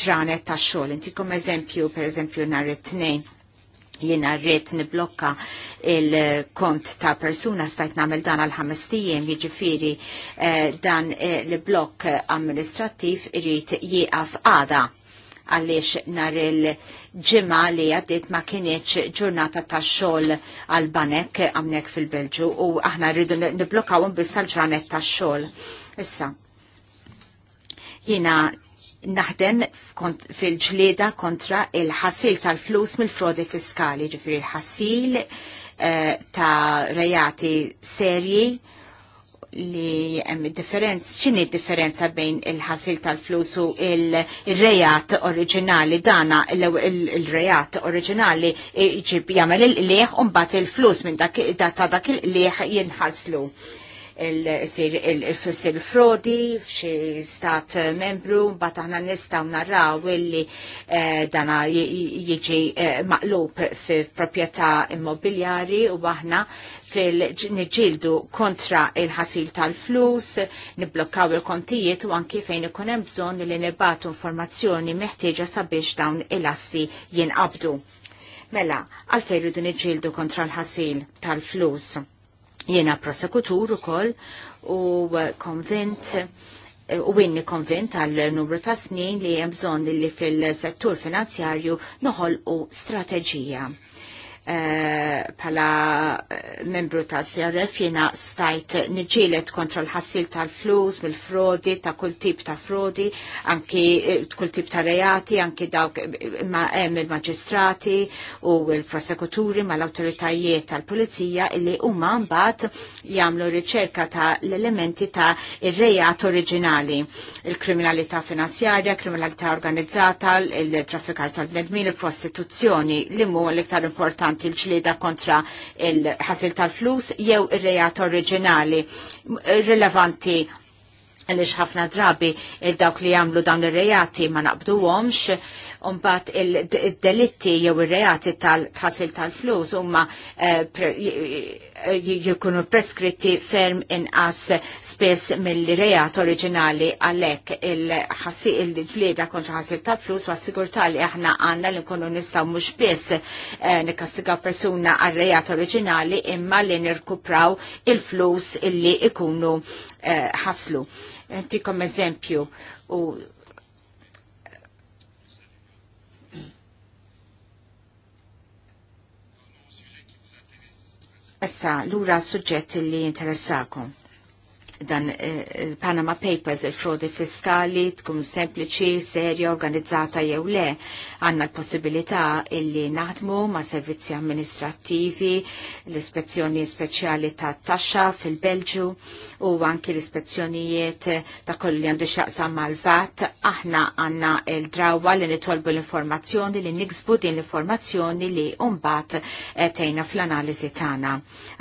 ġranet ta' xogħol. Intikom eżempju, per eżempju, nhar it-tnejn li narrit niblokka il-kont ta' persuna stajt namel dan għal ħamestijiem jiġifiri eh, dan eh, l-blokk amministrativ irrit jieqaf għada għaliex nar il-ġimma li għaddit ma kienieċ ġurnata ta' xol għal-banek għamnek fil-Belġu u aħna rridu niblokawum biss għal ġranet ta' xol. Issa, jina naħdem fil-ġlieda kontra il-ħassil tal-flus mill-frodi fiskali, ġifiri il-ħassil eh, ta' rejati serji li hemm differenz, x'inhi differenza bejn il-ħasil tal-flus u il-rejat oriġinali dana il-rejat oriġinali e, ġib jagħmel il-leħ u mbagħad il-flus minn dak ta' dak il-leħ jinħaslu il-fissir frodi f'xi stat membru mbagħad aħna nistgħu narraw illi e, dana jiġi e, maqlub f'proprjetà immobiljari u aħna fil-ġildu kontra il-ħasil tal-flus, niblokkaw il-kontijiet u anki fejn ikun hemm bżonn li nibatu informazzjoni meħtieġa sabiex dawn il-assi jinqabdu. Mela, għalfejn rridu niġġieldu kontra l-ħasil tal-flus. Jiena prosekutur ukoll u konvent u inni konvent għal numru ta' snin li hemm bżonn li fil-settur finanzjarju noħolqu strateġija Eh, pala eh, membru ta' CRF jena stajt nġilet kontra l-ħassil tal-flus, mill-frodi, ta' kull tip ta' frodi, anki eh, kull tip ta' reati, anki dawk ma' il-magistrati u il-prosekuturi ma' l-autoritajiet tal-polizija illi huma mbagħad jagħmlu riċerka ta' l-elementi ta' il rejat oriġinali, il-kriminalità finanzjarja, kriminalità organizzata, il-traffikar tal-bnedmin, il-prostituzzjoni, li mu l-iktar importanti importanti l-ġlieda kontra il-ħasil tal-flus jew ir-rejat oriġinali rilevanti għalix ħafna drabi il-dawk li jamlu dawn il-rejati ma naqbduwomx, unbat il-delitti jew il-rejati tal-ħasil tal-flus umma eh, jikunu preskritti ferm inqas spes mill-rejat oriġinali għalek il-fleda ħassi kontra ħasil ta' flus wa sigurta li aħna għanna li nkunu nistaw mux biss eh, nikastiga persuna għal rejat oriġinali imma li nirkupraw il-flus illi ikunu eh, ħaslu. Tikom eżempju u Issa, lura s-sujġet li jinteressakom dan il-Panama eh, eh, Papers, il-frodi fiskali, tkun sempliċi, serja, organizzata jew le. Għanna l-possibilità illi naħdmu ma' servizzi amministrativi, l-ispezzjoni speċjali ta' taxxa fil-Belġu u anki l-ispezzjonijiet ta' kollu li għandu xaqsa mal-VAT. Aħna għanna il-drawa li nitolbu l-informazzjoni, li niksbu din l-informazzjoni li umbat tejna fl-analizi tagħna.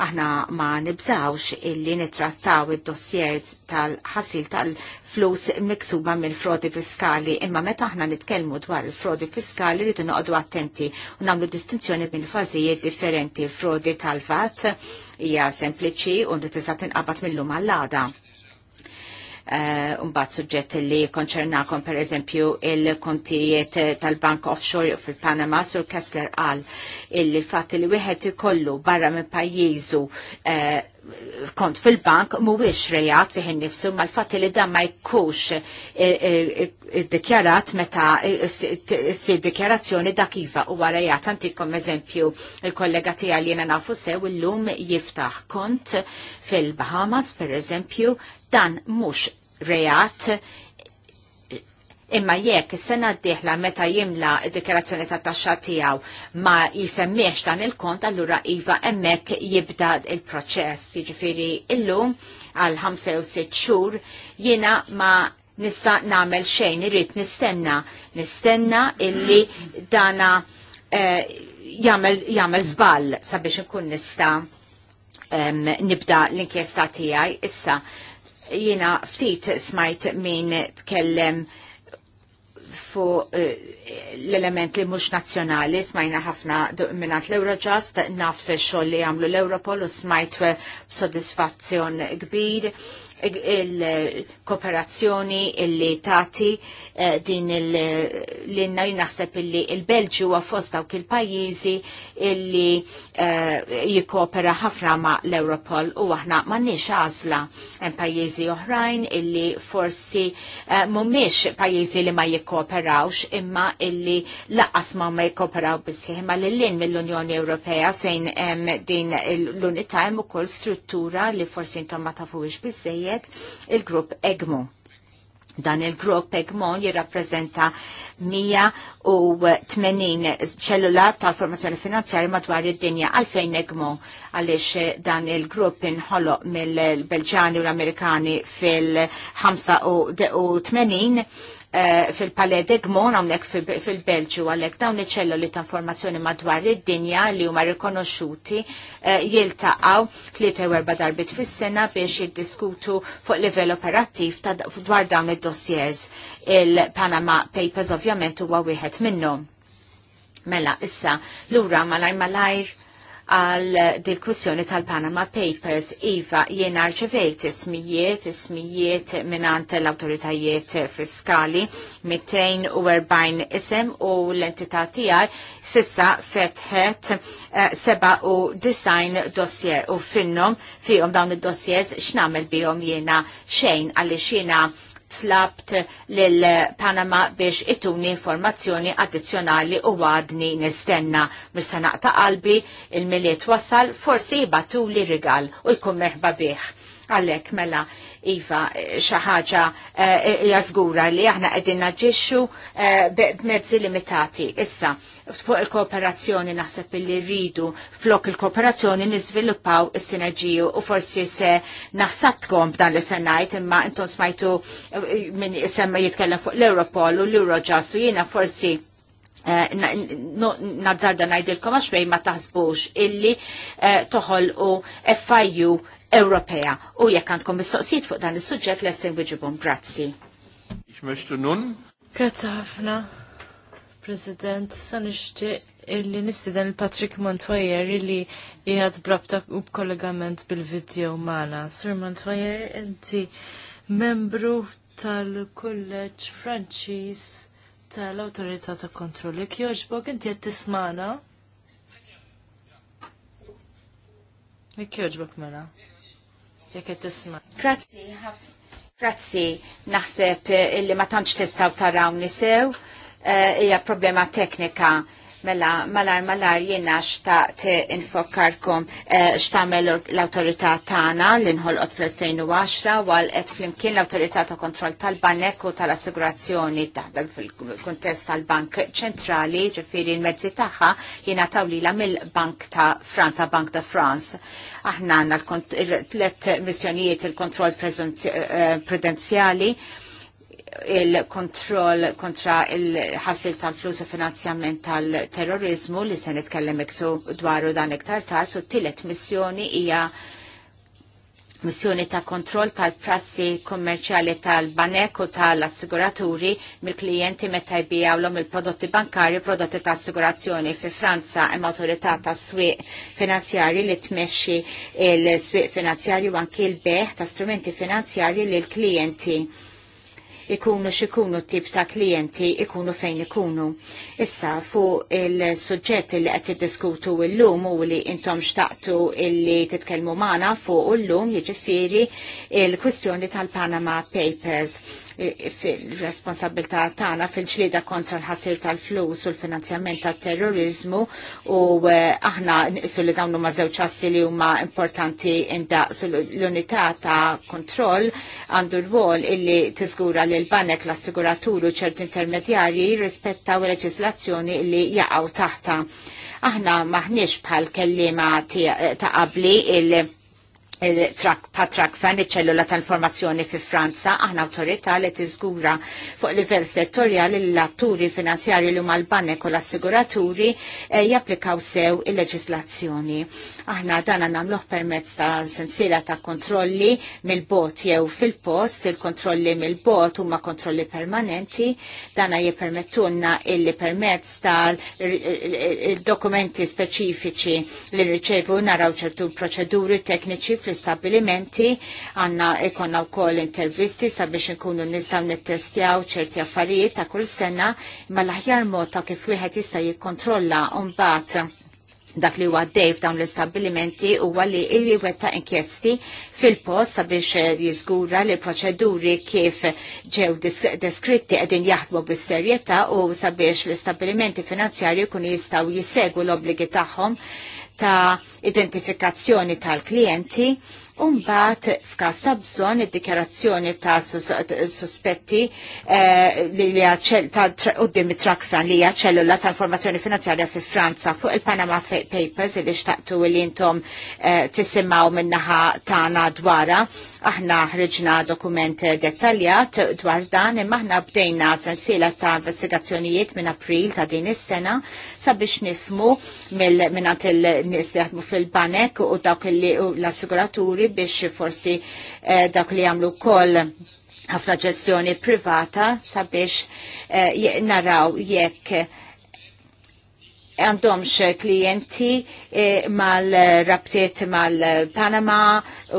Aħna ma nibżawx illi nitrattaw id dossi dossier tal-ħassil tal-flus miksuba minn frodi fiskali. Imma meta aħna nitkellmu dwar il-frodi fiskali rridu noqogħdu attenti u nagħmlu distinzjoni minn fażijiet differenti. Frodi tal-vat hija sempliċi u tista' tinqabad mill-lum għall-għada. Uh, bat suġġett li konċernakom per eżempju il-kontijiet tal-Bank Offshore fil-Panama sur Kessler għal il-fat li wieħed ikollu barra minn pajjiżu uh, kont fil-bank mhuwiex rejat fih innifsu mal fatti li dan ma jkunx iddikjarat eh, eh, eh, meta ssir dikjarazzjoni dak iva huwa rejat. Antikom eżempju il-kollega tiegħi li nafu sew illum jiftaħ kont fil-Bahamas pereżempju dan mhux rejat Imma jekk is-sena d-dieħla meta jimla d-dikjerazzjoni ta' taxxa tiegħu ma jisemmiex dan il-kont allura iva hemmhekk jibda il-proċess. Jiġifieri illum għal 5 u 6 xhur jiena ma nista' nagħmel xejn irrid nistenna, nistenna illi dana eh, jagħmel żball sabiex inkun nista' nibda l-inkjesta tiegħi issa jiena ftit smajt min tkellem Fu eh, l-element li mhux nazzjonali smajna ħafna minnat l-Eurojust, naffi xo li għamlu l-Europol u smajt b'sodisfazzjon kbir il-kooperazzjoni illi tati eh, din l-inna jinaħseb illi il-Belġu għafost dawk il-pajizi illi eh, jikopera ħafna ma l-Europol u aħna mannix għazla hemm pajizi oħrajn illi forsi eh, mumiex pajizi li ma jikooperawx imma illi laqqas ma ma jikoperaw bisħiħ ma l-lin mill-Unjoni Ewropea fejn din l-unità hemm ukoll struttura li forsi intom ma tafuwix biżejjed il-grupp EGMO. Dan il-grupp EGMO jirrapprezenta 180 ċellula tal-formazzjoni finanzjarja madwar id-dinja għalfejn negmu għaliex dan il-grupp inħoloq mill-Belġani u l-Amerikani fil-85 eh, fil-Palais Egmon għamlek fil-Belġu għalek dawn li ta' informazzjoni madwar id-dinja li huma rikonoxxuti eh, jiltaqgħu 43 darbit fis-sena biex jiddiskutu fuq livell operattiv dwar dawn id-dossiers. Il-Panama Papers of ovvjament huwa wieħed minnhom. Mela, issa, lura malajr malajr għal dil-kwissjoni tal-Panama Papers, Iva, jien arċivejt ismijiet, ismijiet minant l-autoritajiet fiskali, 240 isem u l-entità tijaj sissa fetħet eh, seba u design dossier u finnom fihom dawn id-dossiers x'namel bihom jiena xejn għaliex jiena Slabt l-Panama biex ituni informazzjoni addizzjonali u għadni nistenna. mis sanaqta qalbi, il-miliet wasal, forsi jibatuli rigal u jkun merħba biħ. Għalhekk mela iva xi ħaġa eh, li aħna qegħdin naġixxu eh, b'mezzi limitati. Issa, fuq il-kooperazzjoni naħseb li rridu flok il-kooperazzjoni niżviluppaw is-sinerġiju u forsi se naħsatkom b'dan li se ngħid imma intom smajtu eh, minn semma jitkellem fuq l-Europol u l-Eurojust u jiena forsi nazzarda najdilkom għax ma taħsbux illi toħol u FIU Ewropea. U jekk għandkom mistoqsijiet fuq dan is-suġġett lest inwiġibhom. Grazzi. Ich nun. Grazzi ħafna, President. Sa nixtieq illi nistiden il-Patrick Montoyer illi jgħad brabta u b'kollegament bil-video mana. Sir Montoyer, inti membru tal-kulleġġ Franċiż tal-Awtorità ta' Kontrolli. Jogħġbok, inti qed tismana? Jekk jogħġbok mela jekk qed tisma'. Grazzi Grazzi, naħseb illi ma tantx tistgħu taraw nisew eh, hija problema teknika Mela, malar, malar, jena xtaqt infokarkom eh, xtamel l autorita tana l-inħolqot fl-2010 għal et flimkien l autorita ta' kontrol tal-banek u tal-assigurazzjoni ta' fil-kontest tal-bank ċentrali, ġifiri l-mezzi taħħa jena tawlila mill-bank ta' Franza, Bank ta' France. Aħna għanna l-tlet missjonijiet il-kontrol eh, eh, prudenzjali, il-kontroll kontra il-ħassil tal-flus u finanzjament tal-terrorizmu li se nitkellem iktu dwaru dan iktar tard u t-tielet missjoni hija missjoni ta' kontroll tal-prassi kommerċjali tal-banek u tal-assiguraturi mill-klijenti meta jbijawlhom il-prodotti bankari u prodotti ta' assigurazzjoni fi Franza hemm awtorità ta' swieq finanzjarji li tmexxi il-swieq finanzjari u anki l-beħ ta' strumenti finanzjarji l klijenti ikunu xikunu tip ta' klienti ikunu fejn ikunu. Issa fuq il-sujġet li qed tiddiskutu lum u li intom xtaqtu illi titkellmu fu fuq lum jiġifieri il-kwistjoni tal-Panama Papers fil-responsabilità tagħna fil-ġlieda kontra l-ħasir tal-flus u l-finanzjament tat-terrorizmu u eh, aħna nqisu li dawn huma żewġ assi li huma importanti inda l-unità ta' kontroll għandu rwol illi tiżgura li l-banek l assiguratur u ċerti intermedjarji jirrispettaw il-leġislazzjoni illi jaqgħu taħta. Aħna maħniex bħal kellima eh, ta' qabli il- pat-trakfan iċ-ċellula tal-formazzjoni fi Franza, aħna autorita li tiżgura fuq livell settorjali l-atturi finanzjarju li huma l-banek u l-assiguraturi eh, japplikaw sew il-leġislazzjoni. Aħna dana namluħ permezz ta' sensiela ta' kontrolli mill-bot jew fil-post, il-kontrolli mill-bot huma kontrolli permanenti, dana jippermettunna illi permezz ta' dokumenti speċifiċi li riċevu naraw ċertu proċeduri tekniċi fl-istabilimenti, għanna ikonna u koll intervisti sabiex nkunu nistaw nittestjaw ċerti affarijiet ta' kull sena, ma l-aħjar mod ta' kif wieħed jista' jikkontrolla un bat dak li huwa dejf dawn l-istabbilimenti huwa li wetta inkjesti fil-post sabiex eh, jiżgura li proċeduri kif ġew deskritti qegħdin jaħdmu bis-serjetà u sabiex l-istabbilimenti finanzjarji jkunu jistgħu jissegu l-obbligi tagħhom ta' identifikazzjoni tal-klijenti Umbat, f'kas ta' bżon id-dikjarazzjoni ta' sospetti eh, li li it trakfan li ċellula ta' informazzjoni finanzjarja fi Franza fuq il-Panama Papers li xtaqtu li jintom eh, tisimaw minnaħa na' dwara. Aħna ħriġna dokument dettaljat dwar dan imma aħna bdejna sensiela ta' investigazzjonijiet minn April ta' din is-sena sabiex nifmu minn minat il-nies li fil-banek u dawk l-assiguraturi biex forsi eh, dak li jagħmlu kol ħafna ġestjoni privata sabiex eh, naraw jekk għandhomx klijenti eh, mal-rabtiet mal-Panama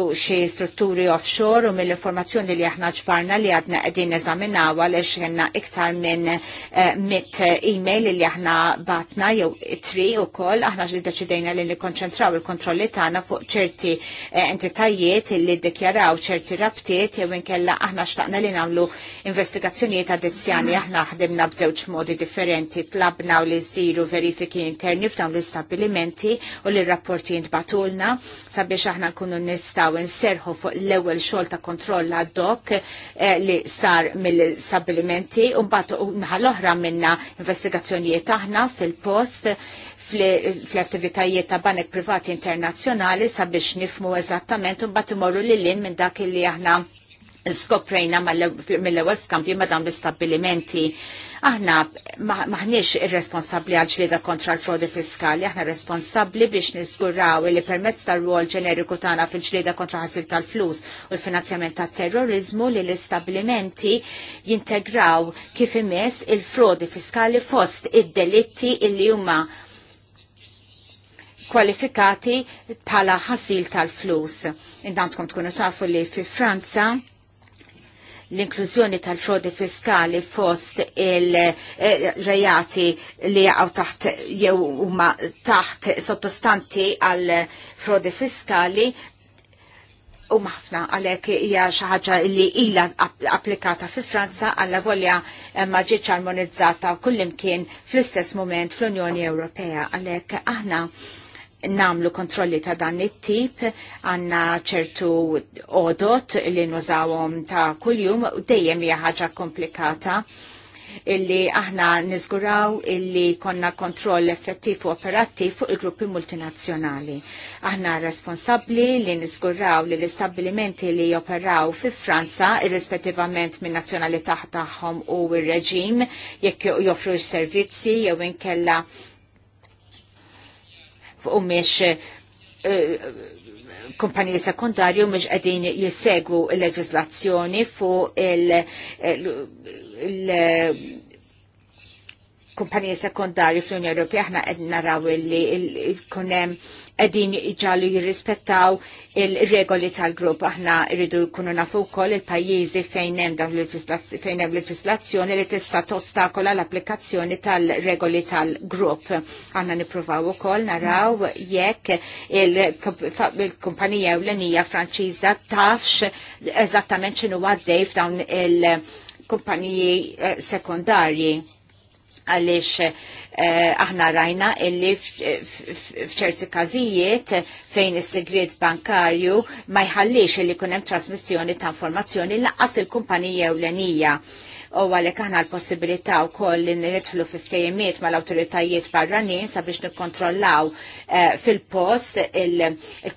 u xi strutturi offshore u mill-informazzjoni li aħna ġbarna li għadna qegħdin eżaminaw għaliex għandna iktar minn eh, mit mail li aħna batna jew tri u koll aħna deċidejna li nikkonċentraw il-kontrolli tagħna fuq ċerti eh, entitajiet li ddikjaraw ċerti rabtiet jew inkella aħna xtaqna li nagħmlu investigazzjonijiet addizzjani aħna ħdimna b'żewġ modi differenti tlabna u li jsiru verifiki politiki interni f'dawn l-istabilimenti u li rapporti jintbatulna sabiex aħna nkunu nistaw inserħu fuq l-ewel xol ta' kontroll ad dok eh, li sar mill-istabilimenti u mbagħad naħal-oħra minna investigazzjonijiet aħna fil-post fl-attivitajiet ta' banek privati internazzjonali sabiex nifmu eżattament u mbagħad imorru li in minn dak li aħna skoprejna mill-ewwel skampju ma' dawn l-istabbilimenti Aħna maħniex irresponsabli għal ġlieda kontra l-frodi fiskali, aħna responsabli biex nisguraw li permezz tal-rwol ġeneriku tagħna fil-ġlieda kontra ħasil tal-flus u l-finanzjament tat-terrorizmu li l-istablimenti jintegraw kif imess il-frodi fiskali fost id-delitti illi huma kwalifikati bħala ħasil tal-flus. tkun tkunu tafu li fi Franza l-inklużjoni tal-frodi fiskali fost il-rejati li għaw taħt jew huma taħt sottostanti għal frodi fiskali u maħfna għalek hija xi ħaġa li ilha applikata fi Franza għalla volja ma ġietx armonizzata kullimkien fl-istess moment fl-Unjoni Ewropea għalek aħna namlu kontrolli ta' dan it-tip għanna ċertu odot li nużawhom ta' kuljum u dejjem hija ħaġa komplikata illi aħna nizguraw illi konna kontroll effettiv u operattiv fuq il-gruppi multinazzjonali. Aħna responsabli li nizguraw li l-istabilimenti li joperaw fi Franza, irrispettivament minn nazzjonalità tagħhom u ir-reġim, jekk joffru s-servizzi jew inkella u miex eh, kumpanija sekundarju mhux qegħdin jissegwu l-leġislazzjoni fuq il- eh, kumpanija sekundarju fl-Unjoni Ewropea aħna qed naraw li kunem il edin iġalu jirrispettaw il-regoli tal-grupp. Aħna rridu kunu nafu kol il-pajizi fejn hemm leġislazzjoni li tista' tostakola l-applikazzjoni tal-regoli tal-grupp. Aħna nippruvaw ukoll naraw jekk il-kumpanija ewlenija Franċiża tafx eżattament x'inhu għaddej f'dawn il-kumpaniji eh, sekondarji għalix eh, aħna rajna illi fċerti kazijiet fejn is-segret bankarju ma jħallix illi kunem trasmissjoni ta' informazzjoni laqqas il-kumpanija u l u għalek aħna l-possibilità wkoll li nidħlu fi ftejimiet mal-awtoritajiet barranin sabiex nikkontrollaw eh, fil-post il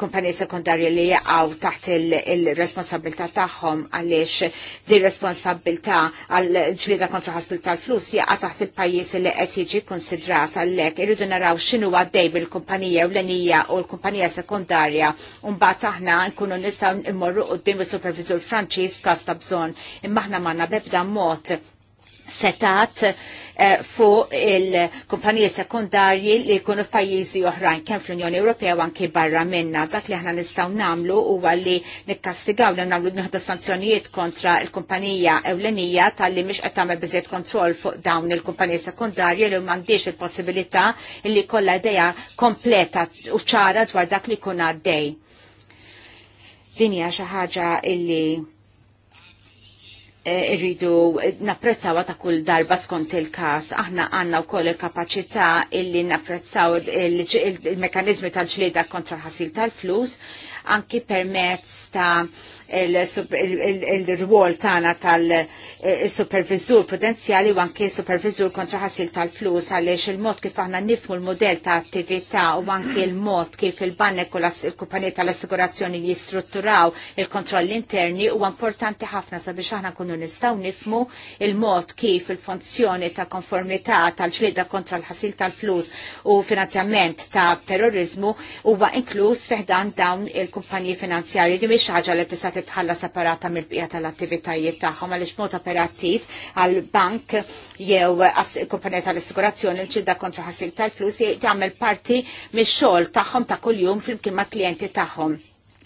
kumpanija sekundarji li jaqgħu taħt il-responsabilità tagħhom għaliex di responsabilità għal ġlieda kontra ħassil tal-flus jaqa' taħt il-pajjiż li qed jiġi konsidrat għalhekk irridu naraw xinu għaddej bil-kumpanija ewlenija u l-kumpanija sekundarja u mbagħad aħna nkunu nistgħu immorru qudiem is-supervisur Franċiż f'każ ta' bżonn imma aħna manna bebda mod ċertifikat setat fu eh, fuq il kumpanija sekundarji li jkunu f'pajjiżi oħrajn kemm fl-Unjoni Ewropea u anke barra minna. Dak li aħna nistgħu nagħmlu huwa li nikkastigaw li nagħmlu nħadda sanzjonijiet kontra l-kumpanija ewlenija tal-li mhix qed tagħmel kontrol kontroll fuq dawn il kumpanija sekundarji li m'għandix il-possibilità li jkollha ideja kompleta u ċara dwar dak li kuna għaddej. Dinja xaħġa xi ħaġa illi Eh, irridu napprezzawa ta' kull darba skont il-kas. Aħna għanna u koll il kapacita illi napprezzaw il-mekanizmi tal-ġlieda kontra ħasil tal-flus, anki permezz ta' il-rwol tagħna tal-supervizur eh, prudenzjali u anke supervizur kontra ħasil tal-flus għaliex il-mod kif aħna nifmu l-modell ta' attività u anke il-mod kif il banne u l-kumpanija tal-assigurazzjoni jistrutturaw il-kontroll interni huwa importanti ħafna sabiex aħna kunu nistgħu nifmu il-mod kif il-funzjoni ta' konformità tal-ġlieda kontra l-ħasil tal-flus u finanzjament ta' terrorizmu huwa inkluż fiħdan dawn il-kumpanji finanzjarji li miex ħaġa li titħalla separata mill-bqija tal-attivitajiet tagħhom għaliex mod operattiv għall bank jew kumpanija tal-assigurazzjoni l-ċidda kontra ħassil tal-flus jagħmel parti mix-xogħol tagħhom ta' kuljum flimkien ma' klijenti tagħhom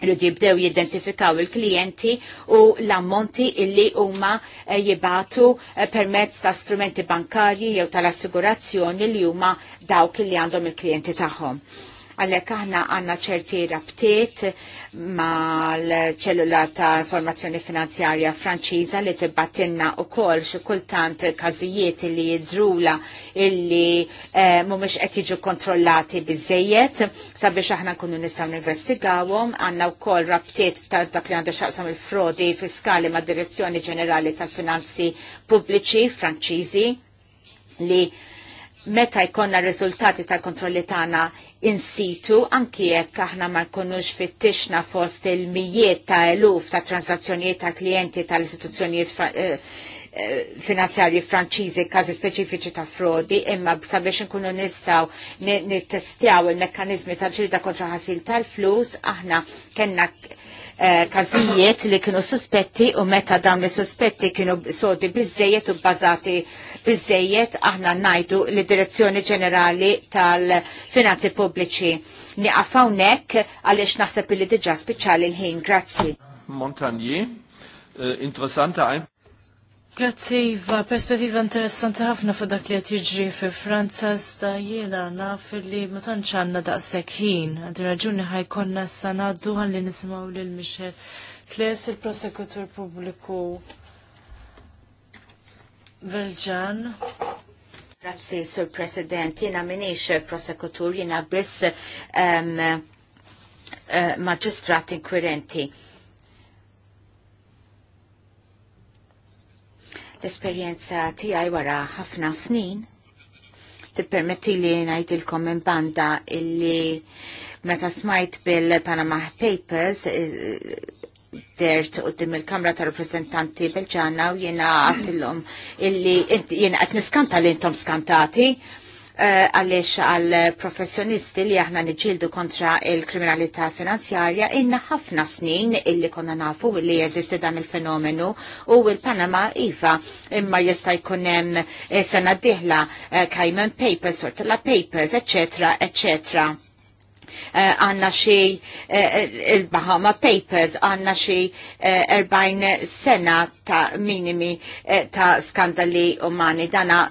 rridu jibdew jidentifikaw il-klijenti u l-ammonti illi huma eh, jibatu eh, permezz ta' strumenti bankarji jew tal-assigurazzjoni li huma dawk li għandhom il-klijenti tagħhom għalhekk aħna għandna ċerti rabtiet mal-ċellula ta' informazzjoni finanzjarja Franċiża li tibbatilna wkoll xi kultant każijiet li jidrula illi eh, mhumiex qed jiġu kontrollati biżejjed sabiex aħna nkunu nistgħu u għandna wkoll rabtiet dak li għandu xaqsam il-frodi fiskali mad Direzzjoni Ġenerali tal-Finanzi Pubbliċi Franċiżi li meta jkonna r-riżultati tal-kontrolli tagħna insitu anki jekk aħna ma jkunux fittixna fost il-mijiet ta' eluf ta' transazzjonijiet ta' klijenti tal-istituzzjonijiet eh, Eh, finanzjarji franċiżi każi speċifiċi ta' frodi imma sabiex nkunu nistgħu nittestjaw il-mekkaniżmi ta' ġilda kontra ħasil tal-flus aħna kellna eh, każijiet li kienu suspetti u meta dawn is suspetti kienu sodi biżejjed u bbażati biżejjed aħna ngħidu li direzzjoni ġenerali tal-finanzi pubbliċi. Niqafaw nek għaliex naħseb li diġà spiċċali l-ħin. Grazzi. Montagnier, eh, interessante Grazzi, va perspettiva interessanti ħafna fuq dak li qed jiġri fi Franza sta jiena naf li ma tantx għandna daqshekk ħin. Għandi raġuni ħajkonna issa ngħaddu ħalli nisimgħu lil Michel Kles il-prosekutur pubbliku Belġan. Grazzi, Sur President. jena minix prosekutur, jiena biss um, uh, inkwirenti L-esperjenza tiegħi wara ħafna snin tippermetti li ngħidilkom minn banda illi meta smajt bil-Panama Papers eh, dert u dim il-Kamra ta' Rappresentanti Belġana u jena għattillom illi jena għat niskanta li intom skantati Eh, għaliex għal professjonisti li aħna nġildu kontra il-kriminalità finanzjarja inna ħafna snin illi konna nafu li jeżisti dan il-fenomenu u il-Panama iva imma jista' jkunem eh, sena diħla eh, Cayman Papers, Sortella Papers, eccetera, eccetera għanna xie il-Bahama Papers, għanna xie 40 sena ta' minimi ta' skandali umani. Dana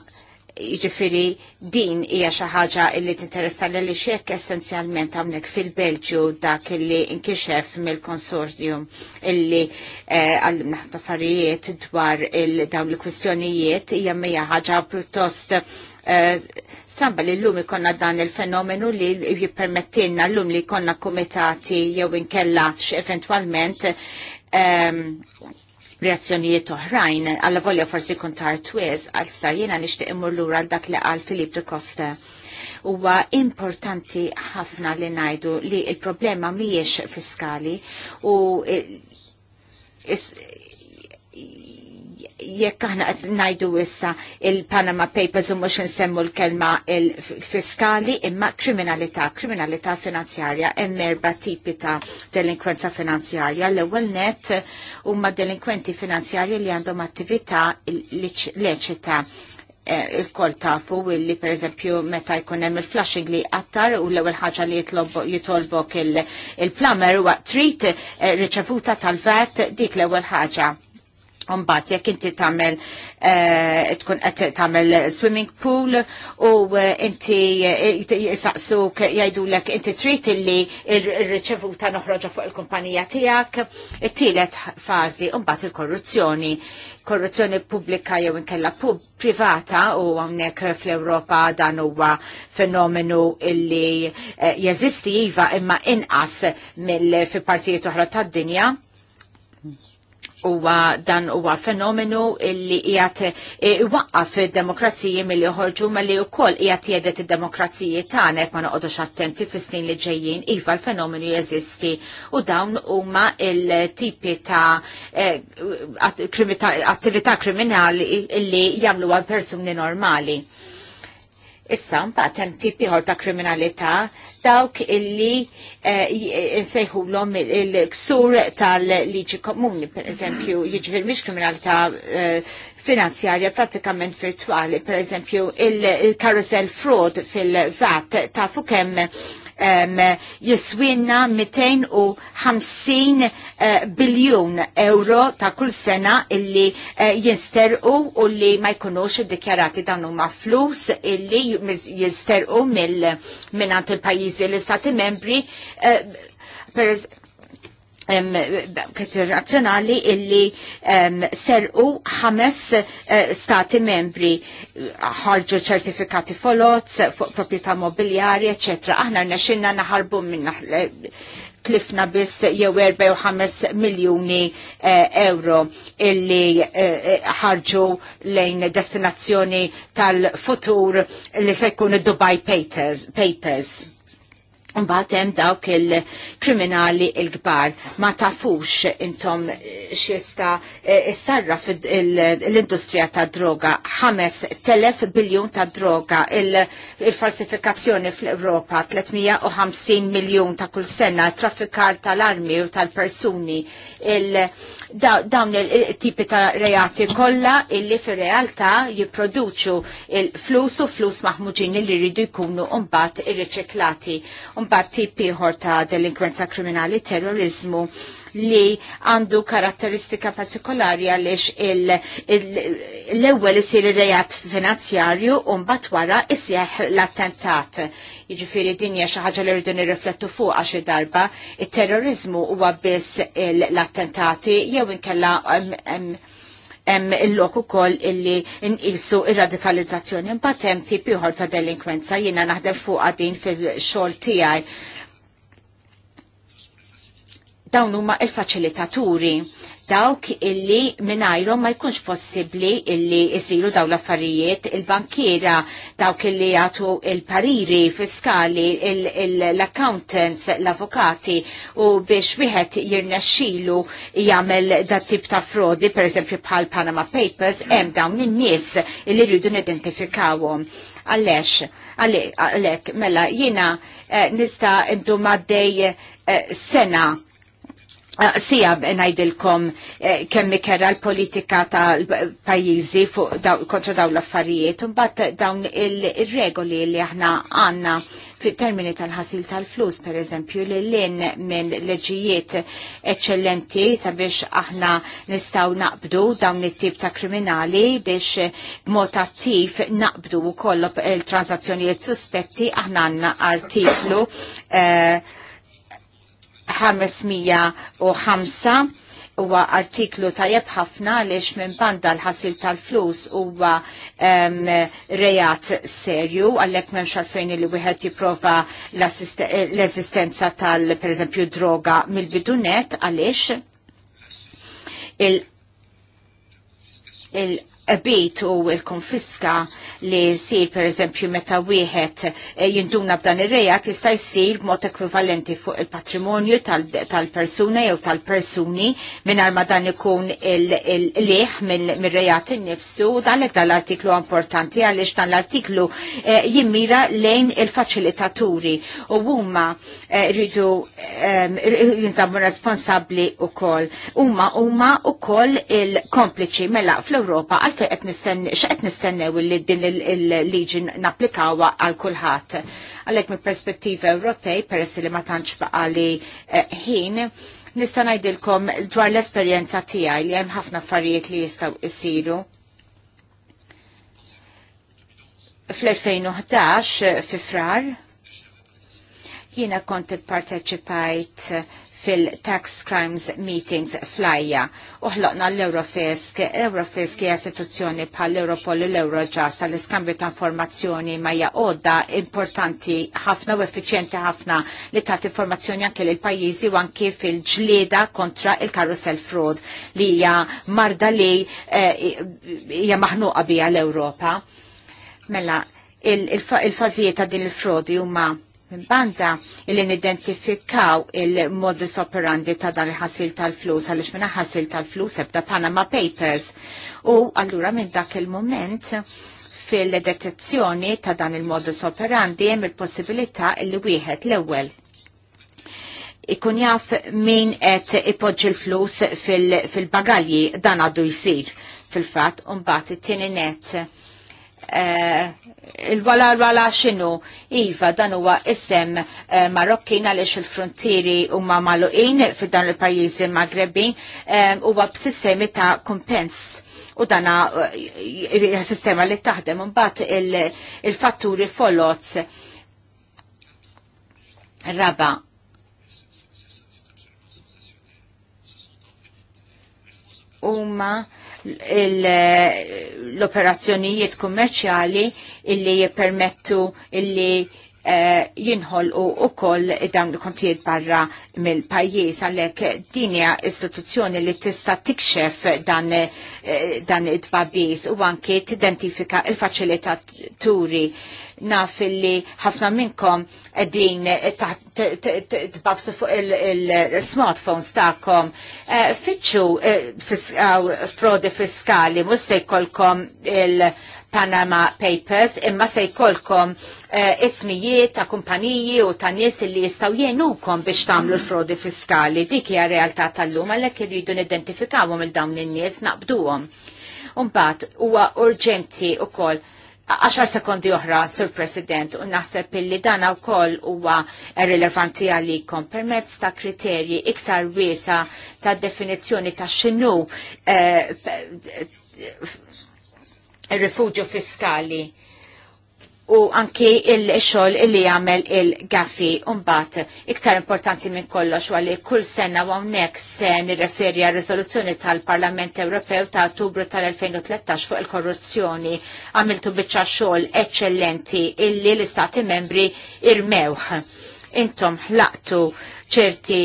jiġifieri din hija xi ħaġa li tinteressa li xek essenzjalment hawnhekk fil-Belġju dak li inkixef mill-konsortium illi eh, għal ħafna affarijiet dwar dawn il-kwistjonijiet hija mija ħaġa pjuttost eh, stramba li l-lum ikonna dan il-fenomenu li jippermettilna l-lum li konna komitati jew inkella eventualment ehm, reazzjonijiet oħrajn, għalla volja forsi kontar twiz, għal sta jena nishtiq immur lura għal dak li għal Filip de Costa. Huwa importanti ħafna li najdu li il-problema mhijiex fiskali u jekk aħna qed ngħidu issa il-Panama Papers u mhux insemmu l-kelma il-fiskali imma kriminalità, kriminalità finanzjarja hemm erba' tipi ta' delinkwenza finanzjarja. L-ewwel net huma delinkwenti finanzjarji li għandhom attività leċita e, il-kol tafu illi per eżempju meta jkun hemm il-flashing li qattar u l-ewwel ħaġa li jitolbok il-plumber waqt trid e, riċevuta tal-vet dik l-ewwel ħaġa Umbat, jekk inti tamel, eh, tkun qed tagħmel swimming pool u eh, inti eh, jisaqsuk jgħidulek inti trid illi ir-riċevuta noħroġa fuq il-kumpanija tiegħek. il tielet fazi, mbagħad il-korruzzjoni korruzzjoni pubblika jew inkella privata u hawnhekk fl-Ewropa dan huwa fenomenu illi jeżisti iva imma inqas mill-fi partijiet oħra tad-dinja huwa dan huwa fenomenu illi qiegħed iwaqqaf id-demokrazija milli joħorġu u wkoll qiegħed jedet id-demokrazija tagħna ma noqgħodux attenti fis-snin li ġejjin iva l-fenomenu jeżisti u dawn huma il-tipi ta' eh, attività kriminali illi għal persuni normali. Issa mbagħad hemm tipi ieħor ta' kriminalità dawk illi l eh, insejħulhom eh, il-ksur tal-liġi komuni, pereżempju, jiġifieri mhix kriminalità eh, finanzjarja pratikament virtuali, pereżempju il-carousel fraud fil-VAT ta fukem jiswinna 250 eh, biljun euro ta' kull sena illi eh, jinsterqu u li ma jkunux iddikjarati dan huma flus illi jinsterqu mill-minant il-pajjiżi l-istati membri eh, nazzjonali illi serqu ħames eh, stati membri ħarġu ċertifikati folot fuq proprjetà mobiljari, eccetera. Aħna rnexxinna naħarbu minn eh, tlifna biss jew 4 miljuni eh, euro illi ħarġu lejn destinazzjoni tal-futur li se jkun dubai Papers. Mbagħad hemm dawk il-kriminali il-kbar ma tafux intom eh, s-sarra l-industrija ta' droga ħames telef biljun ta' droga il-falsifikazzjoni fl-Ewropa 350 miljun ta' kull sena traffikar tal-armi u tal-persuni il- dawn il-tipi ta' reati kollha illi fir-realtà jipproduċu il-flus u flus maħmuġin li jridu jkunu mbagħad irriċiklati. Mbagħad tipi ħor ta' delinkwenza kriminali terrorizmu li għandu karatteristika partikolari għaliex l-ewwel isir il rejat finanzjarju u mbagħad wara isseħ l-attentat. Jiġifieri din hija xi ħaġa li rridu nirriflettu fuqha xi darba, it-terrorizmu huwa biss l-attentati jew inkella hemm il-lok ukoll illi nqisu il radikalizzazzjoni Mbatem hemm tip ieħor ta' delinkwenza jiena naħdem fuq din fil-xogħol tiegħi dawn huma il-faċilitaturi dawk illi minajrom ma jkunx possibli illi jisiru daw l-affarijiet il-bankiera dawk illi jgħatu il-pariri fiskali l-accountants l-avokati u biex wieħed jirnexxilu jagħmel dat tip ta' frodi pereżempju bħal Panama Papers hemm dawn in-nies illi rridu nidentifikawhom. Għalex, għalek, mela, jina eh, nista' ndum maddej eh, sena Sija najdilkom eh, kemmi kera l-politika ta' pajizi kontra daw l-affarijiet, un bat dawn il-regoli li aħna għanna fit termini tal-ħasil tal-flus, per eżempju, li l-in minn leġijiet eccellenti sabiex aħna nistaw naqbdu dawn it-tip ta' kriminali biex mod attiv naqbdu u kollop il-transazzjonijiet suspetti aħna għanna artiklu. Uh, 505 huwa artiklu tajjeb ħafna għaliex minn banda l-ħasil tal-flus huwa um, rejat serju għalhekk m'hemmx għalfejn li wieħed jipprova l-eżistenza tal pereżempju droga mill-bidunet għaliex il il-bit u il-konfiska li per eżempju meta wieħed eh, jinduna b'dan ir-rejat jista' jsir b'mod ekwivalenti fuq il-patrimonju tal-persuna jew tal-persuni mingħajr ma dan ikun il-liħ mir-rejat innifsu dan hekk l-artiklu importanti għaliex dan l-artiklu eh, jimmira lejn il-faċilitaturi u huma eh, rridu ehm, jintabu responsabbli wkoll. Huma huma wkoll il-kompliċi mela fl-Ewropa għalfejn qed nistennew li din il-liġi naplikawa għal kulħadd. Għalhekk mill-perspettiva Ewropej, peress li ma tantx baqali eh, ħin, nista' ngħidilkom dwar l-esperjenza tiegħi li hemm ħafna affarijiet li jistgħu jsiru fl-2011 fi frar jiena kont ipparteċipajt fil-Tax Crimes Meetings flajja. Uħloqna l-Eurofisk, Eurofisk hija istituzzjoni bħal Europol u l-Eurojust għall-iskambju ta' informazzjoni ma hija għodda importanti ħafna u effiċjenti ħafna li tagħti informazzjoni anke lil pajjiżi u anke fil-ġlieda kontra il-karusel fraud li hija marda li eh, hija maħnuqa biha l-Ewropa. Mela, il-fażijiet ta' din il-frodi huma banda illi nidentifikaw il-modus operandi ta' dan il-ħasil tal-flus, għalix minna ħasil tal-flus ebda Panama Papers. U allura minn dak il-moment fil-detezzjoni ta' dan il-modus operandi hemm il-possibilità illi wieħed l-ewwel ikun jaf min qed ipoġġi l-flus fil-bagalji dan għadu jisir fil-fatt u mbagħad it-tieni net Eh, il-wala wala xinu, Iva, dan huwa isem eh, Marokkin għaliex il-frontieri huma maluqin fid dan il-pajjiżi Magrebin eh, huwa b'sistemi ta' kompens u dana sistema li taħdem mbagħad il-fatturi folot raba huma l-operazzjonijiet kummerċjali illi jippermettu illi eh, jinħol u ukoll dawn il-kontijiet barra mill-pajjiż għalhekk dinja istituzzjoni li tista' tikxef dan eh, dan it-tbabiż u t tidentifika il-faċilitaturi naf li ħafna minnkom din tbabsu fuq il-smartphones ta'kom. Eh, fitxu eh, frodi fiskali, mus se jkollkom il-Panama Papers, imma se jkollkom eh, ismijiet ta' kumpaniji u ta' nies li jistaw jenukom biex tamlu l-frodi fiskali. Dik hija realtà tal-lum għalhekk irridu nidentifikawhom il-dawn in-nies naqbduhom. Umbat, huwa urġenti wkoll 10 sekondi oħra, Sur President, u naħseb illi dan wkoll huwa rilevanti għalikom permezz ta' kriterji iktar wiesa ta' definizzjoni ta' x'inhu eh, rifugju fiskali u anki il-xol li jagħmel il-gafi umbat. Iktar importanti minn kollox għalli kull sena u hawnhekk se nirreferi għal riżoluzzjoni tal-Parlament Ewropew ta' Ottubru tal-2013 fuq il-korruzzjoni għamiltu biċċa xogħol eċċellenti illi l-Istati membri irmewħ. Intom ħlaqtu ċerti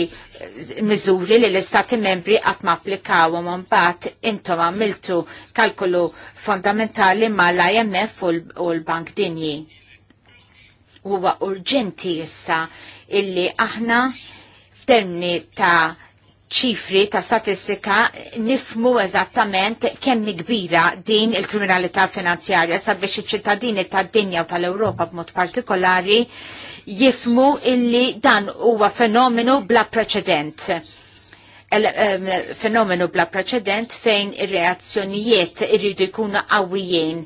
miżuri li l-istati membri qatt ma applikaw mbagħad intom għamiltu kalkolu fondamentali l imf u l-Bank Dinji. Huwa urġenti issa illi aħna f'termini ta' ċifri ta' statistika nifmu eżattament kemm kbira din il-kriminalità finanzjarja sabiex iċ-ċittadini tad-dinja u tal-Ewropa b'mod partikolari jifmu illi dan huwa fenomenu bla preċedent. Fenomenu bla preċedent fejn ir-reazzjonijiet irridu jkunu qawwijin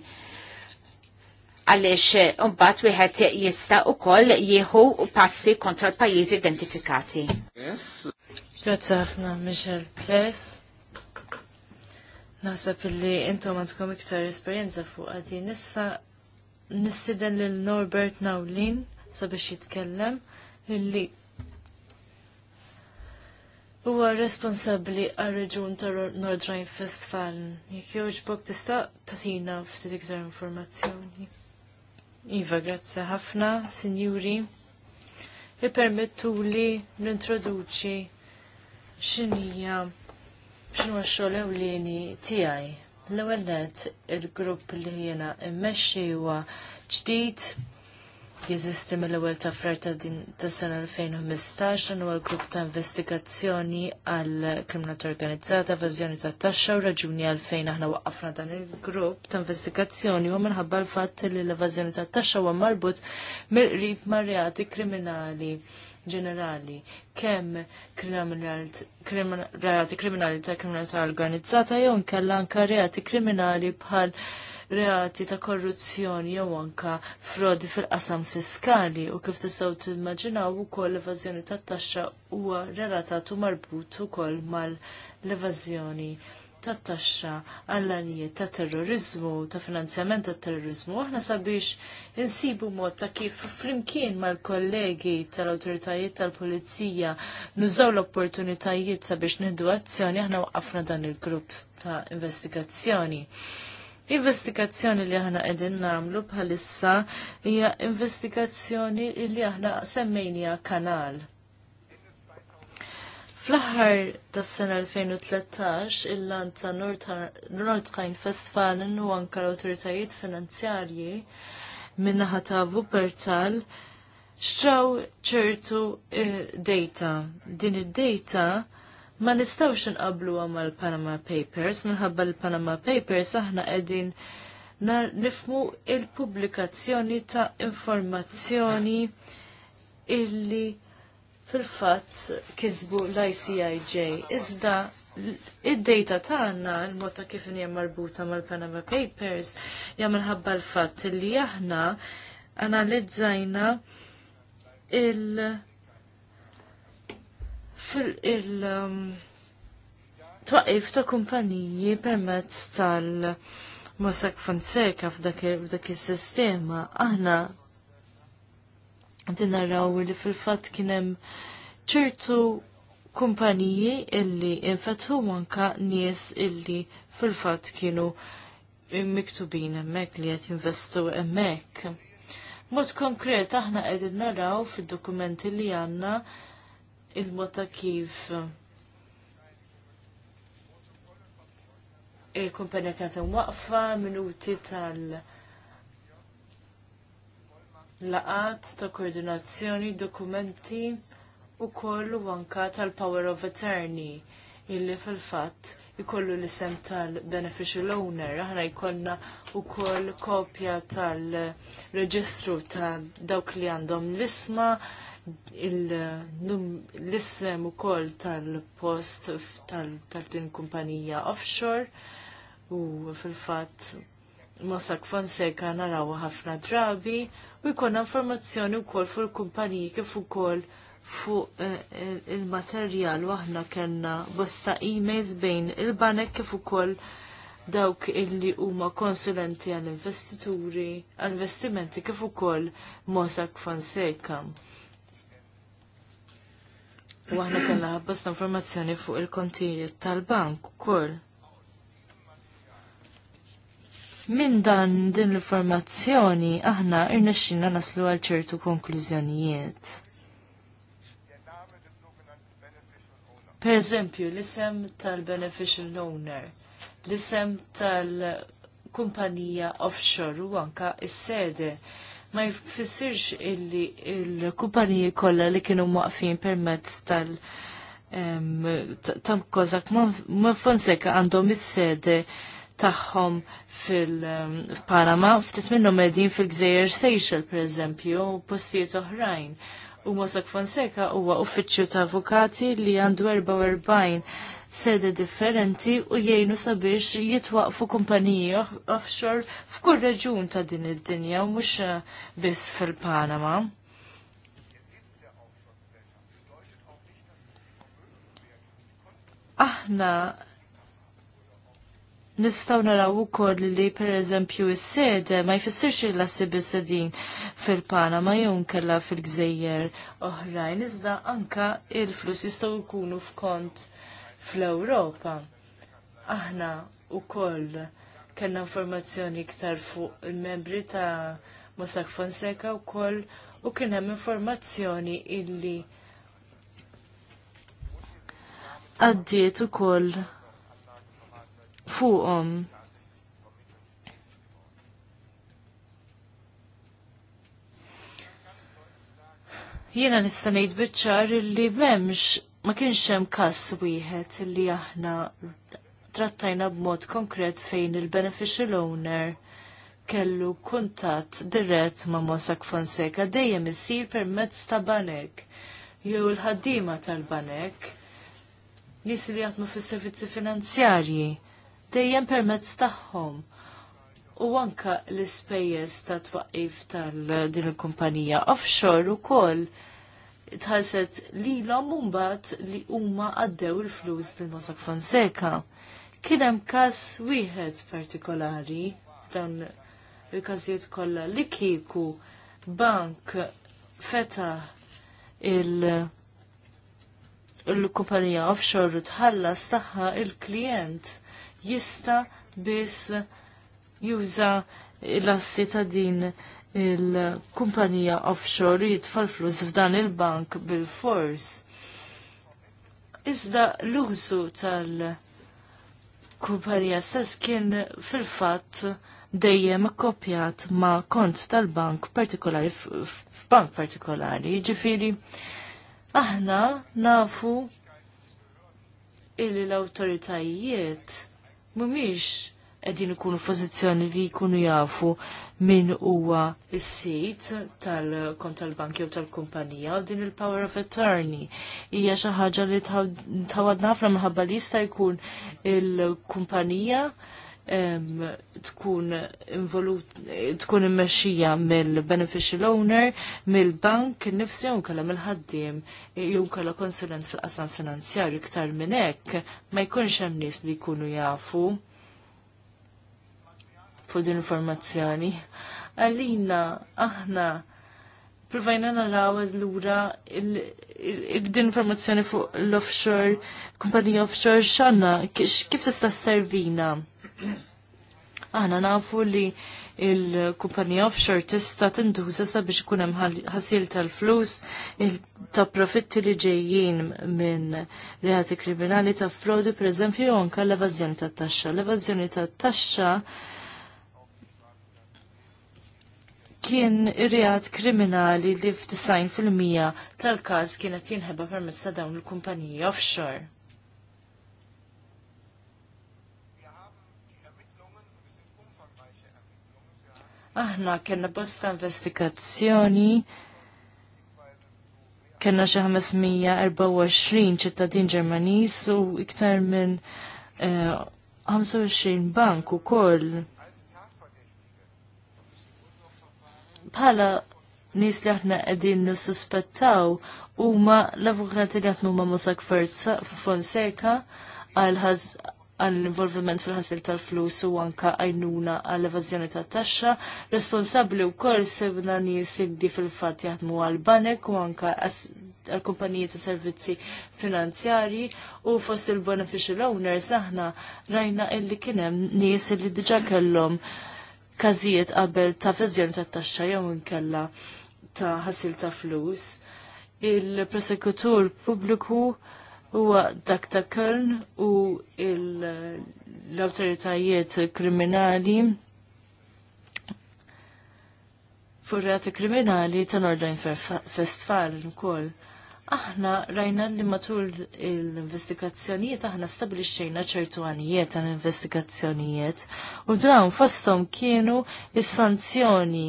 għalix unbat wieħed jista' ukoll jieħu passi kontra l-pajjiżi identifikati. Yes. Grazzi ħafna, Michel Pless. Nasab illi intom għandkom iktar esperjenza fuq għadi. Nissa nissiden lil Norbert Nawlin sabiex jitkellem illi huwa responsabbli għar-reġun ta' Nord Rhine-Westfalen. Jekk jogħġbok tista' tagħtina ftit iktar informazzjoni. Iva, grazzi ħafna, sinjuri. Ipermettu li nintroduċi xinija xinu għaxxol ewlieni tiegħi. L-ewwel net il-grupp li jiena immexxi huwa ġdid jeżisti mill-ewwel ta' frajta din tas sena 2015 dan huwa l-grupp ta' investigazzjoni għal kriminat organizzata, evażjoni ta' taxxa u raġuni għalfejn aħna waqqafna dan il-grupp ta' investigazzjoni huwa minħabba l-fatt li l-evażjoni ta' taxxa huwa marbut mill-qrib marjati kriminali ġenerali kemm reati kriminali ta' kriminalità organizzata jew nkella anke reati kriminali bħal reati ta' korruzzjoni jew anka frodi fil-qasam fiskali u kif tistgħu timmaġinaw ukoll l-evażjoni tat-taxxa huwa relatat u marbut ukoll mal-evażjoni tat-taxxa għall-għanijiet ta' terrorizmu, ta' finanzjament ta' terrorizmu, aħna sabiex insibu mod ta' kif flimkien mal-kollegi tal-autoritajiet tal-polizija nużaw l-opportunitajiet sabiex nieħdu azzjoni aħna waqqafna dan il-grupp ta' investigazzjoni. Investigazzjoni li aħna qegħdin nagħmlu bħalissa hija investigazzjoni li aħna semmejnija kanal. Fl-aħħar tas-sena 2013 il-land ta' Nordrhein Westfalen u anka l-awtoritajiet finanzjarji minnaħa ta' Wuppertal xċaw ċertu eh, data. Din id-data ma nistawx nqablu mal panama Papers minħabba l-Panama Papers aħna qegħdin nifmu il-pubblikazzjoni ta' informazzjoni illi fil-fatt kisbu l-ICIJ. Iżda id-data tagħna il-mod ta' kif hija marbuta mal-Panama Papers hija minħabba l-fatt li aħna analizzajna il fil il um, twaqif ta' kumpaniji permezz tal Mossack Fonseca f'dak is-sistema aħna din naraw li fil-fatt kienem ċertu kumpaniji illi infetħu manka nies illi fil-fatt kienu miktubin emmek li jett investu emmek. Mod konkret, aħna qegħdin naraw fid-dokumenti li għandna il mota kif il-kumpanija kienet waqfa minuti tal- laqat ta' koordinazzjoni, dokumenti u kollu anka tal-Power of Attorney illi fil-fatt ikollu l-isem tal-beneficial owner, aħna jkollna u koll kopja tal-reġistru tal dawk li għandhom l-isma, l-isem u koll tal-post tal-din kumpanija offshore u fil-fat Mossack Fonseca naraw ħafna drabi u jkollna informazzjoni wkoll fuq il-kumpaniji kif ukoll fuq eh, eh, il-materjal u aħna kellna bosta emails bejn il-banek kif ukoll dawk illi huma konsulenti għall-investituri, għall-investimenti kif ukoll Mossack Fonseca. U aħna kellna bosta informazzjoni fuq il-kontijiet tal-bank ukoll. Minn dan din l-informazzjoni aħna irnexxina naslu għal ċertu konklużjonijiet. Per eżempju, l-isem tal-beneficial owner, l-isem tal-kumpanija offshore u anka s sede ma jfissirx illi il-kumpaniji kollha li kienu maqfin permezz tal- tam kozak ma fonseka għandhom is-sede tagħhom fil-Panama, um, ftit minnhom qegħdin fil-Gżejjer Seychel pereżempju u postijiet oħrajn. U Mosak Fonseca huwa uffiċċju ta' avukati li għandu 44 sede differenti u jgħinu sabiex jitwaqfu kumpaniji offshore f'kull reġun ta' din id-dinja u mhux uh, biss fil-Panama. Aħna nistaw naraw ukoll li pereżempju s-sede ma jfissirx il l sedin fil pana ma nkella fil-gżejjer oħrajn, iżda anka il-flus jistgħu jkunu f'kont fl-Ewropa. Aħna ukoll kellna informazzjoni iktar fuq il-membri ta' Mossack Fonseca wkoll u kien hemm informazzjoni illi għaddiet ukoll fuqhom. Jiena nista' ngħid biċ li m'hemmx ma kienx hemm każ wieħed li aħna trattajna b'mod konkret fejn il-beneficial owner kellu kuntatt dirett ma' Mossack Fonseca dejjem isir permezz ta' banek jew il-ħaddiema tal-banek nies li jaħdmu fis-servizzi finanzjarji dejjem permezz tagħhom. U anka l-ispejjeż ta' twaqif tal-din il-kumpanija offshore ukoll tħasset li l-om li huma għaddew il-flus li Mossack Fonseca. hemm każ wieħed partikolari dan il każijiet kollha li kieku bank feta il- l kumpanija offshore tħallas tagħha il-klient jista biss juża l-assi ta' din il-kumpanija offshore jitfall flus f'dan il-bank bil-fors. Iżda l-użu tal-kumpanija stess kien fil-fatt dejjem kopjat ma' kont tal-bank partikolari f'bank partikolari, ġifiri aħna nafu il l-autoritajiet mumiex edin ikunu pozizjoni li jkunu jafu min huwa is-sit tal-kont tal-banki u tal-kumpanija u din il-power of attorney hija xi ħaġa li tħawadna ħafna minħabba li jista' jkun il-kumpanija il kumpanija tkun involut, tkun immexxija mill-beneficial owner, mill-bank nifsi unkala mill-ħaddiem, unkala konsulent fil-qasam finanzjarju iktar minn hekk ma jkunx hemm nies li jkunu jafu fuq din informazzjoni. Għalina aħna provajna naraw l-lura din informazzjoni fuq l-offshore, kumpanija offshore xanna, kif tista' servina? Aħna nafu li il-kumpanija offshore tista' tinduża sabiex ikun hemm ħasil tal-flus ta' profitti li ġejjin minn reati kriminali ta' frodi pereżempju anke l-evażjoni tat-taxxa. L-evażjoni tat-taxxa kien reat kriminali li f'design fil-mija tal-każ kienet jinħeba permezz ta' dawn il-kumpaniji offshore. Aħna kena bosta investigazzjoni kena xi 524 ċittadin Ġermaniż u iktar minn 25 eh, bank ukoll. Bħala nies li aħna qegħdin nissuspettaw huma l-avukati li qed huma Mossack Fonseca għal għall-involviment fil-ħasil tal-flus u anka għajnuna għall-evazjoni ta' taxxa, responsabli u kol sebna nis li fil-fat jaħdmu għal-banek u anka għal-kumpaniji ta' servizzi finanzjari u fost il-beneficial owners aħna rajna illi kienem nis li diġa kellhom kazijiet qabel ta' evazjoni ta' taxxa jew inkella ta' ħasil ta' flus. Il-prosekutur pubbliku huwa dak ta' Köln u l-awtoritajiet kriminali furrati kriminali ta' Nordrhein Festfal ukoll. Aħna rajna li matul l-investigazzjonijiet aħna stabilixxejna ċertu għanijiet għal investigazzjonijiet u dawn fosthom kienu is-sanzjoni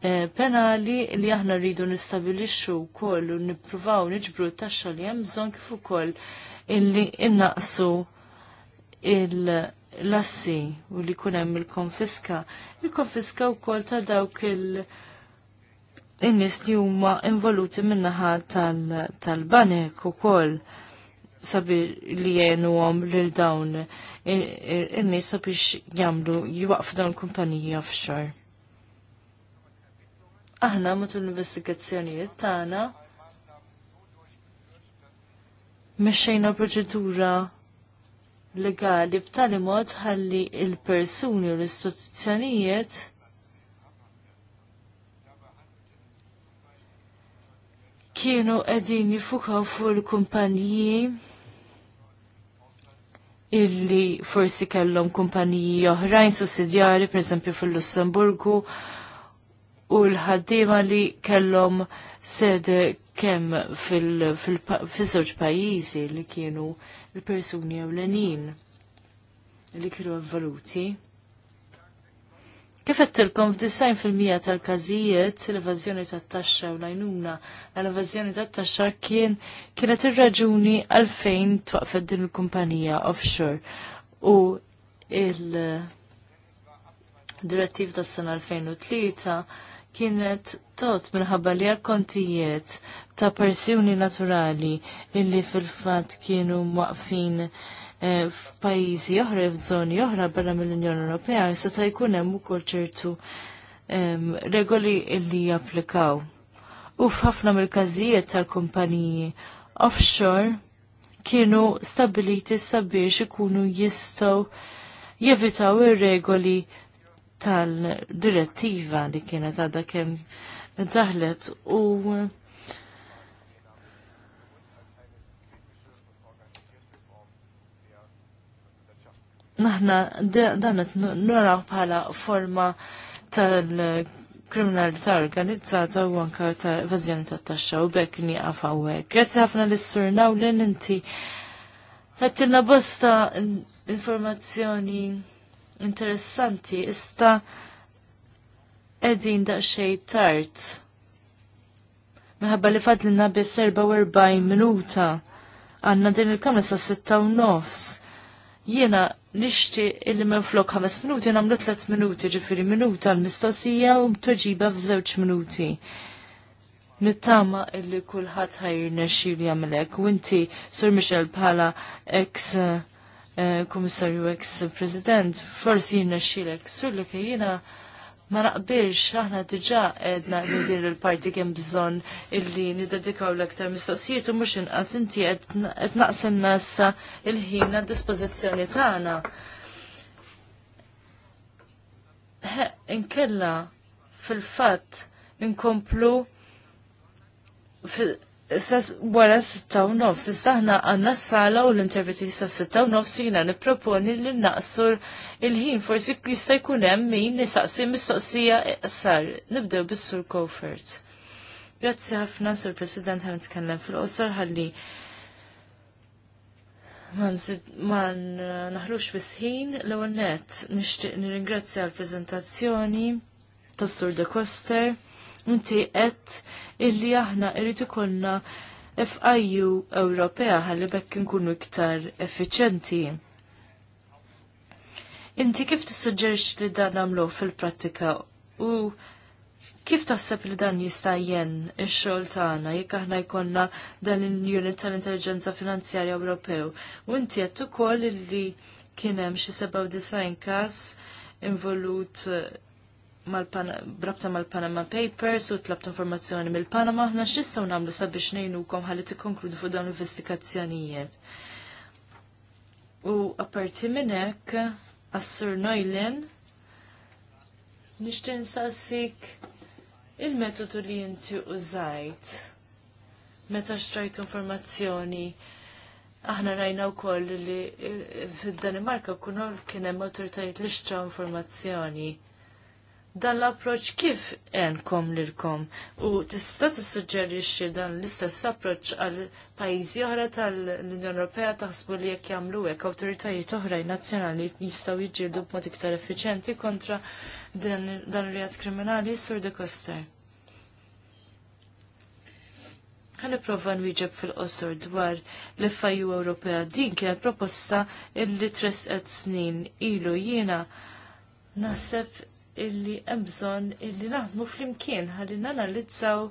Eh, penali li aħna rridu nistabilixxu wkoll u nippruvaw niġbru t-taxxa li hemm bżonn kif ukoll illi innaqsu l-assi u li jkun hemm il-konfiska. Il-konfiska wkoll ta' dawk il- in-nies li huma involuti min-naħa tal-banek ukoll sabi li jenu għom lil dawn in nies sabiex jamlu jwaqfu dawn kumpaniji offshore aħna matul l-investigazzjonijiet tagħna mexxejna proċedura legali b'tali mod ħalli il-persuni u l-istituzzjonijiet kienu qegħdin jifukaw fuq il-kumpaniji illi forsi kellhom kumpaniji oħrajn sussidjari, pereżempju fil-Lussemburgu, u l-ħaddiema li kellhom sede kemm fil-żewġ pajjiżi li kienu l-persuni ewlenin li kienu avvaluti. Kif għettilkom f'design tal-każijiet l-evażjoni tat-taxxa u l-għajnuna l-evażjoni tat-taxxa kien kienet il raġuni għalfejn twaqfet din il-kumpanija offshore u il- direttiv tas sena 2003 kienet tot minħabba li kontijiet ta' persuni naturali illi fil-fat kienu maqfin eh, f'pajjiżi oħra f'żoni oħra barra mill-Unjoni Ewropea se ta' jkun hemm ukoll ċertu regoli illi japplikaw. U f'ħafna mill-każijiet tal-kumpaniji offshore kienu stabiliti sabiex ikunu jistgħu jevitaw ir-regoli tal-direttiva li kienet għadha kemm daħlet u naħna dan qed bħala forma tal-kriminalità organizzata u anka ta' evażjoni ta' taxxa u bekk nieqaf hawnhekk. Grazzi ħafna l-issur Nawlen inti għattilna bosta informazzjoni interessanti, ista edin xej tart. Meħabba li fadlina bi 44 minuta. Għanna din il-kamra sa' 6 u nofs. Jena nishti illi minn flok 5 minuti namlu 3 minuti ġifiri minuta l-mistoqsija u mtoġiba f'żewġ minuti. Nittama illi kullħat ħajr nexil jamlek, u inti Sur Michel bħala ex Eh, komissarju ex president, forsi jina xilek, surlu jina ma naqbilx, aħna diġa edna nidir il-parti kem bżon illi nidedikaw l-aktar mistoqsijiet u mux inqas inti qed naqsen nassa il-ħin għad dispożizzjoni tagħna. Inkella fil-fatt inkomplu wara sitta u nofs, istaħna għanna s-sala u l-interpreti sa sitta u nofs jina niproponi li naqsur il-ħin, forsi jista' jkun hemm min nisaqsi mistoqsija iqsar. Nibdew bis-Sur Kofert. Grazzi ħafna, Sur President, ħan nitkellem fil-qosor ħalli ma naħlux bis-ħin l-ewwel nett nixtieq nirringrazzja għall-preżentazzjoni tas-Sur De Koster. Inti qed illi aħna irrit ikollna FIU Ewropea ħalli bekk nkunu iktar effiċenti. Inti kif tissuġġerix li dan nagħmlu fil-prattika u Kif taħseb li dan jista' jen ix-xogħol tagħna jekk aħna jkollna dan il-Unit tal-Intelligenza Finanzjarja Ewropew? U inti qed ukoll li kien hemm xi 97 każ involut brabta mal-Panama Papers u tlabt informazzjoni mill-Panama, ħna xissaw namlu sabiex nejnukom ħalli t-konkludu fuq dawn l-investigazzjonijiet. U apparti minnek, Assur Noilen, nishtin sassik il-metodu li jinti użajt. Meta xtrajt informazzjoni, aħna rajna u koll li fil-Danimarka kuno kienem autoritajt li xtra informazzjoni dan l-approċ kif enkom lilkom u tista tissuġġerixxi dan l-istess approċ għal pajjiżi oħra tal-Unjoni Ewropea taħsbu li jekk jagħmlu hekk awtoritajiet oħrajn nazzjonali jistgħu jiġġieldu b'mod iktar effiċjenti kontra dan ir-reat kriminali sur de Koster. Għan iprofa nwieġeb fil-qosor dwar l-FIU Ewropea din kienet proposta illi tres snin ilu jiena naħseb illi hemm bżonn illi naħdmu flimkien ħalli nanalizzaw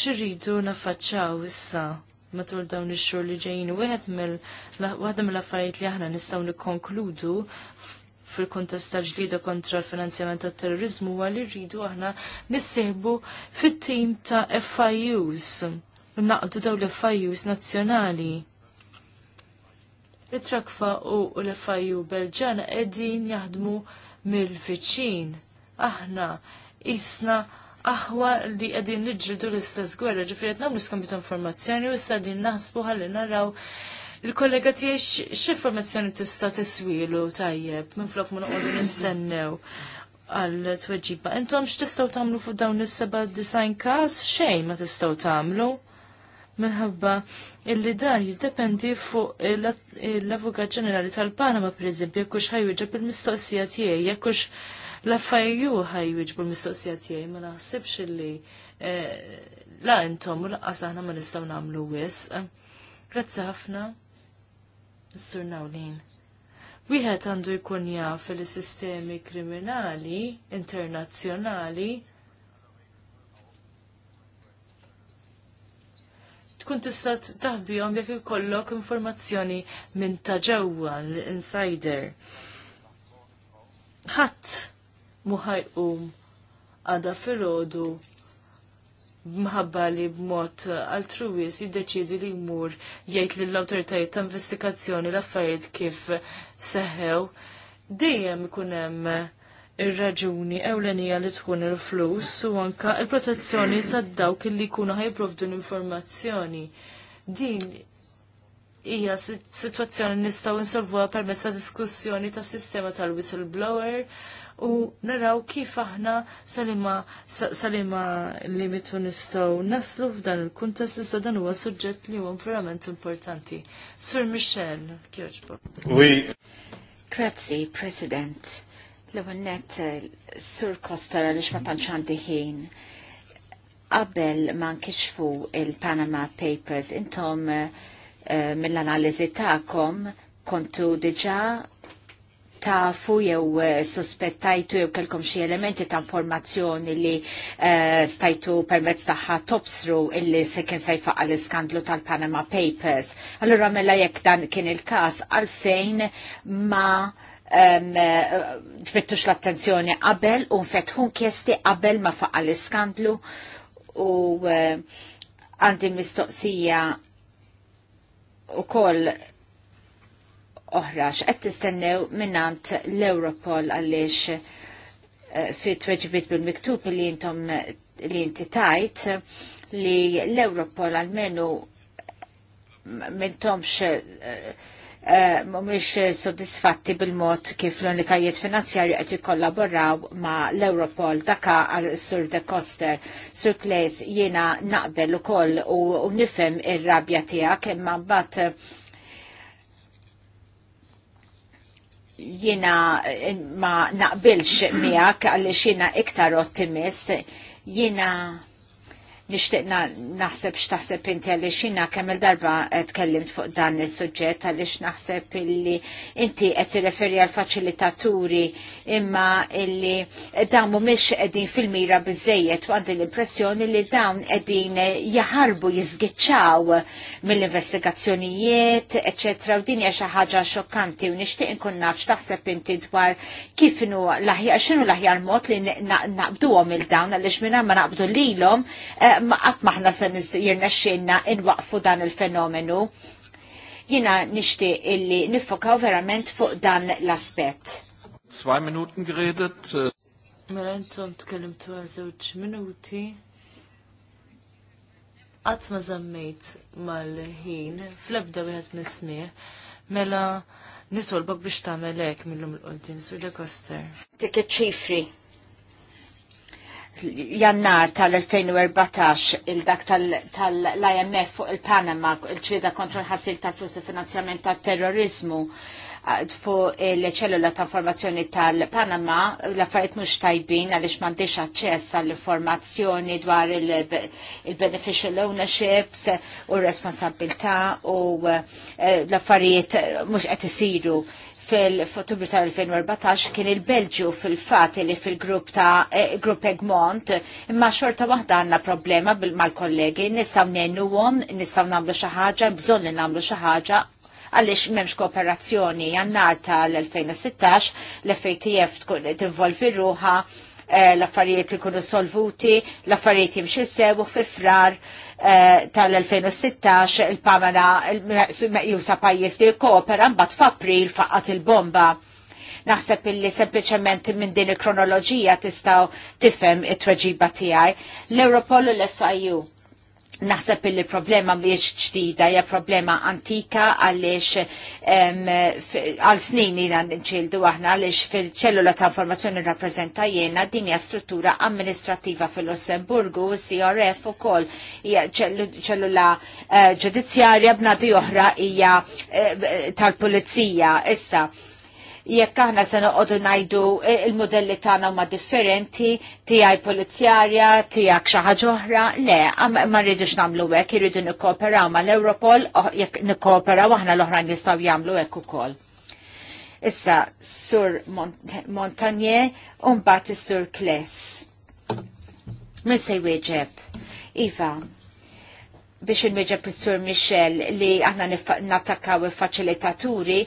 xirridu nafaċċaw issa matul dawn ix xogħol li ġejjin wieħed mill waħda mill-affarijiet li aħna nistgħu nikkonkludu fil kuntest ta' ġlieda kontra l-finanzjament tat terrorizmu huwa li rridu aħna nissieħbu fit-tim ta' FIUs, naqdu daw l-FIUs nazzjonali it-trakfa u l-fajju Belġana edin jaħdmu mill-viċin. Aħna, isna, aħwa li għedin nġridu l-istess gwerra, ġifiri għedna bliskom bit informazzjoni u issa din naħsbu għalli naraw il-kollega tiex x-informazzjoni tista t-swilu tajjeb, minn flok minn għodu nistennew għal tweġiba. Intom x-tistaw tamlu fuq dawn is seba design kas, xejn ma t-istaw tamlu minħabba illi dan jiddependi fuq l-Avukat Ġenerali tal-Panama, per eżempju, hux ħajwieġeb il-mistoqsija tiegħi, hux l-affajju ħajwieġbu l-mistoqsija tiegħi, ma naħsibx illi eh, la intom u laqqas aħna ma nistgħu nagħmlu wisq. Grazzi ħafna. Sur Nawlin. Wieħed għandu jkun jaf fil-sistemi kriminali internazzjonali tkun tista' taħbihom jekk ikollok informazzjoni minn ta' ġewwa l-insider. Ħadd muħajqum għada filgħodu mħabba li b'mod altruwis jiddeċidi li jmur jgħid lill awtoritajiet ta' investigazzjoni l-affarijiet kif seħħew, dejjem ikun hemm ir-raġuni ewlenija li tkun il-flus u anka il-protezzjoni tad dawk li jkunu ħajprovdu l-informazzjoni. Din hija situazzjoni nistgħu insolvuha permezz ta' diskussjoni ta' sistema tal-whistleblower u naraw kif aħna salima salima limitu nistgħu naslu f'dan il-kuntest iżda dan huwa suġġett li huwa verament importanti. Sur Michel Kjoġbo. Oui. Grazzi, President. L-għonnet, Sur Kostar, għalix ma għandi ħin, qabel ma nkixfu il-Panama Papers, intom eh, mill-analizi ta'kom kontu diġa tafu jew eh, suspettajtu jew kelkom xi elementi ta' informazzjoni li eh, stajtu permezz tagħha topsru illi se kien se jfaq l-iskandlu tal-Panama Papers. Allura mela jekk dan kien il-każ għalfejn ma' ġbittux eh, l-attenzjoni qabel u nfetħun kjesti qabel ma faqqa l-iskandlu u eh, għandi mistoqsija u koll oħrax qed tistennew minnant l-Europol għaliex eh, fit tweġbit bil-miktub li jintom li jinti tajt li l-Europol għalmenu mintomx Eh, mhumiex eh, soddisfatti bil-mod kif l-unitajiet finanzjarji qed jikkollaboraw ma' l-Europol daka għal Sur De Koster. Sur Klejs jiena naqbel ukoll u nifhem ir-rabja tiegħek imma mbagħad jiena eh, ma naqbilx miegħek għaliex jiena iktar ottimist jiena nishtiqna naħseb x'taħseb inti għaliex xina kemm il-darba tkellimt fuq dan is-suġġett għaliex naħseb illi inti qed tirreferi għal faċilitaturi imma illi dawn mhumiex qegħdin fil-mira bizzejiet u għandi l-impressjoni li dawn qegħdin jaħarbu jiżgiċċaw mill-investigazzjonijiet, eċċetra, u din hija xi ħaġa xokkanti u nixtieq inkun naf x'taħseb inti dwar kif nu l-aħjar x'inhu l-aħjar mod li naqbduhom il-dawn għaliex minn ma naqbdu lilhom eh, qatt maħna se jirna xinna inwaqfu dan il-fenomenu. Jina nixtieq illi nifokaw verament fuq dan l-aspett. Zwei Minuten geredet. Äh. Mela intom tkellimtu żewġ minuti. Qatt ma żammejt mal-ħin fl-ebda wieħed mismih. Mela nitolbok biex tagħmel hekk minnhom l-qudin sur de Koster. Tiket ċifri jannar tal-2014 il-dak tal-IMF fuq il-Panama, il-ċrida kontra l-ħassil tal-flus finanzjament tal-terrorizmu fuq il-ċellula ta' informazzjoni tal-Panama, l-affarijiet mhux tajbin għaliex m'għandix aċċess għall-informazzjoni dwar il-beneficial ownerships u responsabilità u eh, l-affarijiet mhux qed isiru fil-Ottubru tal-2014 kien il-Belġu fil-fat li fil-grupp ta' e, grupp Egmont, imma xorta waħda għanna problema mal-kollegi, nistaw nennu għom, nistaw namlu xaħġa, bżon li namlu xaħġa, għalix memx kooperazzjoni għannar tal-2016 l-FATF tkun tinvolvi ruħa Eh, l-affarijiet ikunu solvuti, l-affarijiet jimxil sew u fifrar eh, tal-2016 il-Pamela meqjusa pajjiż li kopera mbagħad f'April faqqat il-bomba. Naħseb illi sempliċement minn din il-kronoloġija tistaw tifhem it-tweġiba tiegħi l-Europol u l-FIU Naħseb illi problema mhijiex ġdida, hija problema antika għaliex għal snin jina nċildu aħna għaliex fil-ċellula ta' informazzjoni rappresenta jena din hija struttura amministrativa fil-Lussemburgu, CRF u hija ċellula eh, ġudizzjarja b'nadi oħra hija eh, tal-pulizija. Issa, jekk aħna se noqogħdu ngħidu e, il-modelli tagħna huma differenti, tiegħi polizzjarja, tiegħek xi ħaġa oħra, le, ma rridux nagħmlu hekk, irridu nikkooperaw mal ewropol oh, jekk nikkooperaw aħna l-oħrajn jistgħu jagħmlu hekk ukoll. Issa sur Montagnier u mbagħad is-sur Kless. Min se jwieġeb? Iva, biex il-Meġa Sur Michel li aħna nattakkaw il-facilitaturi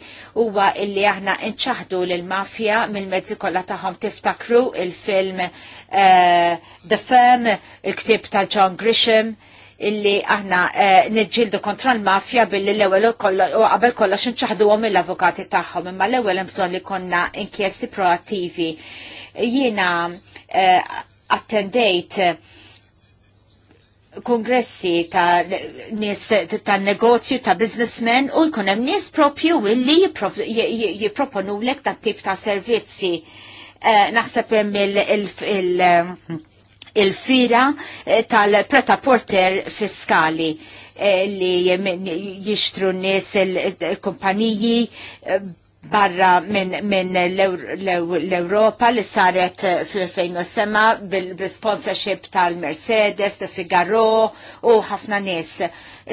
huwa illi aħna inċaħdu l-mafja mill-mezzi kollha tagħhom tiftakru il-film uh, The Firm, il-ktib ta' John Grisham illi aħna uh, nġildu kontra l-mafja billi l-ewel u qabel kollox inċaħdu għom l-avukati tagħhom imma l-ewel bżonn li konna inkjesti proattivi. Jiena uh, attendejt kongressi ta' nis ta' negozju ta' businessmen u jkun hemm nies propju illi jipproponu lek ta' tip ta' servizzi. Eh, naħseb hemm il-fira eh, tal-preta porter fiskali eh, li jixtru nies il-kumpaniji barra minn min l-Europa li saret eh, fl-2007 bil-sponsorship tal-Mercedes, Figaro u ħafna nies.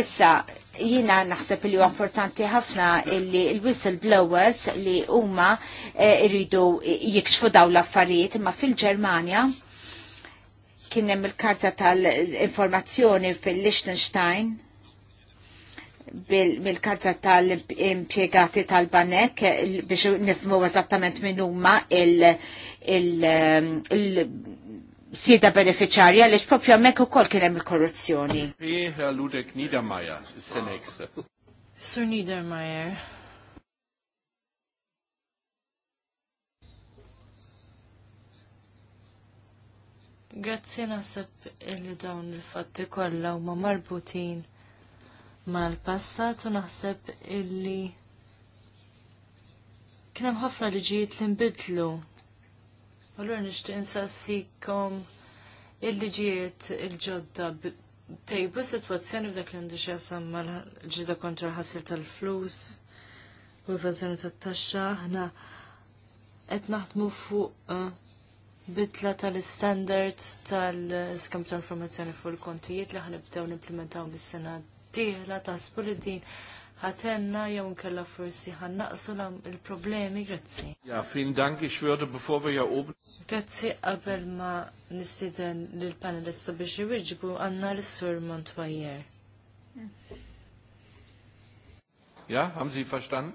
Issa, jina naħseb li huwa importanti ħafna li l-whistleblowers li huma jridu eh, jikxfu daw l-affarijiet imma fil ġermania kien hemm il-karta tal-informazzjoni fil-Liechtenstein bil karta tal-impiegati tal-banek biex nifmu eżattament minn huma um, il-sida beneficjarja li propju għamek ukoll kien hemm il-korruzzjoni. Ludek Niedermeyer. senekst Sir Niedermayer. Grazzi nasib il-dawn il-fatti kollha ma marbutin mal-passat u naħseb illi kienem hemm ħafna liġijiet li nbidlu. U l nixtieq insassikom il-liġijiet il-ġodda tejbu sitwazzjoni b'dak li għandu x'jasam mal-ġida kontra l tal-flus u l-evażjoni tal taxxa aħna qed naħdmu fuq eh, bitla tal-standards tal-skam tal-informazzjoni fuq il-kontijiet li ħanibdew nimplementaw mis sena d-dieħla tasbu li ħatenna jew nkella forsi ħannaqsu il-problemi, grazzi. Ja, fin danki ich b'fobu ja oben. Grazzi qabel ma nistiden lill panelista biex jwieġbu għanna l-Sur Montwajer. Ja, haben Sie verstanden?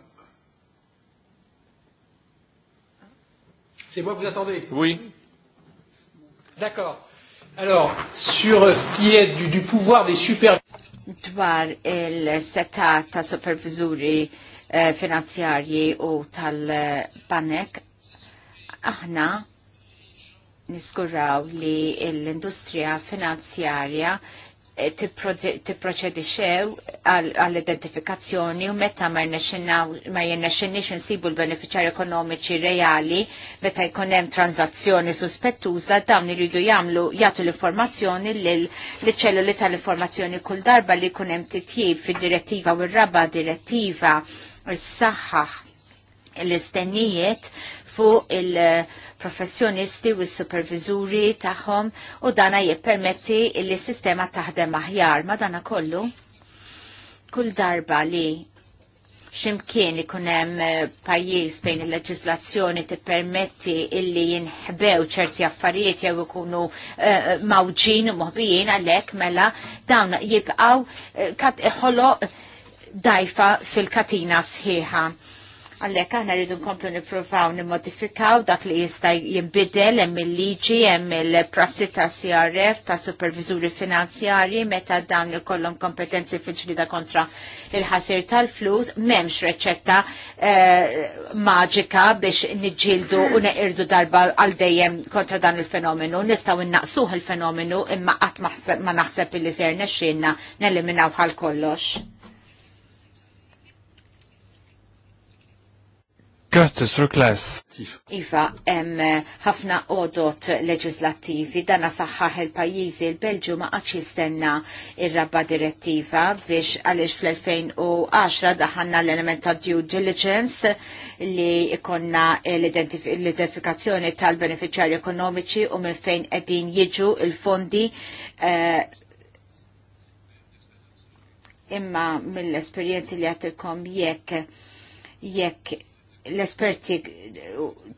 C'est moi que vous attendez Oui. D'accord. Alors, sur ce qui est du, du pouvoir des super dwar il-seta ta' supervizuri eh, finanzjarji u tal panek aħna niskuraw li l-industrija finanzjarja Eh, xew għall-identifikazzjoni u metta ma jirnexxinix insibu l-beneficjar ekonomiċi reali meta jkun hemm tranzazzjoni suspettuża dawn iridu jagħmlu jagħtu l-informazzjoni lill-ċelluli tal-informazzjoni kull darba li jkun hemm titjib fid-direttiva u r-raba direttiva s-saħħaħ l-istennijiet fuq il-professjonisti u s-supervizuri tagħhom u dana jippermetti li s-sistema taħdem aħjar ma dana kollu. Kull darba li ximkien ikun hemm eh, pajjiż bejn il-leġiżlazzjoni tippermetti illi jinħbew ċerti affarijiet jew ikunu eh, eh, mawġin u moħbijin għalhekk mela dawn jibqgħu kat iħoloq dajfa fil-katina sħiħa Għallek, aħna rridu nkomplu niprofaw nimmodifikaw dak li jista jimbidel hemm il-liġi, hemm il-prassi ta' CRF, ta' supervizuri finanzjarji, meta dawn ikollhom kompetenzi fil da' kontra il-ħasir tal-flus, m'hemmx reċetta eh, maġika biex niġġieldu u neqirdu darba għal dejjem kontra dan il-fenomenu. Nistgħu innaqsuh il-fenomenu imma qatt ma naħseb li ser nexxinna neliminaw bħal kollox. Grazzi, Sir Kless. Iva, hemm eh, ħafna odot leġislattivi dan saħħaħ il-pajjiżi il-Belġu ma qatx jistenna ir-rabba direttiva biex għaliex fl-2010 daħanna l-element ta' due diligence li ikonna l-identifikazzjoni tal beneficjari ekonomiċi u minn fejn qegħdin jiġu il-fondi eh, imma mill-esperjenzi li għatilkom jekk jekk l-esperti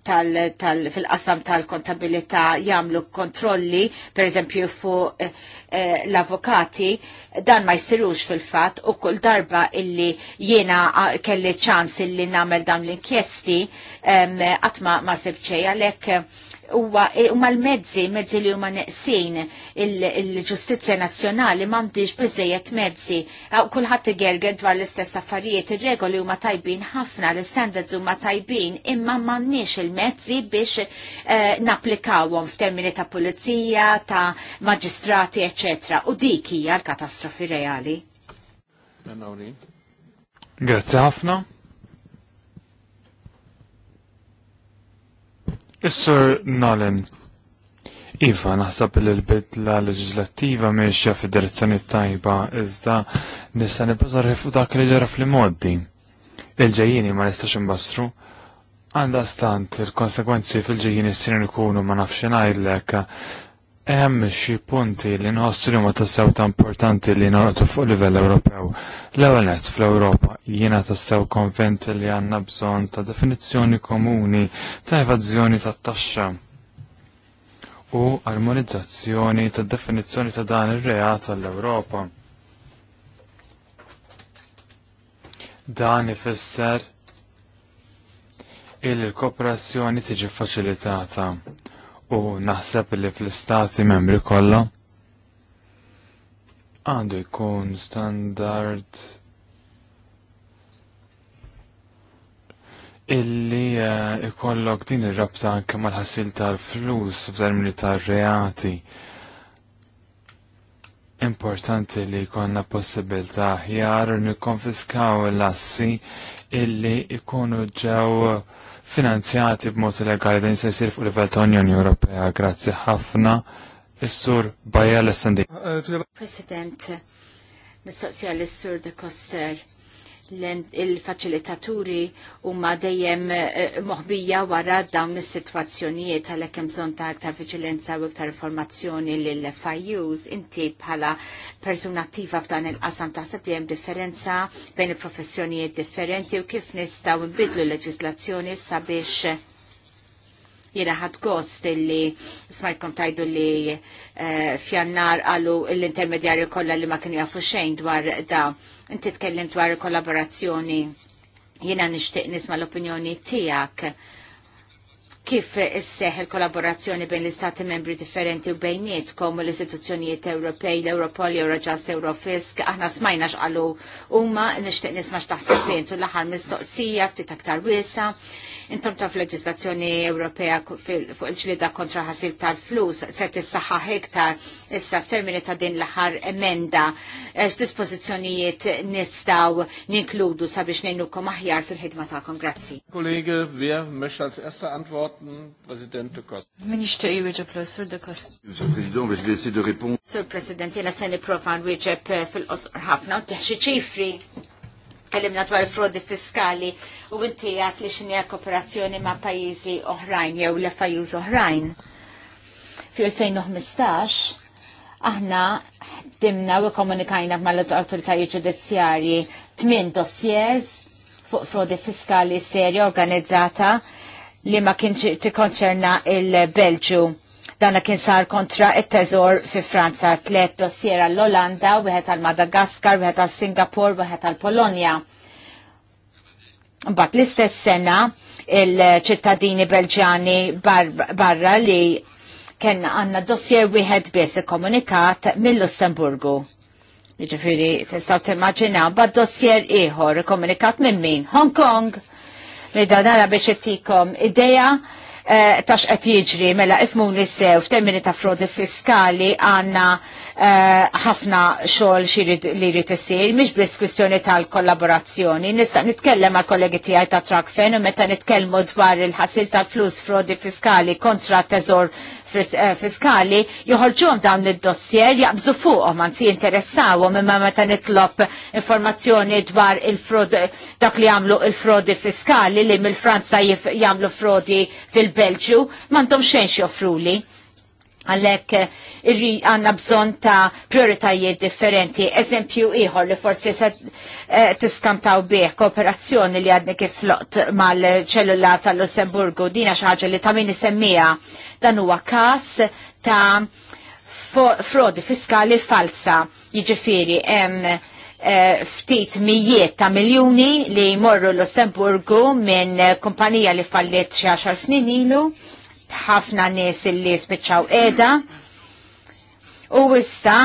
fil-qasam tal-kontabilità jamlu kontrolli, per eżempju fu eh, eh, l-avokati, dan ma jsirux fil-fat u kull darba illi jiena kelli ċans illi namel dan l-inkjesti għatma ma sebċeja għalek huwa eh, huma l-mezzi, mezzi li huma neqsin il-ġustizzja nazzjonali m'għandix biżejjed mezzi. Kulħadd igerger dwar l-istess affarijiet, ir-regoli huma tajbin ħafna, l-standards huma tajbin, imma m'għandniex il-mezzi biex eh, napplikawhom f'termini ta' pulizija, ta' maġistrati, eċċetera. U dik hija l-katastrofi reali. Grazzi ħafna. Is-Sur Nolan. Iva, naħseb li l-bidla leġislattiva meċċa fi direzzjoni tajba, iżda nista' nibbażar fuq dak li ġara fl-modi. Il-ġejjini ma nistax imbastru. Għandastant, stant il-konsekwenzi fil-ġejjini s-sir ikunu ma nafxin ngħidlek Hemm xi punti li nħossu li ma tassew ta' importanti li nħotu fuq livell Ewropew. L-ewwel nett fl-Ewropa jiena tassew konvent li għandna bżonn ta' definizzjoni komuni ta' evażjoni tat-taxxa u armonizzazzjoni ta' definizzjoni ta' dan ir-reat tal-Ewropa. Dan ifisser il-kooperazzjoni tiġi faċilitata u naħseb li fl-istati membri kollha għandu jkun standard illi eh, ikollok din ir-rabta anke mal-ħassil tal-flus f'termini tar-reati. Importanti li jkollna possibilità ħjar nikkonfiskaw l-assi illi ikunu ġew finanzjati b'mod legali din se jsir fuq livell ta' Unjoni Ewropea. Grazzi ħafna. Is-sur Bajja l President, mistoqsija l-sur de Koster il-facilitaturi huma dejjem eh, moħbija wara dawn is-sitwazzjonijiet għalhekk hemm bżonn ta' aktar viġilenza u iktar informazzjoni lil fajjuż inti bħala persuna attiva f'dan il-qasam taħseb li hemm differenza bejn il-professjonijiet differenti u kif nistgħu nbidlu l leġislazzjoni sabiex Jena ħad gost illi smajtkom tajdu li eh, fjannar għallu l-intermedjarju kolla li ma kienu jafu xejn dwar da. Inti tkellim dwar kollaborazzjoni. Jena nishtiq nisma l-opinjoni tijak kif isseħ il-kollaborazzjoni bejn l-istati membri differenti u bejnietkom u l-istituzzjonijiet Ewropej, l-Europol, Eurojust, Eurofisk, aħna smajna xqalu huma nixtieq nisma' x'taħseb intu l-aħħar mistoqsija ftit aktar wiesa. Intom taf leġislazzjoni Ewropea fuq il-ġlida kontra ħasil tal-flus se tissaħħaħ iktar issa f'termini ta' din l-aħħar emenda x'dispożizzjonijiet nistgħu ninkludu sabiex ngħinukom aħjar fil-ħidma ta' Grazzi. Kollege, wer möchte als antworten? President Sur President, jena sani profan Iweġeb eh, fil-qosor ħafna, u ċifri. Kellimna dwar frodi fiskali u inti għat li xinja kooperazzjoni ma' pajizi oħrajn, jew l-fajuż oħrajn. Fi 2015 aħna dimna u komunikajna mal autoritajiet ġudizzjarji tmien dossiers fuq frodi fiskali serja organizzata li ma kienx tikkonċerna il-Belġu. Dana kien sar kontra it-teżor fi Franza, tlet dossier għall-Olanda, wieħed għal madagaskar wieħed għal singapur wieħed għal polonja Mbagħad l-istess sena il-ċittadini Belġani bar barra li kien għandna dossier wieħed biss il-komunikat mill-Lussemburgu. Jiġifieri tistgħu timmaġinaw bad dossier ieħor il-komunikat minn min? Hong Kong! li danara biex jittikom ideja eh, tax qed jiġri mela ifmun li sew f'termini ta' frodi fiskali għanna Eh, ħafna uh, xogħol li jrid isir, mhix biss kwistjoni tal-kollaborazzjoni. Nista' nitkellem ma' kollegi tiegħi ta' Trakfen u meta nitkellmu dwar il-ħasil tal-flus frodi fiskali kontra teżor eh, fiskali, joħorġuhom dawn id-dossier jaqbżu fuqhom anzi jinteressawhom imma meta nitlob informazzjoni dwar il-frodi dak li jagħmlu il-frodi fiskali li mill-Franza jagħmlu frodi fil-Belġju m'għandhom xejn joffruli għallek irri għanna bżon ta' prioritajiet differenti. Eżempju iħor li forsi se eh, tiskantaw bieħ kooperazzjoni li għadni kif lot mal-ċellula tal-Lussemburgu. Dina xaħġa li ta' minni semmija dan huwa kas ta' frodi fiskali falsa. Jiġifiri, hemm eh, ftit mijiet ta' miljoni li jmorru l Lussemburgu minn kumpanija li fallet xi 10 snin ilu ħafna nies illi spiċċaw qiegħda. U issa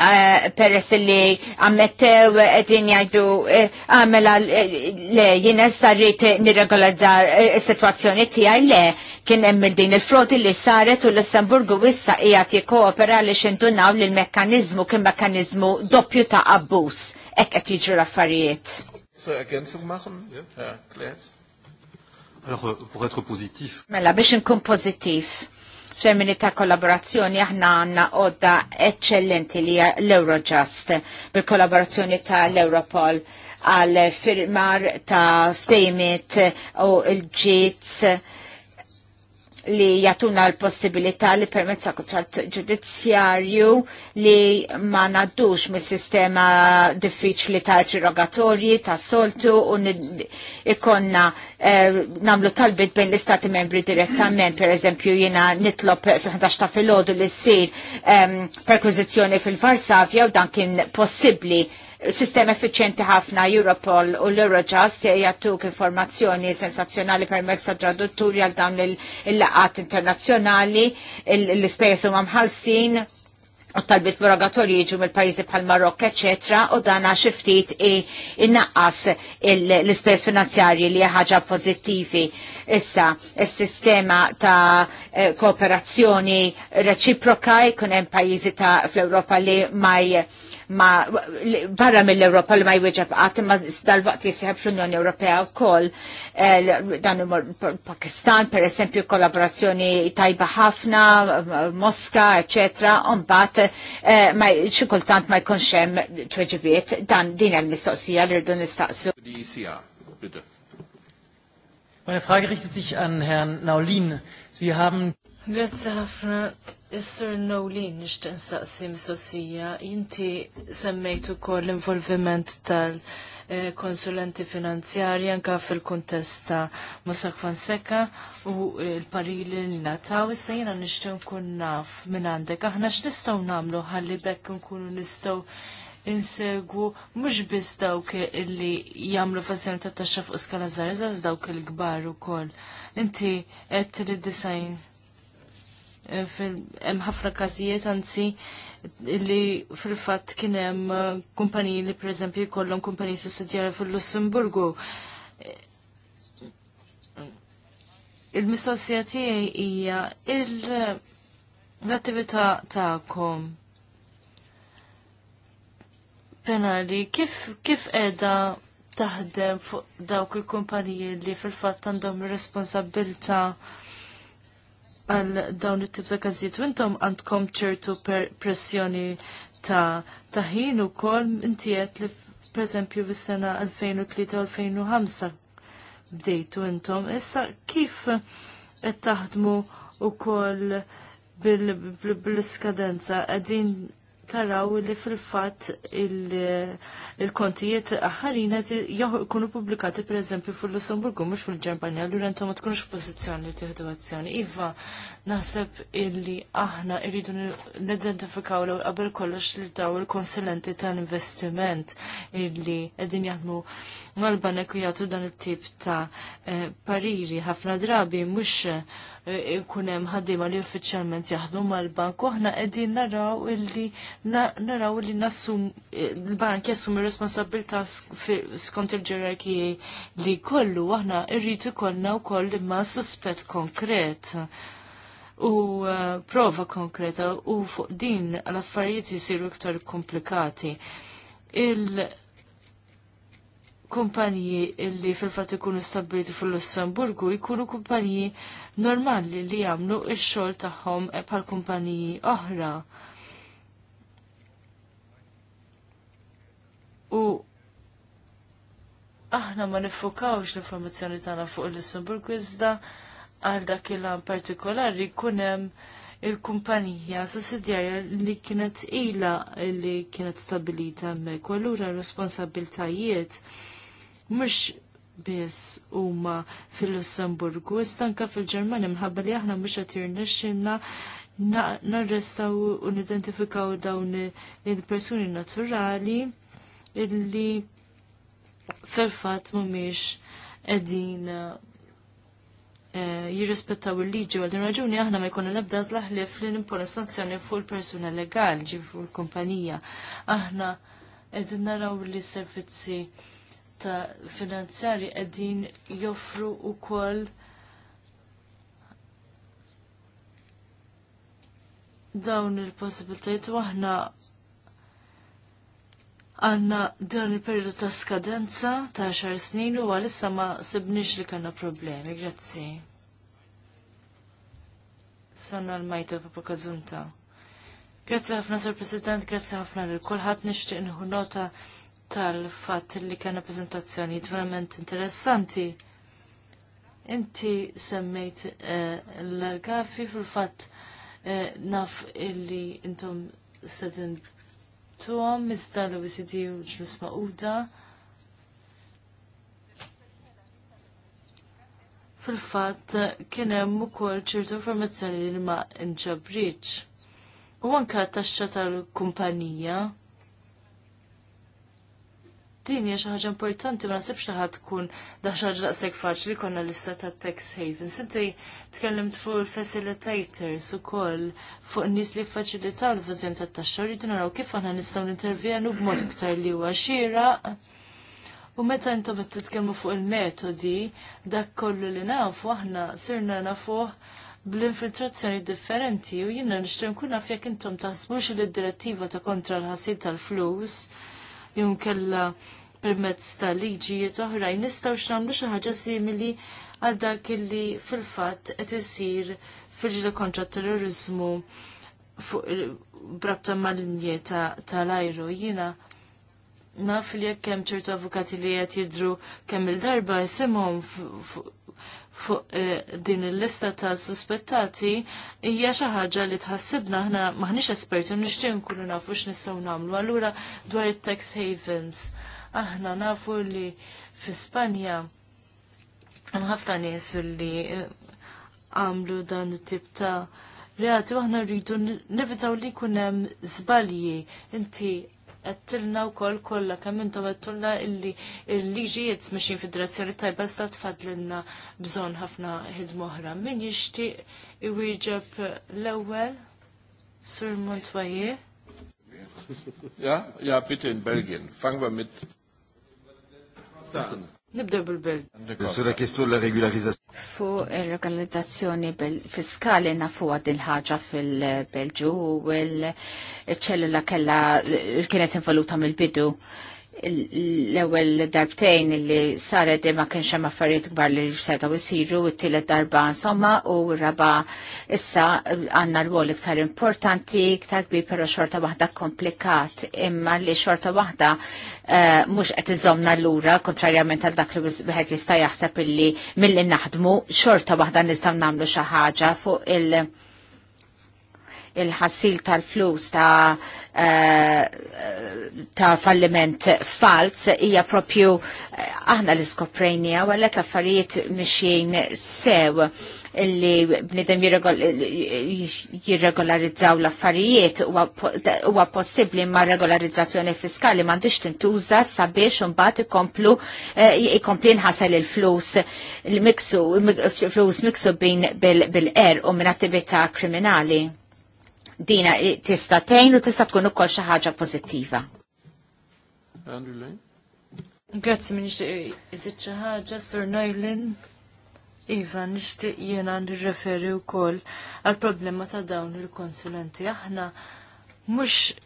eh, peress li ammettew edin jajdu għamela eh, ah, eh, le jina sarrit nirregolarizzar situazzjoni tijaj le kien hemm din il-frodi li saret u l Lussemburgu wissa qiegħed jikkoopera li xintunaw l mekkaniżmu kien mekanizmu doppju ta' abbuż hekk qed jiġru l-affarijiet. So again, so maħum, yeah, Klaas. Alors, euh, pour être positif. Mela, biex nkun pozitif. Femini ta' kollaborazzjoni aħna għanna għodda eccellenti li l-Eurojust bil-kollaborazzjoni ta' l-Europol għal firmar ta' ftejmit u l-ġietz li jatuna l-possibilità li permezz ta' kontrat ġudizzjarju li ma naddux mis sistema diffiċli ta' interrogatorji, ta' soltu u ikonna eh, namlu talbit bejn l-istati membri direttament, per eżempju jina nitlob fi 11 ta' fil li s-sir eh, perkwizizjoni fil-Varsavja u dan kien possibli sistem effiċjenti ħafna Europol u l-Eurojust jattuk informazzjoni sensazzjonali permezz ta' tradutturi għal dawn il-laqat internazzjonali, l-ispejjeż huma mħallsin u talbit derogatorji jiġu mill-pajjiżi bħal Marokk, eċetera, u dana xiftit ftit innaqqas l-ispejjeż finanzjarji li ħaġa pożittivi. Issa, il sistema ta' eh, kooperazzjoni reċiproka jkun hemm pajjiżi ta' fl-Ewropa li ma' ma barra mill-Europa li ma jweġab għat ma dal-waqt jisħab fl-Unjoni Ewropea u koll eh, dan Pakistan per esempio kollaborazzjoni tajba ħafna, Mosca, eccetera, unbat eh, ma xikultant ma jkunx tweġibiet dan din għal mistoqsija li rridu nistaqsu. E Meine Frage richtet sich an Herrn Naulin. Sie haben Grazie ħafna Is-sur Nowlin nixtieq nsaqsi mistoqsija, inti semmejt ukoll l-involviment tal-konsulenti finanzjarji anke fil-kuntest ta' Mossack Fonseca u l-parili li nataw issa jiena nixtieq nkun naf minn għandek aħna x'nistgħu nagħmlu ħalli bekk nkunu nistgħu insegwu mhux biss dawk illi jagħmlu fazzjoni ta' taxxa fuq skala żgħar, dawk il-kbar ukoll. Inti qed li design hemm ħafna każijiet anzi li fil-fatt kien hemm eh, kumpaniji li preżempju jkollhom kumpaniji sussidjarji fil-Lussemburgu. Il-mistoqsija tiegħi hija l-attività tagħkom penali kif kif qiegħda taħdem fuq dawk il-kumpaniji li fil-fatt għandhom responsabilta responsabbilta għal dawn it-tip ta' każijiet u intom għandkom ċertu pressjoni ta' taħin u kol intiet li per fis-sena 2003-2005 bdejtu intom. Issa kif qed taħdmu u kol bil-skadenza bil, bil, bil taraw li fil-fat il-kontijiet ħarina jkunu publikati per eżempju fil-Lussemburgu mux fil-Ġermanja l rentom ma tkunux f'pożizzjoni li tieħdu Iva, Naħseb illi aħna irridu nidentifikaw l qabel kollox li daw il-konsulenti tal-investiment illi qegħdin jaħdmu mal-banek u jagħtu dan it-tip ta' eh, pariri ħafna drabi mhux eh, ikun hemm ħaddiema li uffiċjalment jaħdmu mal-bank u aħna qegħdin naraw illi naraw li nassum il-bank jassumi r responsabilità skont il-ġerarkiji li kollu aħna rrid jkollna wkoll imma suspett konkret u uh, prova konkreta u fuq din l-affarijiet jisiru iktar komplikati. Il kumpanji illi fil-fat ikunu stabiliti fil-Lussemburgu jkunu kumpanji normali li jagħmlu ix-xogħol tagħhom bħal kumpanji oħra. U aħna ma nifukawx l-informazzjoni tagħna fuq il-Lussemburgu iżda għal dak il-għan partikolari kunem il-kumpanija sussidjarja li kienet ila li kienet stabilita me U responsabiltajiet mux biss huma fil-Lussemburgu, istanka fil-Ġermanja mħabba li aħna mhux qed jirnexxinna narrestaw u nidentifikaw dawn il-persuni naturali illi fil-fatt mhumiex qegħdin Eh, jirrispettaw il-liġi għal din raġuni aħna ma jkun nibda żlaħlif li nimponu sanzjoni fuq il-persuna legali ġi fuq il-kumpanija. Aħna qegħdin naraw li servizzi ta' finanzjari qegħdin joffru wkoll. dawn il-possibilitajiet u aħna għanna dan il-periodu ta' skadenza ta' xar snin u għalissa ma sibnix li kanna problemi. Grazzi. Sanna l-majta papa kazunta. Grazzi ħafna, Sir President, grazzi ħafna li kulħadd nixtieq inħu nota tal-fatt li kanna prezentazzjoni verament interessanti. Inti semmejt eh, l-gafi fil-fatt eh, naf illi intom sedin għattuhom iżda li visiti e u l-ġlus maquda. Fil-fatt kien hemm ukoll ċertu informazzjoni li ma nġabriċ. U anke t-taxxa tal-kumpanija Din hija xi ħaġa importanti ma nasibx li ħadd tkun daħxaġ daqshekk faċli konna l-ista ta' tax havens. Inti tkellimt fuq il-facilitators ukoll fuq nies li faċilitaw l-fażjen tat-taxxa rridu naraw kif aħna nistgħu nintervjenu b'mod iktar li huwa xieraq. U meta intom qed titkellmu fuq il-metodi, dak kollu li nafu aħna sirna nafuh bl-infiltrazzjoni differenti u jiena nixtru nkun naf jekk intom taħsbux li d-direttiva ta' kontra l-ħasil tal-flus jum kella permezz ta' liġijiet oħrajn nistgħu x'nagħmlu xi ħaġa simili għal dak illi fil-fatt qed isir fil ġlu kontra terrorizmu fuq brabta mal-linje tal-ajru ta naf li jekk hemm ċertu avukati li qed jidru kemm il-darba isimhom fuq eh, din il-lista ta' suspettati hija xi ħaġa li tħassibna aħna maħniex esperti u nixtieq nkunu nafu x'nistgħu nagħmlu. Allura dwar it-tax havens Aħna nafu li fi Spanja hemm ħafna nies li eh, għamlu dan it-tip ta' reati aħna rridu nevitaw li jkun hemm żbalji. Inti għattilna u koll kolla kam intom għattilna illi il-liġijiet smixin fid-direzzjoni tajba sta tfadlinna bżon ħafna moħra. Min jishtiq iwieġeb l-ewel sur Montwaje? Ja, ja, bitte in Belgien. Fangen wir mit Nibdew bil-bil. Sura kistu la Fu regolarizzazzjoni fiskali nafu għad il-ħagġa fil-Belġu u l-ċellula kella kienet involuta mill-bidu l-ewel darbtejn li saret ma kienx hemm affarijiet kbar li siru u it-tielet darba insomma u raba issa għandna rwol iktar importanti, iktar kbir però xorta waħda komplikat imma li xorta waħda eh, mhux qed iżomna lura kontrarjament għal dak li wieħed jista' jaħseb illi milli naħdmu xorta waħda nistgħu nagħmlu xi ħaġa fuq il- il-ħassil tal-flus ta', eh, ta falliment fals hija propju eh, aħna li skoprejnija u l affarijiet mixjin sew illi bnidem jirregolarizzaw l-affarijiet huwa possibbli ma' regolarizzazzjoni fiskali m'għandix tintuża sabiex imbagħad ikomplu eh, ikompli nħasel il-flus il-miksu flus miksu bin bil-er u minn attività kriminali dina tista' tgħin u tista' tkun ukoll xi ħaġa pożittiva. Grazzi minn nixtieq iżid xi ħaġa Sur Nojlin. Iva, nixtieq jiena nirreferi wkoll għal problema ta' dawn il-konsulenti. Aħna mhux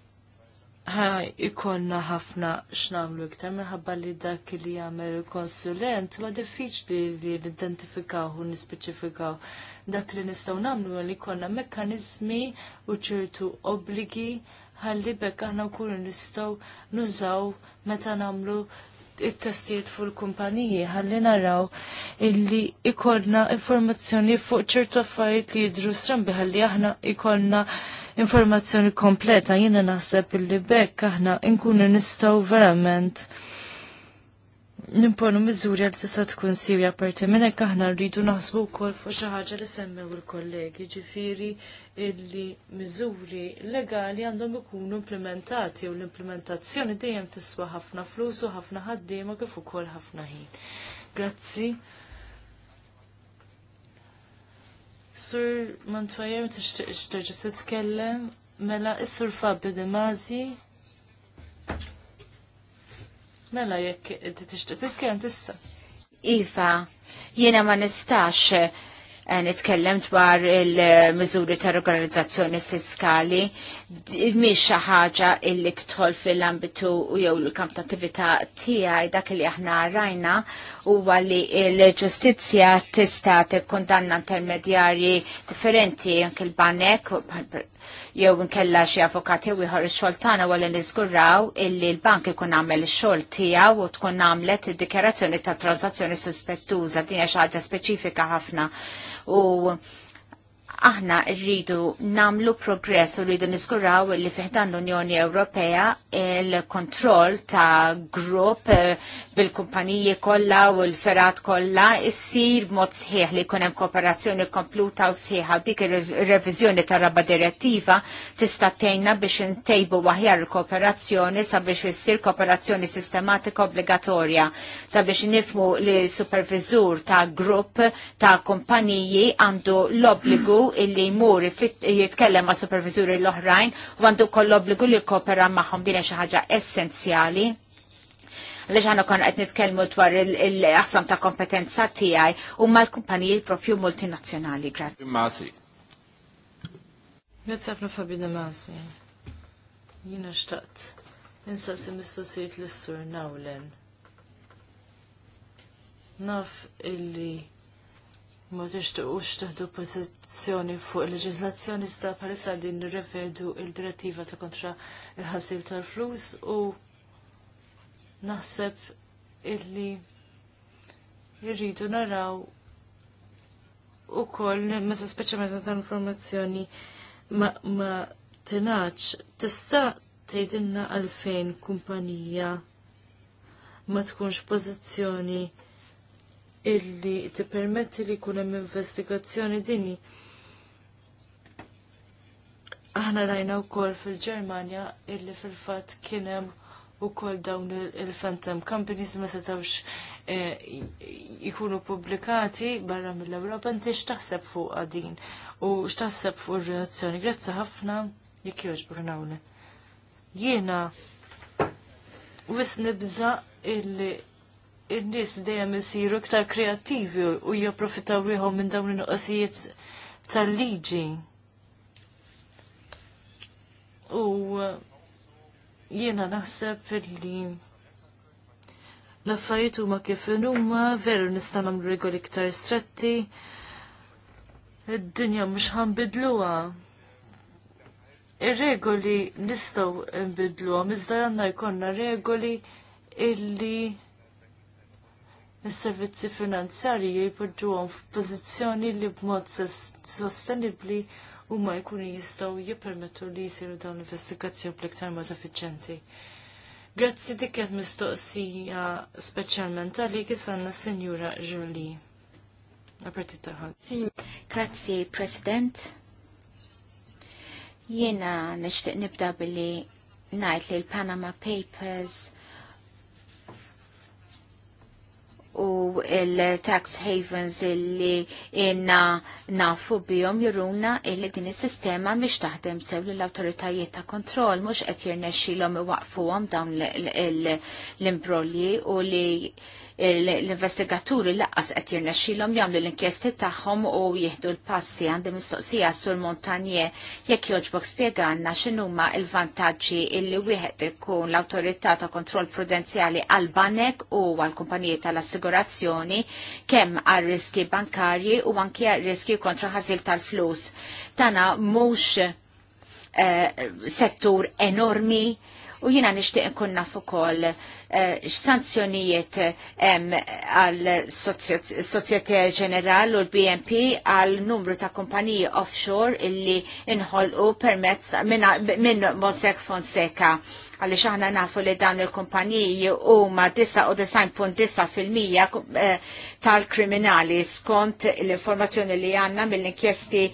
ikonna ħafna x'namlu iktar minħabba li dak li jagħmel il-konsulent huwa diffiċli li nidentifikaw u nispeċifikaw dak li nistgħu nagħmlu li konna mekkaniżmi u ċertu obbligi ħalli bekk aħna nkunu nistgħu nużaw meta nagħmlu it-testijiet fuq il-kumpaniji ħalli naraw illi ikollna informazzjoni fuq ċertu affarijiet li jidru strambi ħalli aħna ikollna informazzjoni kompleta jiena naħseb illi bekk aħna nkunu nistgħu verament nimponu miżuri għal tista' tkun siwja parti minn hekk aħna rridu naħsbu wkoll fuq xi ħaġa li semmew il-kollegi, ġifieri illi miżuri legali għandhom ikunu implementati u l-implementazzjoni dejjem tiswa ħafna flus u ħafna ħaddiema kif ukoll ħafna ħin. Grazzi. Sur Montfajer tixtieq terġa' titkellem mela is-sur Fabio De Mela jekk t tixtieq t tista'. Iva, jiena ma nistax eh, nitkellem dwar il mizuri ta' organizzazzjoni fiskali, mhix xi ħaġa t tidħol fil-ambitu jew l-kamp ta' attività tiegħi dak li aħna rajna huwa li l-ġustizzja tista' tikkundanna intermedjarji differenti anke l-banek jew nkella xi avukati u ieħor ix-xogħol tagħna wara niżguraw illi l-bank ikun għamel ix-xogħol tiegħu u tkun għamlet id-dikjarazzjoni ta' transazzjoni suspettuża din hija xi ħaġa speċifika ħafna u aħna rridu namlu progress u rridu niskuraw li fiħdan l-Unjoni Ewropea il-kontroll ta' grupp eh, bil-kumpaniji kollha u l-ferat kollha issir mod sħiħ li jkun hemm kooperazzjoni kompluta u sħiħa u dik ir-reviżjoni ta' raba direttiva tista' tgħinna biex intejbu waħjar il-kooperazzjoni sabiex issir kooperazzjoni sistematika obbligatorja sabiex nifmu li supervizur ta' grupp ta' kumpaniji għandu l-obbligu illi jmur jitkellem ma' supervisuri l-oħrajn u għandu koll obbligu li kopera magħhom din xi ħaġa essenzjali Leġ ħana kon għed nitkelmu dwar il-qasam ta' kompetenza tijaj u ma' l-kumpanijiet propju multinazzjonali. Grazie. Masi. Grazie għafna Fabina Masi. Jina xtaqt. si mistoqsijiet l-sur nawlen. Naf illi ma tixtuqux taħdu pożizzjoni fuq il leġizlazzjoni sta bħalissa din nirrevedu il-direttiva ta' kontra il-ħasil tal-flus u naħseb illi jirridu naraw u koll meta speċjalment meta informazzjoni ma, ma tinax tista' tgħidilna għalfejn kumpanija ma tkunx pożizzjoni illi tippermetti li jkun hemm investigazzjoni dini. Aħna rajna wkoll fil-Ġermanja illi fil-fatt kien hemm ukoll dawn il-phantom companies ma setawx ikunu eh, publikati barra mill europa inti x'taħseb fuq għadin u x'taħseb fuq ir reazzjoni Grazzi ħafna jekk jogħġbu nawni. Jiena wis nibża illi in-nies dejjem isiru iktar kreattivi u japprofittaw rieħhom minn dawn in-nuqqasijiet tal-liġi. U eh, jiena naħseb li l-affarijiet huma kif huma, veru nista' nagħmlu regoli iktar stretti, id-dinja mhux ħanbidluha. Ir-regoli nistgħu nbidluha, iżda għandna jkollna regoli illi s-servizzi finanzjarji jpoġġuhom f'pożizzjoni li b'mod sostenibbli huma jkunu jistgħu jippermettu li jsiru dawn l-investigazzjoni bl-iktar mod effiċjenti. Grazzi dik qed mistoqsija speċjalment għalik isanna Sinjura Julie. Grazzi, President. Jiena nixtieq nibda billi ngħid li l-Panama Papers u il-tax havens illi inna nafu bihom jiruna illi din is-sistema miex taħdem sew l awtoritajiet ta' kontroll mhux qed jirnexxilhom iwaqfuhom dawn l imbrolli u li l-investigaturi laqqas qed jirnexxilhom jagħmlu l-inkjesti tagħhom u jieħdu l-passi għandi mistoqsija sur Montanje jekk jogħġbok spjegana x'inhuma l-vantaġġi illi wieħed ikun l-awtorità ta' kontroll prudenzjali għal banek u għal kumpaniji tal-assigurazzjoni kemm għal riski bankarji u anke għal riski kontra ħażil tal-flus. Tana mhux eh, settur enormi u jina nishtiq nkun naf ukoll eh, x'sanzjonijiet hemm għal Soċjetà Ġenerali u l-BNP għal numru ta' kumpaniji offshore illi inħolqu permezz minn Mosek Fonseca għalli xaħna nafu li dan il-kumpaniji u ma 99.9% eh, tal-kriminali skont l-informazzjoni li għanna mill-inkjesti eh,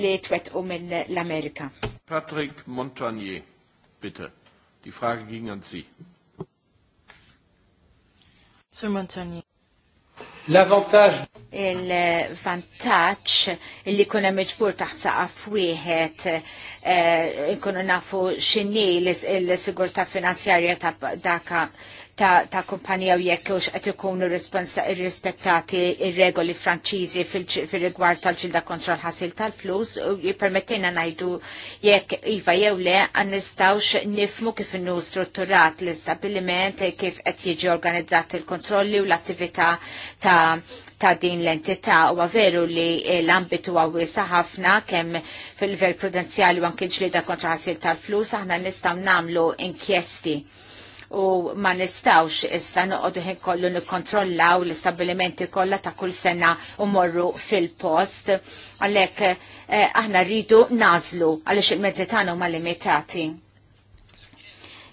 li twetqu minn l-Amerika. Patrick Montagnier, bitte. Die Frage ging an Sie. Sur Montagnier. l il-vantaġġ li kuna meġbur taħt saqaf wieħed eh, nkunu nafu x'inhi l-sigurtà finanzjarja ta' daka ta', ta kumpanija u jekk ux qed ikunu rispettati il regoli franċiżi fil-rigward tal-ġilda kontra l-ħasil tal-flus u jippermettina ngħidu jekk iva jew le nistgħux nifmu kif innu strutturat l-istabiliment kif qed jiġi organizzat il-kontrolli u l-attività ta' ta' din l-entità u veru li l-ambitu għawisa ħafna kemm fil ver prudenzjali u anki ġlida kontra ħasil tal-flus aħna nistaw namlu inkjesti u ma nistawx issa noqogħdu ħin kollu nikkontrollaw l istabilimenti kollha ta' kull sena u morru fil-post. Għalhekk eh, aħna rridu nażlu għaliex il-mezzi tagħna huma limitati.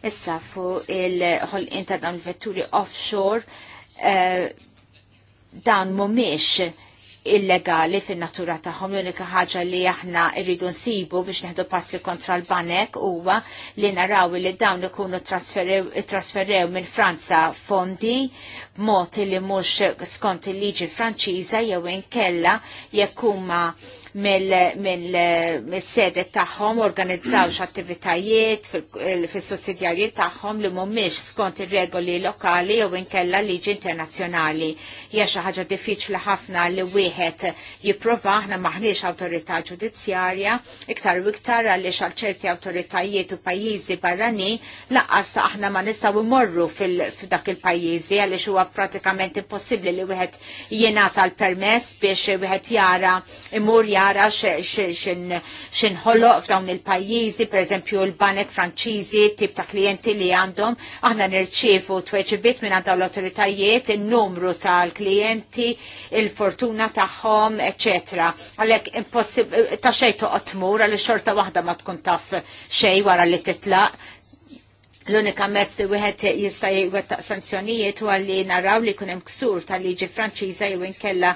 Issa fuq il-ħolqien ta' dawn il-vetturi offshore eh, dan mhumiex illegali fin natura tagħhom l-unika ħaġa li aħna irridu nsibu biex neħdu passi kontra l-banek huwa li naraw li dawn ikunu trasferew minn Franza fondi b'mod li mhux skont il-liġi Franċiża jew inkella jekk huma mill-sede tagħhom organizzawx attivitajiet fis-sussidjarji tagħhom li mhumiex skont ir-regoli lokali jew inkella liġi internazzjonali. Hija xi ħaġa diffiċli ħafna li wieħed jipprova aħna maħniex awtorità ġudizzjarja iktar u iktar għaliex għal ċerti awtoritajiet u pajjiżi barrani laqas aħna ma nistgħu fil f'dak il-pajjiżi għaliex huwa pratikament impossibbli li wieħed jingħata l-permess biex wieħed jara imur jara nara xinħolloq f'dawn il-pajjiżi, pereżempju l-banek Franċiżi, tip ta' klijenti li għandhom, aħna nirċievu tweġibit minn dawn l autoritajiet in-numru tal-klijenti, il-fortuna tagħhom, eccetera. Għalhekk impossib, ta' xejn toqgħod tmur għaliex xorta waħda ma tkun taf xejn wara li titlaq l-unika mezz li wieħed jista' jwettaq sanzjonijiet huwa li naraw li jkun hemm ksur tal-liġi Franċiża jew inkella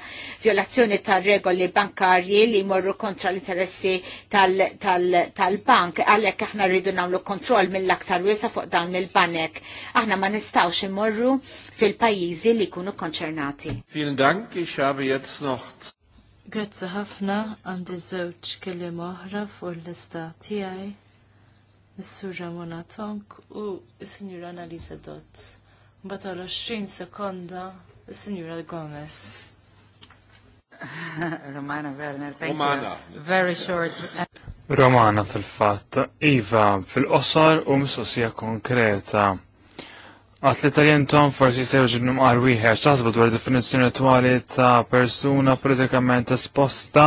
violazzjoni tar-regoli bankarji li jmorru kontra l-interessi tal-bank għalhekk aħna rridu nagħmlu kontroll mill-aktar wiesa fuq dan il-banek. Aħna ma nistgħux imorru fil-pajjiżi li jkunu konċernati. Vielen Dank, ich habe jetzt noch Grazzi ħafna għandi żewġ kelliem oħra fuq l istat tiegħi. Mr. sur Ramona Tonk u s Annalisa Dott. Mbagħad l 20 sekonda signora Gomez. Romana Werner, thank Romana. you. Very short. Romana fil-fatt, Iva fil qosar u mistoqsija konkreta Għat li tal-jentom forsi sewġu numqar wieħed xasbu dwar definizjoni attuali ta' persuna politikament esposta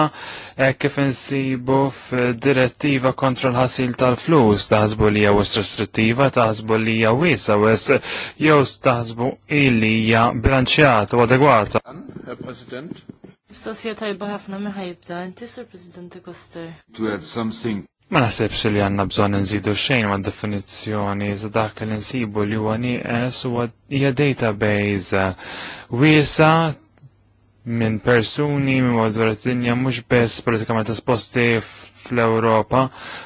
e kif insibu f'direttiva kontra l-ħasil tal-flus taħsbu li hija wis restrittiva, taħsbu li hija wiesa wis jew taħsbu illi hija bilanċjata u adegwata. Mistoqsija tajba ħafna meħa inti sur President Koster. To add something Ma nasibx li għanna bżon nżidu xejn ma' definizzjoni za dak li nsibu li huwa nieqes huwa hija database wiesa minn persuni minn madwar id-dinja mhux biss politikament esposti fl-Ewropa,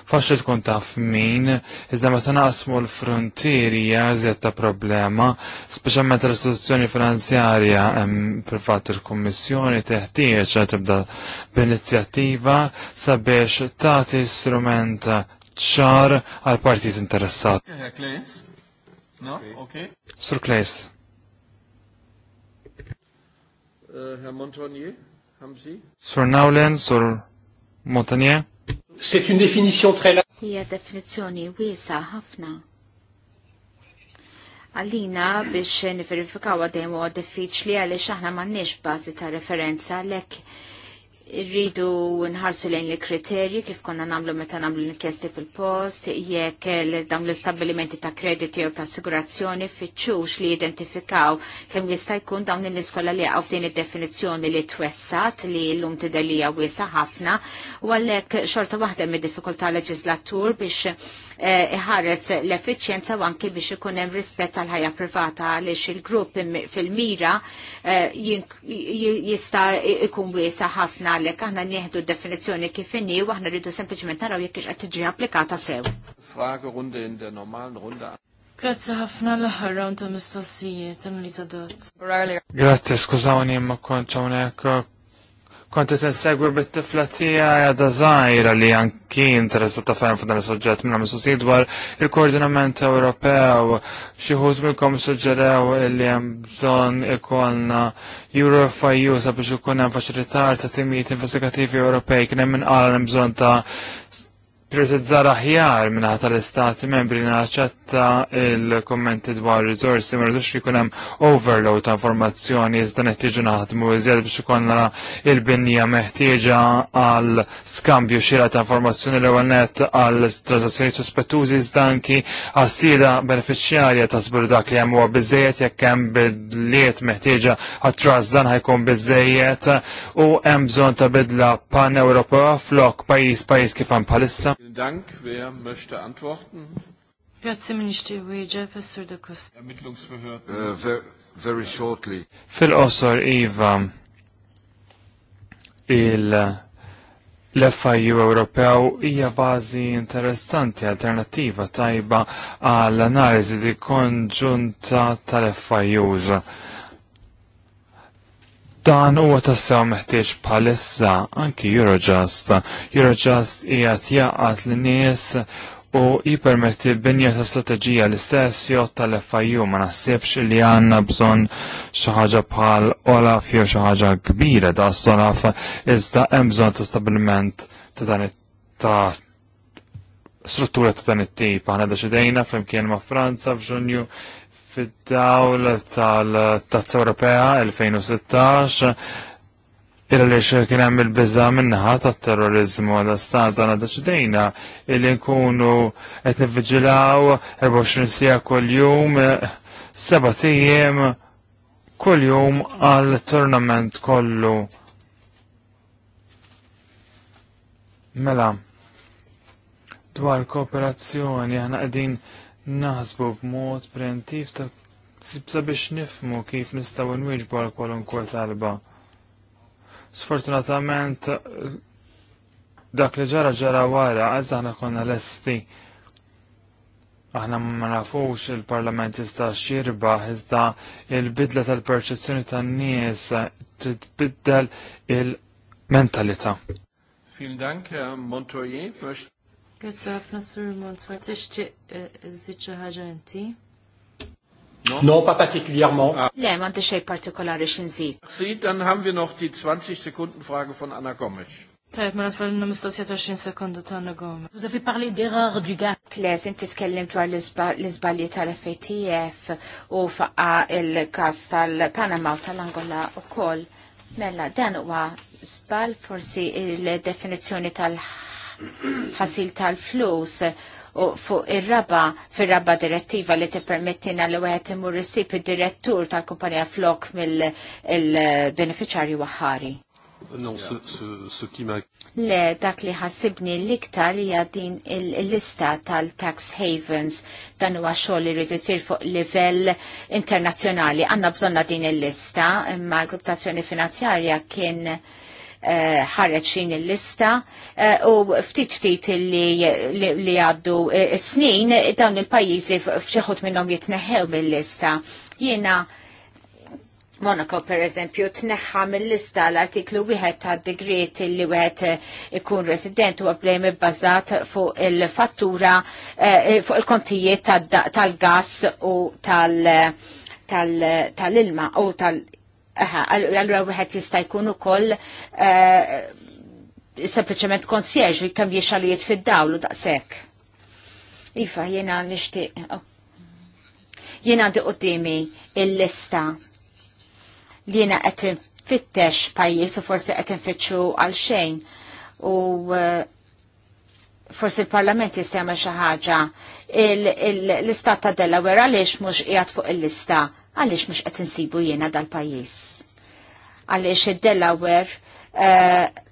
faċli tkun taf min, iżda meta naqsmu l-frontieri jażjed ta' problema, speċjalment l-istituzzjoni finanzjarja fil-fatt il-Kummissjoni teħtieġ tibda b'inizjattiva sabiex tagħti strument ċar għal partijiet interessati. Sur Klejs. Uh, Herr Montagnier, Sur Naulen, Sur Montagnier. C'est une définition très large. Hija definizzjoni wiesa ħafna. Għallina biex niverifikaw għadem u diffiċli għaliex aħna m'għandniex bażi ta' referenza lek rridu nħarsu lejn l-kriterji kif konna namlu meta namlu l-inkjesti fil-post, jekk dawn l istabilimenti ta' krediti jew ta' assigurazzjoni fiċċux li identifikaw kemm jista' jkun dawn l-iskola li għaw f'din id-definizzjoni li twessat li l-lum tidelija wiesa ħafna, u għalhekk xorta waħda mid diffikultà leġislatur biex Eh, iħares l-effiċjenza u anki biex ikun hemm rispett tal ħajja privata għaliex il-grupp fil-mira eh, jista' ikun wiesa ħafna għalhekk aħna nieħdu d-definizzjoni kif inhi u aħna rridu sempliċement naraw jekk qed tiġi applikata sew. Grazie Grazzi ħafna l-aħħar round ta' mistoqsijiet, Emily Zadot. Grazie, skużawni ma konċawnek. Konti insegwi bit-tifla tiegħi għadha żgħira li anki interessata ferm f'dan is-suġġett minn mistoqsi dwar il-koordinament Ewropew. Xi ħut minnkom suġġerew li hemm bżonn ikollna Eurofajju sabiex ikun hemm faċilitar ta' timijiet investigativi Ewropej kien hemm qal hemm bżonn ta' Prioritizzar aħjar minna tal-istati membri naċċetta il-kommenti dwar risorsi ma rridux li kunem overload ta' informazzjoni iżda neħtieġu naħdmu iżjed biex ikollna il-binja meħtieġa għal skambju xira ta' informazzjoni l-ewwel net għal transazzjoni sospettużi iżda anki sida benefiċjarja ta' żbur dak li hemm huwa biżejjed jekk hemm bidliet meħtieġa għat-trast dan ħajkun biżejjed u hemm bżonn ta' bidla pan-Ewropa flok pajjiż pajjiż kif hemm bħalissa Vielen Dank. Wer möchte antworten? Uh, very shortly. Fil-qosor Iva, il- L-FIU Ewropew hija bażi interessanti alternattiva tajba għall analiżi di konġunta tal-FIUs Dan huwa tassew meħtieġ bħalissa anki Eurojust. Eurojust ijat jaqgħad lin-nies u jipermetti binja ta' strateġija l-istess jgħod tal-FIU ma naħsibx li għanna bżon xaħġa bħal Olaf jew xaħġa kbira da' Olaf iżda hemm bżon ta' stabilment ta' dan ta' struttura ta' dan it-tip. Aħna fl flimkien ma' Franza f'Ġunju fid-dawl tal-Tazza Ewropea 2016 il-għalix kien hemm il-biża minnaħa tat-terrorizmu għal stat għana deċidejna illi nkunu qed nivviġilaw 24 sija kuljum seba' tiem kuljum għal turnament kollu. Mela, dwar kooperazzjoni aħna qegħdin naħsbu b'mod preventiv ta' sibsa biex nifmu kif nistaw nwieġbu għal kwalunkwe talba. Sfortunatament, dak li ġara ġara wara, għazana konna lesti. Aħna ma nafux il-parlament jista' xirba iżda il-bidla tal-perċezzjoni tan-nies tibdel il-mentalità. Vielen Dank, Herr Montoyer. Grazie ħafna Sur Montwa, tixtieq eh, iżid xi ħaġa inti? No, pa partikolarment. Ah. Le, ma nti xej partikolari x'inżid. Si, dan haben wir noch 20 Sekunden Frage von Anna Gomes. Tajb, ma mela natfall mistoqsija 20 ta' Anna Gomes. Vous avez parlé d'erreur du gap. Les, inti tkellim dwar l-iżbalji tal-FATF u faqa il-kas tal-Panama u tal-Angola u koll. Mella, dan huwa zbal forsi il-definizzjoni tal-ħ ħasil tal-flus u fuq ir-raba fir-raba direttiva li tippermettina li wieħed imur isib id-direttur tal-kumpanija flok mill-beneficjarju kima... Le dak li ħassibni l-iktar hija din il-lista tal-tax havens dan huwa xogħol li jrid isir fuq livell internazzjonali. Għandna bżonna din il-lista imma l-grupp tazzjoni finanzjarja kien Eh, ħareġ xin il-lista eh, u ftit ftit li għaddu eh, snin dawn il-pajjiżi fċeħut minnhom jitneħħew mill-lista. Jiena Monaco per eżempju tneħħa mill-lista l-artiklu wieħed ta' degret li wieħed ikun resident u għablem bbażat fuq il-fattura fuq il-kontijiet tal-gas u tal- tal-ilma u tal Allura wieħed jista' jkun ukoll eh, sempliċement konsjerġ li kemm jiexalujiet fid-dawlu daqshekk. Iva, jiena nixtieq. Oh. Jiena għandi qudiemi il-lista li jiena qed fittex pajjiż u forsi qed infittxu għal xejn u eh, forsi l parlament jistema xi ħaġa l-istat ta' Delaware għaliex mhux qiegħed fuq il-lista għaliex mhux qed insibu jiena dal-pajjiż. Għaliex il delaware uh, eh,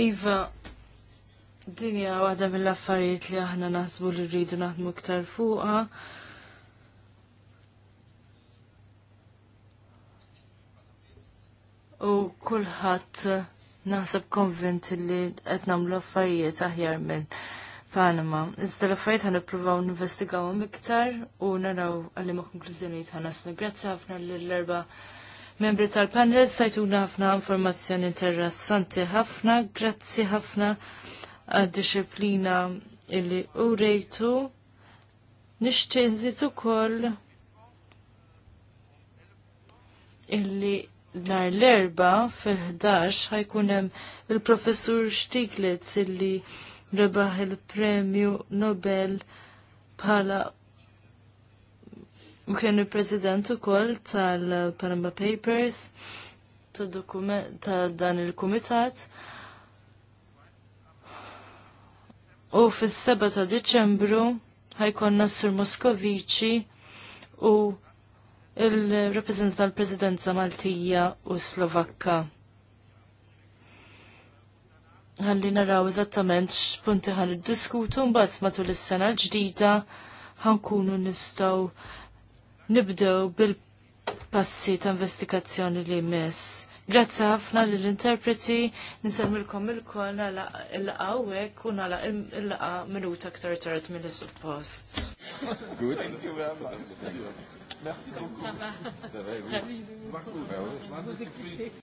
Iva, dinja waħda mill-affarijiet li aħna naħsbu li rridu naħdmu iktar fuqha. U kulħadd naħseb konvent li qed nagħmlu affarijiet aħjar minn Panama. Iżda l-affarijiet ħan ippruvaw investigawhom iktar u naraw għalli ma' konklużjonijiet ħan naslu. Grazzi ħafna l-erba membri tal-panel sajtuna ħafna informazzjoni interessanti ħafna. Grazzi ħafna għad-disciplina illi u rejtu. Nixtieq nżid ukoll illi nar l-erba fil-11 ħajkun hemm il-professur Stiglitz illi rebaħ il-premju Nobel bħala u kien il-president ukoll tal-Panama Papers ta' dan il-kumitat. U fis seba ta' Diċembru ħajkon Sur Moskovici u il reprezentant tal-Presidenza Maltija u Slovakka ħalli naraw eżattament x'punti ħan iddiskutu mbagħad matul is-sena l-ġdida ħankunu nistgħu nibdew bil-passi ta' investigazzjoni li jmiss. Grazzi ħafna lill interpreti nisalmilkom il-kol il-qawek u nala il-laqa minuta aktar tard mill-suppost. Good. Thank you very much. Merci beaucoup. Ça va. Ça va, oui.